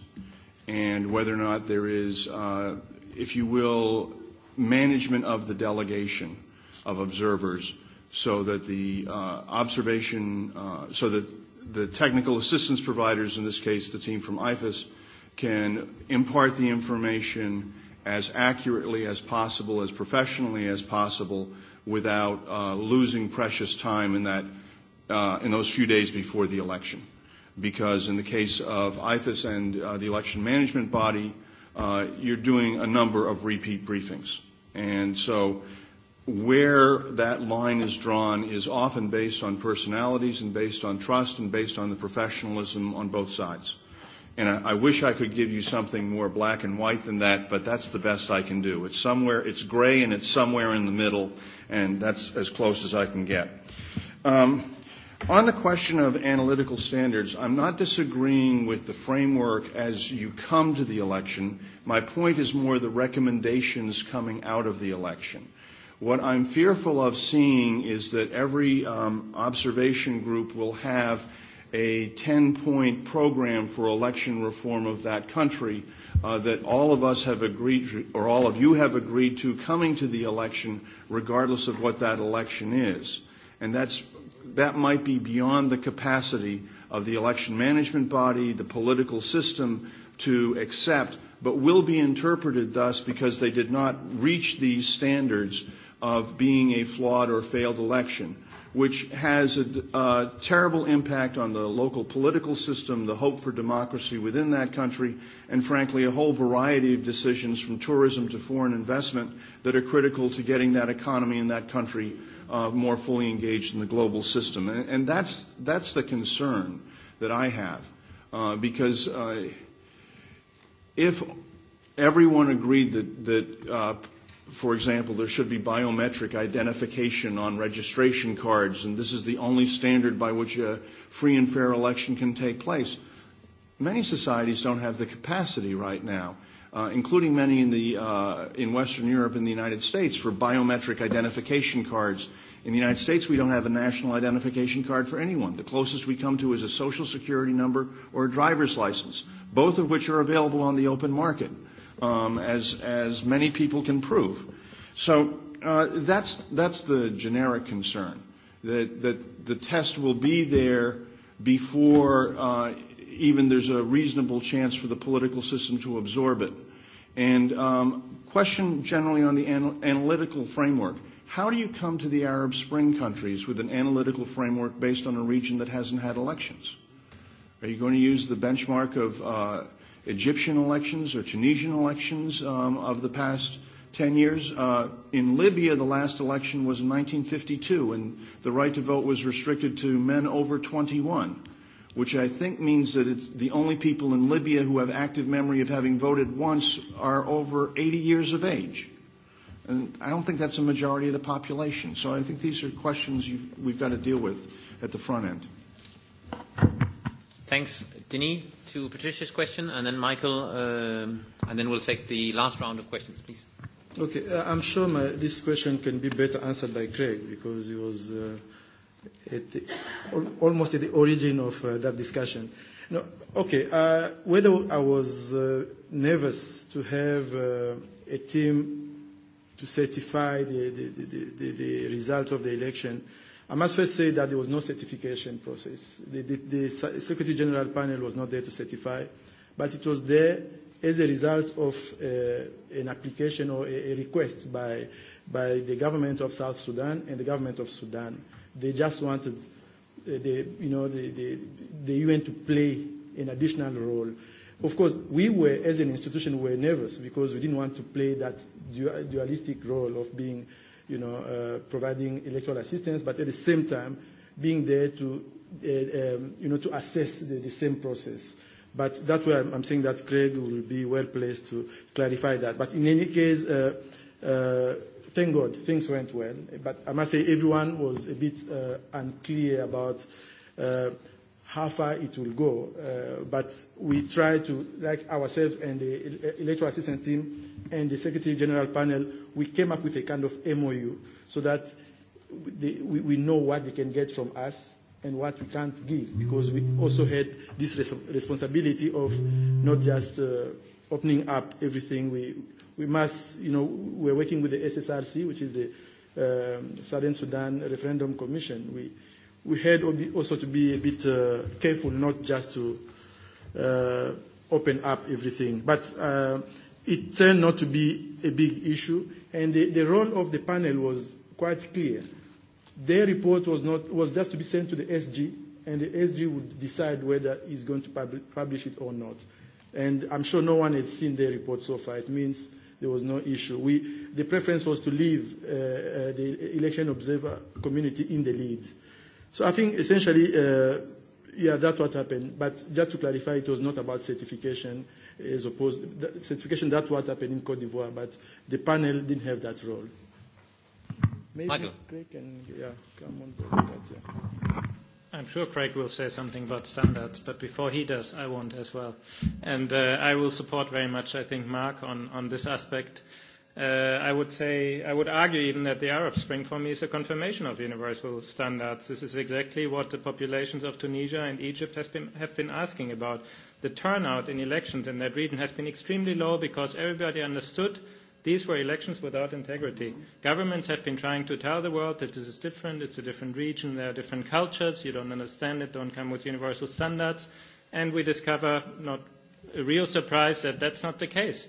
and whether or not there is, uh, if you will, management of the delegation of observers so that the uh, observation, uh, so that the technical assistance providers, in this case the team from IFAS, can impart the information as accurately as possible, as professionally as possible, without uh, losing precious time in that uh, in those few days before the election. Because in the case of IFAS and uh, the election management body, uh, you're doing a number of repeat briefings, and so where that line is drawn is often based on personalities and based on trust and based on the professionalism on both sides. And I, I wish I could give you something more black and white than that, but that's the best I can do. It's somewhere, it's gray and it's somewhere in the middle, and that's as close as I can get. Um, on the question of analytical standards, I'm not disagreeing with the framework as you come to the election. My point is more the recommendations coming out of the election. What I'm fearful of seeing is that every um, observation group will have a 10 point program for election reform of that country uh, that all of us have agreed, to, or all of you have agreed to coming to the election, regardless of what that election is. And that's, that might be beyond the capacity of the election management body, the political system to accept, but will be interpreted thus because they did not reach these standards of being a flawed or failed election, which has a a terrible impact on the local political system, the hope for democracy within that country, and frankly, a whole variety of decisions from tourism to foreign investment that are critical to getting that economy in that country uh, more fully engaged in the global system. And, and that's, that's the concern that I have, uh, because uh, if everyone agreed that, that uh, for example, there should be biometric identification on registration cards, and this is the only standard by which a free and fair election can take place. Many societies don't have the capacity right now, uh, including many in, the, uh, in Western Europe and the United States, for biometric identification cards. In the United States, we don't have a national identification card for anyone. The closest we come to is a social security number or a driver's license, both of which are available on the open market um, as, as many people can prove. So uh, that's, that's the generic concern, that, that the test will be there before uh, even there's a reasonable chance for the political system to absorb it. And um, question generally on the anal- analytical framework. How do you come to the Arab Spring countries with an analytical framework based on a region that hasn't had elections? Are you going to use the benchmark of uh, Egyptian elections or Tunisian elections um, of the past 10 years. Uh, in Libya, the last election was in 1952, and the right to vote was restricted to men over 21, which I think means that it's the only people in Libya who have active memory of having voted once are over 80 years of age. And I don't think that's a majority of the population. So I think these are questions you've, we've got to deal with at the front end. Thank you. Thanks, Denis, to Patricia's question, and then Michael, uh, and then we'll take the last round of questions, please. Okay, uh, I'm sure my, this question can be better answered by Craig because he was uh, at the, al almost at the origin of uh, that discussion. No, okay, uh, whether I was uh, nervous to have uh, a team to certify the, the, the, the, the result of the election, I must first say that there was no certification process. The, the, the Secretary General panel was not there to certify, but it was there as a result of uh, an application or a, a request by, by the government of South Sudan and the government of Sudan. They just wanted uh, the, you know, the, the, the UN to play an additional role. Of course, we were, as an institution, we were nervous because we didn't want to play that dualistic role of being you know, uh, providing electoral assistance, but at the same time being there to, uh, um, you know, to assess the, the same process. But that's why I'm, I'm saying that Craig will be well placed to clarify that. But in any case, uh, uh, thank God, things went well. But I must say, everyone was a bit uh, unclear about. Uh, how far it will go. Uh, but we try to, like ourselves and the uh, electoral assistance team, and the Secretary General panel, we came up with a kind of MOU so that they, we, we know what they can get from us and what we can't give, because we also had this res- responsibility of not just uh, opening up everything. We, we must, you know, we're working with the SSRC, which is the um, Southern Sudan Referendum Commission. We, we had also to be a bit uh, careful not just to uh, open up everything. But uh, it turned not to be a big issue, and the, the role of the panel was quite clear. Their report was, not, was just to be sent to the SG, and the SG would decide whether he's going to pub- publish it or not. And I'm sure no one has seen their report so far. It means there was no issue. We, the preference was to leave uh, uh, the election observer community in the lead. So I think essentially, uh, yeah, that's what happened. But just to clarify, it was not about certification as opposed the certification. That's what happened in Cote d'Ivoire, but the panel didn't have that role. Maybe Michael. Craig can yeah, come on board with that. Yeah. I'm sure Craig will say something about standards, but before he does, I won't as well. And uh, I will support very much, I think, Mark on, on this aspect uh, I would say, I would argue even that the Arab Spring for me is a confirmation of universal standards. This is exactly what the populations of Tunisia and Egypt has been, have been asking about. The turnout in elections in that region has been extremely low because everybody understood these were elections without integrity. Mm -hmm. Governments have been trying to tell the world that this is different, it's a different region, there are different cultures, you don't understand it, don't come with universal standards. And we discover, not a real surprise, that that's not the case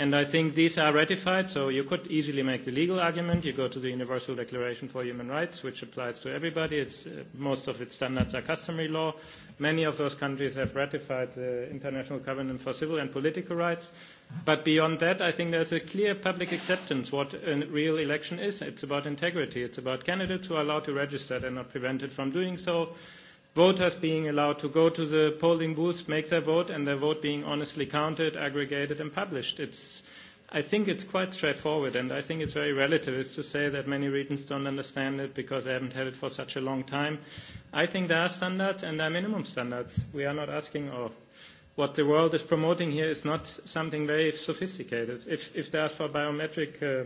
And I think these are ratified, so you could easily make the legal argument. You go to the Universal Declaration for Human Rights, which applies to everybody. It's, uh, most of its standards are customary law. Many of those countries have ratified the International Covenant for Civil and Political Rights. But beyond that, I think there's a clear public acceptance what a real election is. It's about integrity. It's about candidates who are allowed to register. They're not prevented from doing so voters being allowed to go to the polling booths, make their vote, and their vote being honestly counted, aggregated, and published. It's, I think it's quite straightforward, and I think it's very relativist to say that many regions don't understand it because they haven't had it for such a long time. I think there are standards, and there are minimum standards. We are not asking, or oh, what the world is promoting here is not something very sophisticated. If, if there are for biometric uh,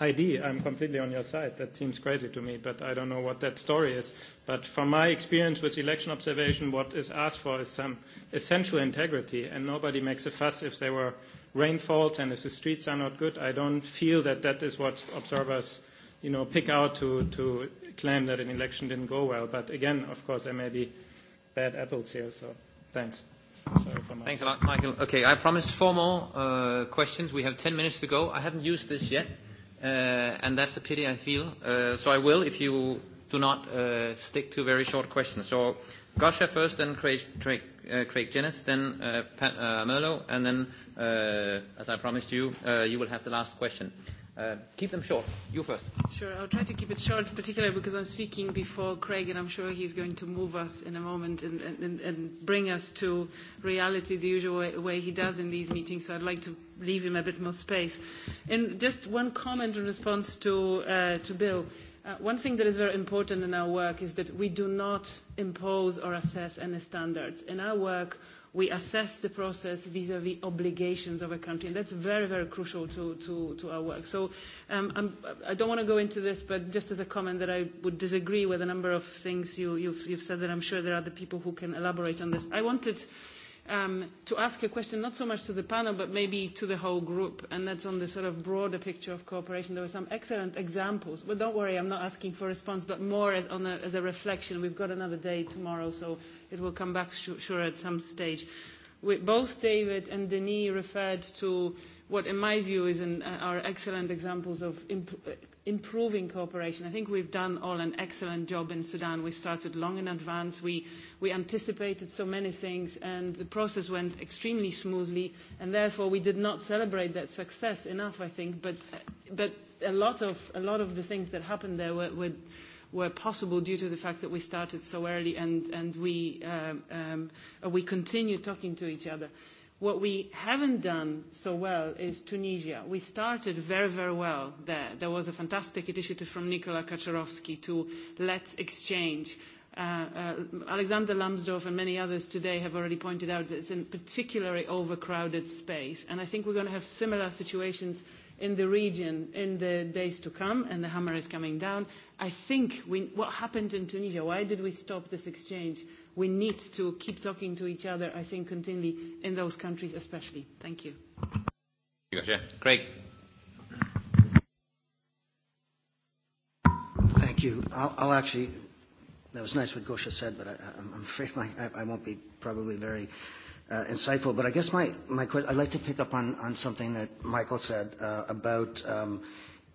ID, I'm completely on your side. That seems crazy to me, but I don't know what that story is. But from my experience with election observation, what is asked for is some essential integrity, and nobody makes a fuss if there were rainfalls and if the streets are not good. I don't feel that that is what observers, you know, pick out to, to claim that an election didn't go well. But again, of course, there may be bad apples here, so thanks. Sorry Thanks a lot, Michael. Okay, I promised four more uh, questions. We have 10 minutes to go. I haven't used this yet uh, and that's a pity, I feel. Uh, so I will, if you do not uh, stick to very short questions. So Gosha first, then Craig, Craig, uh, Craig Jennis, then uh, Pat uh, Merlo, and then, uh, as I promised you, uh, you will have the last question. Uh, keep them short. You first. Sure, I'll try to keep it short, particularly because I'm speaking before Craig, and I'm sure he's going to move us in a moment and, and, and bring us to reality the usual way, way he does in these meetings, so I'd like to leave him a bit more space. And just one comment in response to, uh, to Bill. Uh, one thing that is very important in our work is that we do not impose or assess any standards. In our work, we assess the process vis-à-vis -vis obligations of a country. And that's very, very crucial to, to, to our work. So um, I'm, I don't want to go into this, but just as a comment that I would disagree with a number of things you, you've, you've said that I'm sure there are other people who can elaborate on this. I wanted um, to ask a question, not so much to the panel, but maybe to the whole group, and that's on the sort of broader picture of cooperation. There were some excellent examples, but don't worry, I'm not asking for a response, but more as, on a, as a reflection. We've got another day tomorrow, so it will come back sh- sure at some stage. We, both David and Denis referred to what, in my view, is an, uh, are excellent examples of imp- improving cooperation. I think we've done all an excellent job in Sudan. We started long in advance. We, we anticipated so many things, and the process went extremely smoothly, and therefore we did not celebrate that success enough, I think. But, but a, lot of, a lot of the things that happened there were, were, were possible due to the fact that we started so early and, and we, um, um, we continued talking to each other. What we haven't done so well is Tunisia. We started very, very well there. There was a fantastic initiative from Nikola Kaczorowski to let's exchange Uh, uh, Alexander Lambsdorff and many others today have already pointed out that it's a particularly overcrowded space. And I think we're going to have similar situations in the region in the days to come, and the hammer is coming down. I think we, what happened in Tunisia, why did we stop this exchange? we need to keep talking to each other, I think, continually in those countries especially. Thank you. Gotcha. Craig. Thank you. I'll, I'll actually, that was nice what Gosha said, but I, I'm afraid my, I, I won't be probably very uh, insightful. But I guess my, my question, I'd like to pick up on, on something that Michael said uh, about um,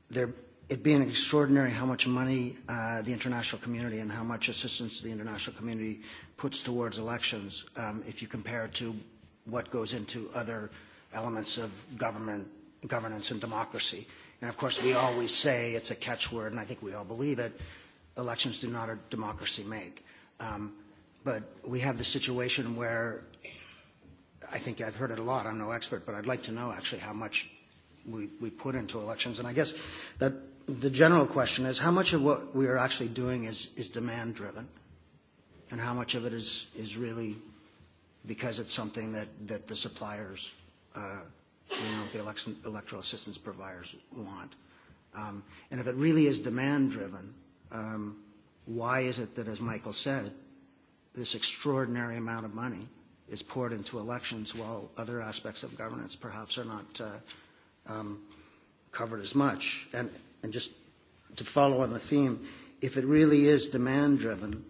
there it being extraordinary how much money uh, the international community and how much assistance the international community puts towards elections um, if you compare it to what goes into other elements of government governance and democracy. And of course, we always say it's a catchword, and I think we all believe it. Elections do not a democracy make. Um, but we have the situation where I think I've heard it a lot. I'm no expert, but I'd like to know actually how much we, we put into elections. And I guess that the general question is how much of what we are actually doing is, is demand driven and how much of it is, is really because it's something that, that the suppliers, uh, you know, the election, electoral assistance providers want. Um, and if it really is demand driven, um, why is it that, as Michael said, this extraordinary amount of money is poured into elections while other aspects of governance perhaps are not uh, um, covered as much? And and just to follow on the theme, if it really is demand driven,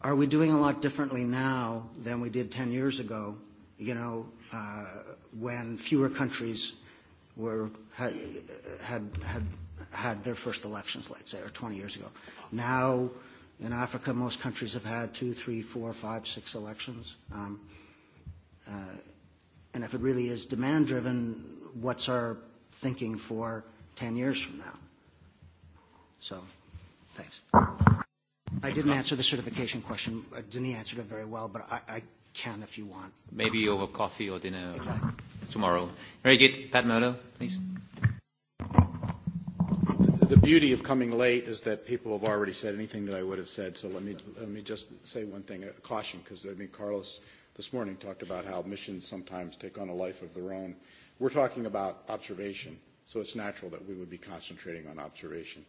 are we doing a lot differently now than we did 10 years ago, you know, uh, when fewer countries were, had, had, had, had their first elections, let's say, or 20 years ago. Now, in Africa, most countries have had two, three, four, five, six elections. Um, uh, and if it really is demand driven, what's our thinking for 10 years from now? So, thanks. I didn't answer the certification question. Uh, Denis answered it very well, but I, can if you want. Maybe over coffee or dinner exactly. tomorrow. Very good. Pat Merlo, please. The beauty of coming late is that people have already said anything that I would have said. So let me let me just say one thing, a uh, caution, because I mean Carlos this morning talked about how missions sometimes take on a life of their own. We're talking about observation, so it's natural that we would be concentrating on observation.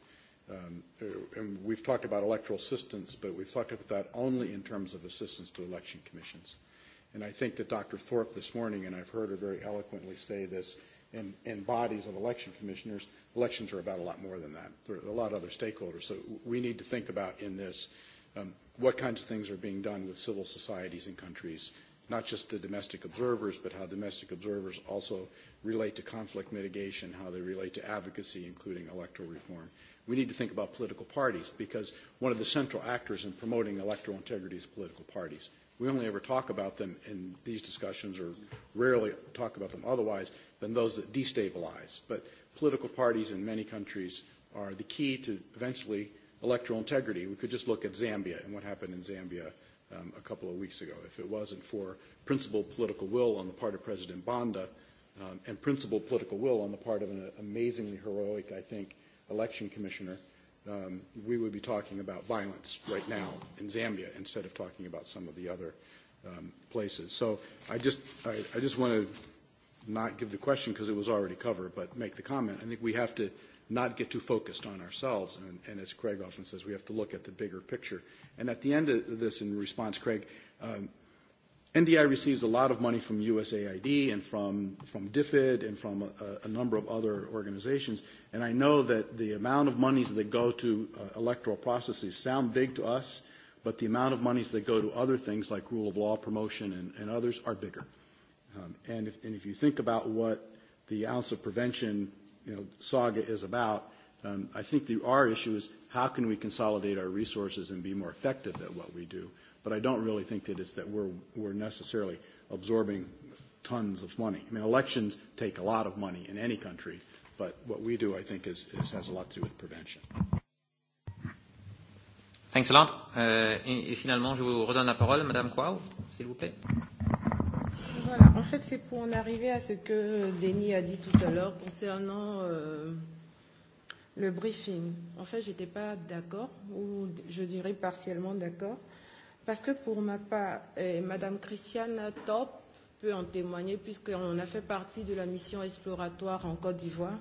Um, uh, and we've talked about electoral assistance, but we've talked about that only in terms of assistance to election commissions. And I think that Dr. Thorpe this morning, and I've heard her very eloquently say this, in, in bodies of election commissioners, elections are about a lot more than that. There are a lot of other stakeholders. So we need to think about in this um, what kinds of things are being done with civil societies in countries, not just the domestic observers, but how domestic observers also relate to conflict mitigation, how they relate to advocacy, including electoral reform. We need to think about political parties because one of the central actors in promoting electoral integrity is political parties. We only ever talk about them in these discussions or rarely talk about them otherwise than those that destabilize. But political parties in many countries are the key to eventually electoral integrity. We could just look at Zambia and what happened in Zambia um, a couple of weeks ago. If it wasn't for principled political will on the part of President Banda, um, and principled political will on the part of an amazingly heroic, I think, election commissioner, um, we would be talking about violence right now in Zambia instead of talking about some of the other um, places. So I just, I, I just want to not give the question because it was already covered, but make the comment. I think we have to not get too focused on ourselves. And, and as Craig often says, we have to look at the bigger picture. And at the end of this, in response, Craig, um, NDI receives a lot of money from USAID and from, from DFID and from a, a number of other organizations. And I know that the amount of monies that go to uh, electoral processes sound big to us, but the amount of monies that go to other things like rule of law promotion and, and others are bigger. Um, and, if, and if you think about what the ounce of prevention you know, saga is about, um, I think the, our issue is how can we consolidate our resources and be more effective at what we do But I don't really think that it's that we're, we're necessarily absorbing tons of money. I mean, elections take a lot of money in any country, but what we do, I think, is, is has a lot to do with prevention. Thanks a lot. Euh, et, et finalement, je vous redonne la parole, Madame Kouaou, s'il vous plaît. Voilà, en fait, c'est pour en arriver à ce que Denis a dit tout à l'heure concernant euh, le briefing. En fait, je n'étais pas d'accord, ou je dirais partiellement d'accord. Parce que pour ma part, et euh, Madame Christiane Top peut en témoigner puisqu'on a fait partie de la mission exploratoire en Côte d'Ivoire.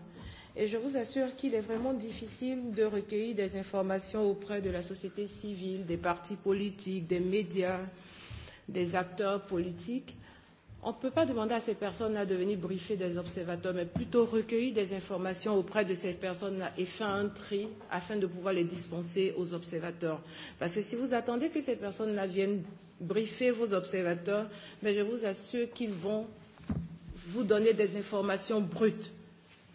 Et je vous assure qu'il est vraiment difficile de recueillir des informations auprès de la société civile, des partis politiques, des médias, des acteurs politiques on ne peut pas demander à ces personnes-là de venir briefer des observateurs, mais plutôt recueillir des informations auprès de ces personnes-là et faire un tri afin de pouvoir les dispenser aux observateurs. Parce que si vous attendez que ces personnes-là viennent briefer vos observateurs, mais je vous assure qu'ils vont vous donner des informations brutes.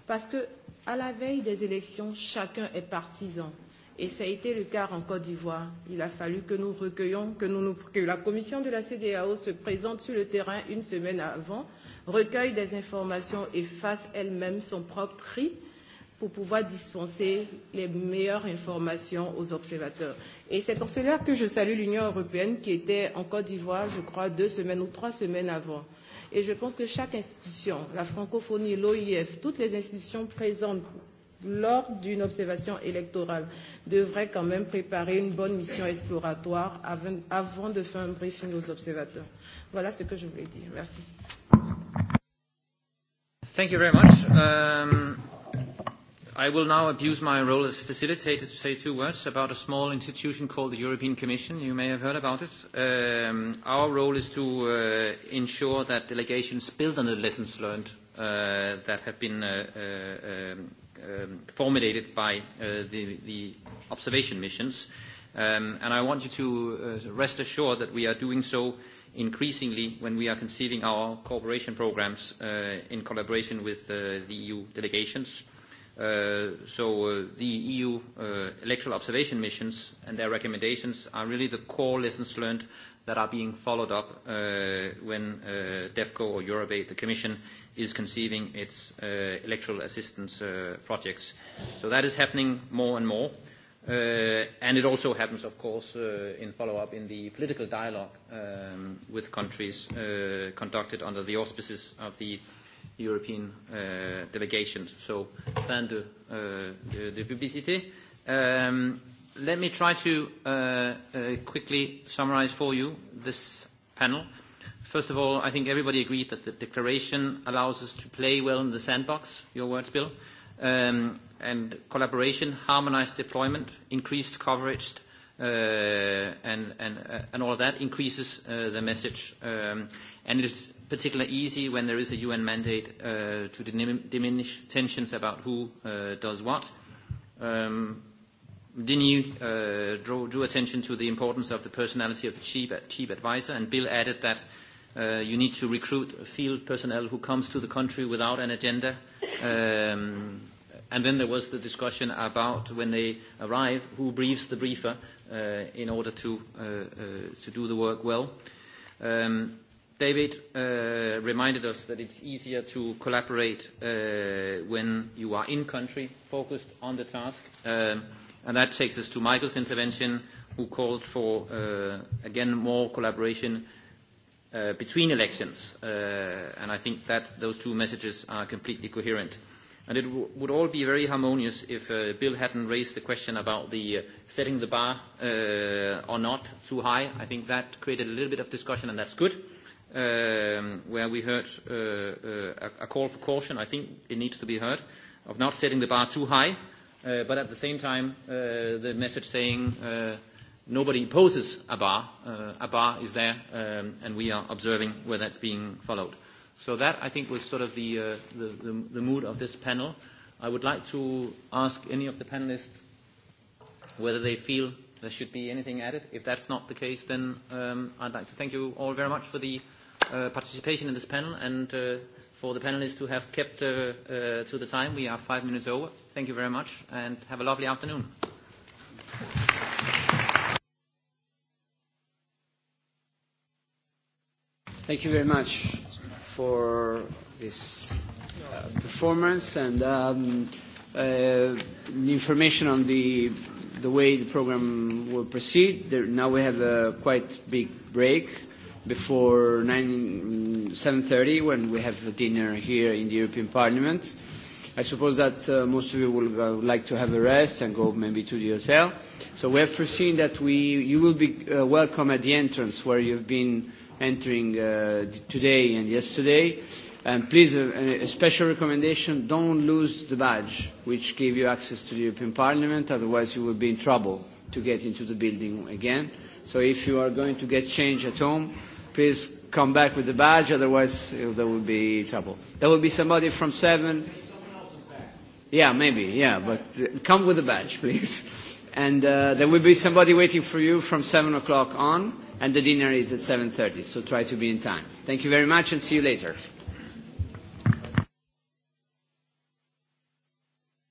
Parce que à la veille des élections, chacun est partisan. Et ça a été le cas en Côte d'Ivoire. Il a fallu que nous recueillions, que, nous, que la commission de la CDAO se présente sur le terrain une semaine avant, recueille des informations et fasse elle-même son propre tri pour pouvoir dispenser les meilleures informations aux observateurs. Et c'est en cela que je salue l'Union européenne qui était en Côte d'Ivoire, je crois, deux semaines ou trois semaines avant. Et je pense que chaque institution, la francophonie, l'OIF, toutes les institutions présentes lors d'une observation électorale, devrait quand même préparer une bonne mission exploratoire avant, avant de faire un briefing aux observateurs. Voilà ce que je voulais dire. Merci. Thank you very much. Um, I will now abuse my role as facilitator to say two words about a small institution called the European Commission. You may have heard about it. Um, our role is to uh, ensure that delegations build on the lessons learned uh, that have been uh, uh, um, um, formulated by uh, the, the, observation missions. Um, and I want you to uh, rest assured that we are doing so increasingly when we are conceiving our cooperation programs uh, in collaboration with the EU delegations. Uh, so uh, the EU uh, electoral observation missions and their recommendations are really the core lessons learned that are being followed up uh, when uh, DEFCO or Eurobate, the Commission, is conceiving its uh, electoral assistance uh, projects. So that is happening more and more. Uh, and it also happens, of course, uh, in follow-up in the political dialogue um, with countries uh, conducted under the auspices of the European uh, delegations. So, fin de, uh, de, de publicité. Um, Let me try to uh, uh, quickly summarize for you this panel. First of all, I think everybody agreed that the declaration allows us to play well in the sandbox, your words, Bill, um, and collaboration, harmonized deployment, increased coverage, uh, and, and, uh, and all of that increases uh, the message. Um, and it's particularly easy when there is a UN mandate uh, to diminish tensions about who uh, does what. Um, Denis uh, drew, drew attention to the importance of the personality of the chief, chief advisor, and Bill added that uh, you need to recruit field personnel who comes to the country without an agenda. Um, and then there was the discussion about when they arrive, who briefs the briefer uh, in order to, uh, uh, to do the work well. Um, David uh, reminded us that it's easier to collaborate uh, when you are in country, focused on the task. Um, And that takes us to Michael's intervention, who called for, uh, again, more collaboration uh, between elections. Uh, and I think that those two messages are completely coherent. And it w would all be very harmonious if uh, Bill hadn't raised the question about the uh, setting the bar uh, or not too high. I think that created a little bit of discussion, and that's good. Um, where we heard uh, uh, a call for caution, I think it needs to be heard, of not setting the bar too high, Uh, but at the same time, uh, the message saying uh, nobody a bar, Uh, bar is there, um, and we are observing where that's being followed. So that, I think, was sort of the, uh, the, the, the mood of this panel. I would like to ask any of the panelists whether they feel there should be anything added. If that's not the case, then um, I'd like to thank you all very much for the uh, participation in this panel, and uh, for the panelists to have kept uh, uh, to the time. We are five minutes over. Thank you very much, and have a lovely afternoon. Thank you very much for this uh, performance and um, uh, the information on the, the way the program will proceed. There, now we have a quite big break before 7.30 when we have dinner here in the European Parliament. I suppose that uh, most of you will go, like to have a rest and go maybe to the hotel. So we have foreseen that we, you will be uh, welcome at the entrance where you've been entering uh, today and yesterday. And please, uh, a, a special recommendation, don't lose the badge which gave you access to the European Parliament, otherwise you will be in trouble to get into the building again. So if you are going to get change at home, please come back with the badge, otherwise uh, there will be trouble. There will be somebody from seven. Yeah, maybe, yeah, but uh, come with the badge, please. And uh, there will be somebody waiting for you from seven o'clock on, and the dinner is at 7.30, so try to be in time. Thank you very much, and see you later.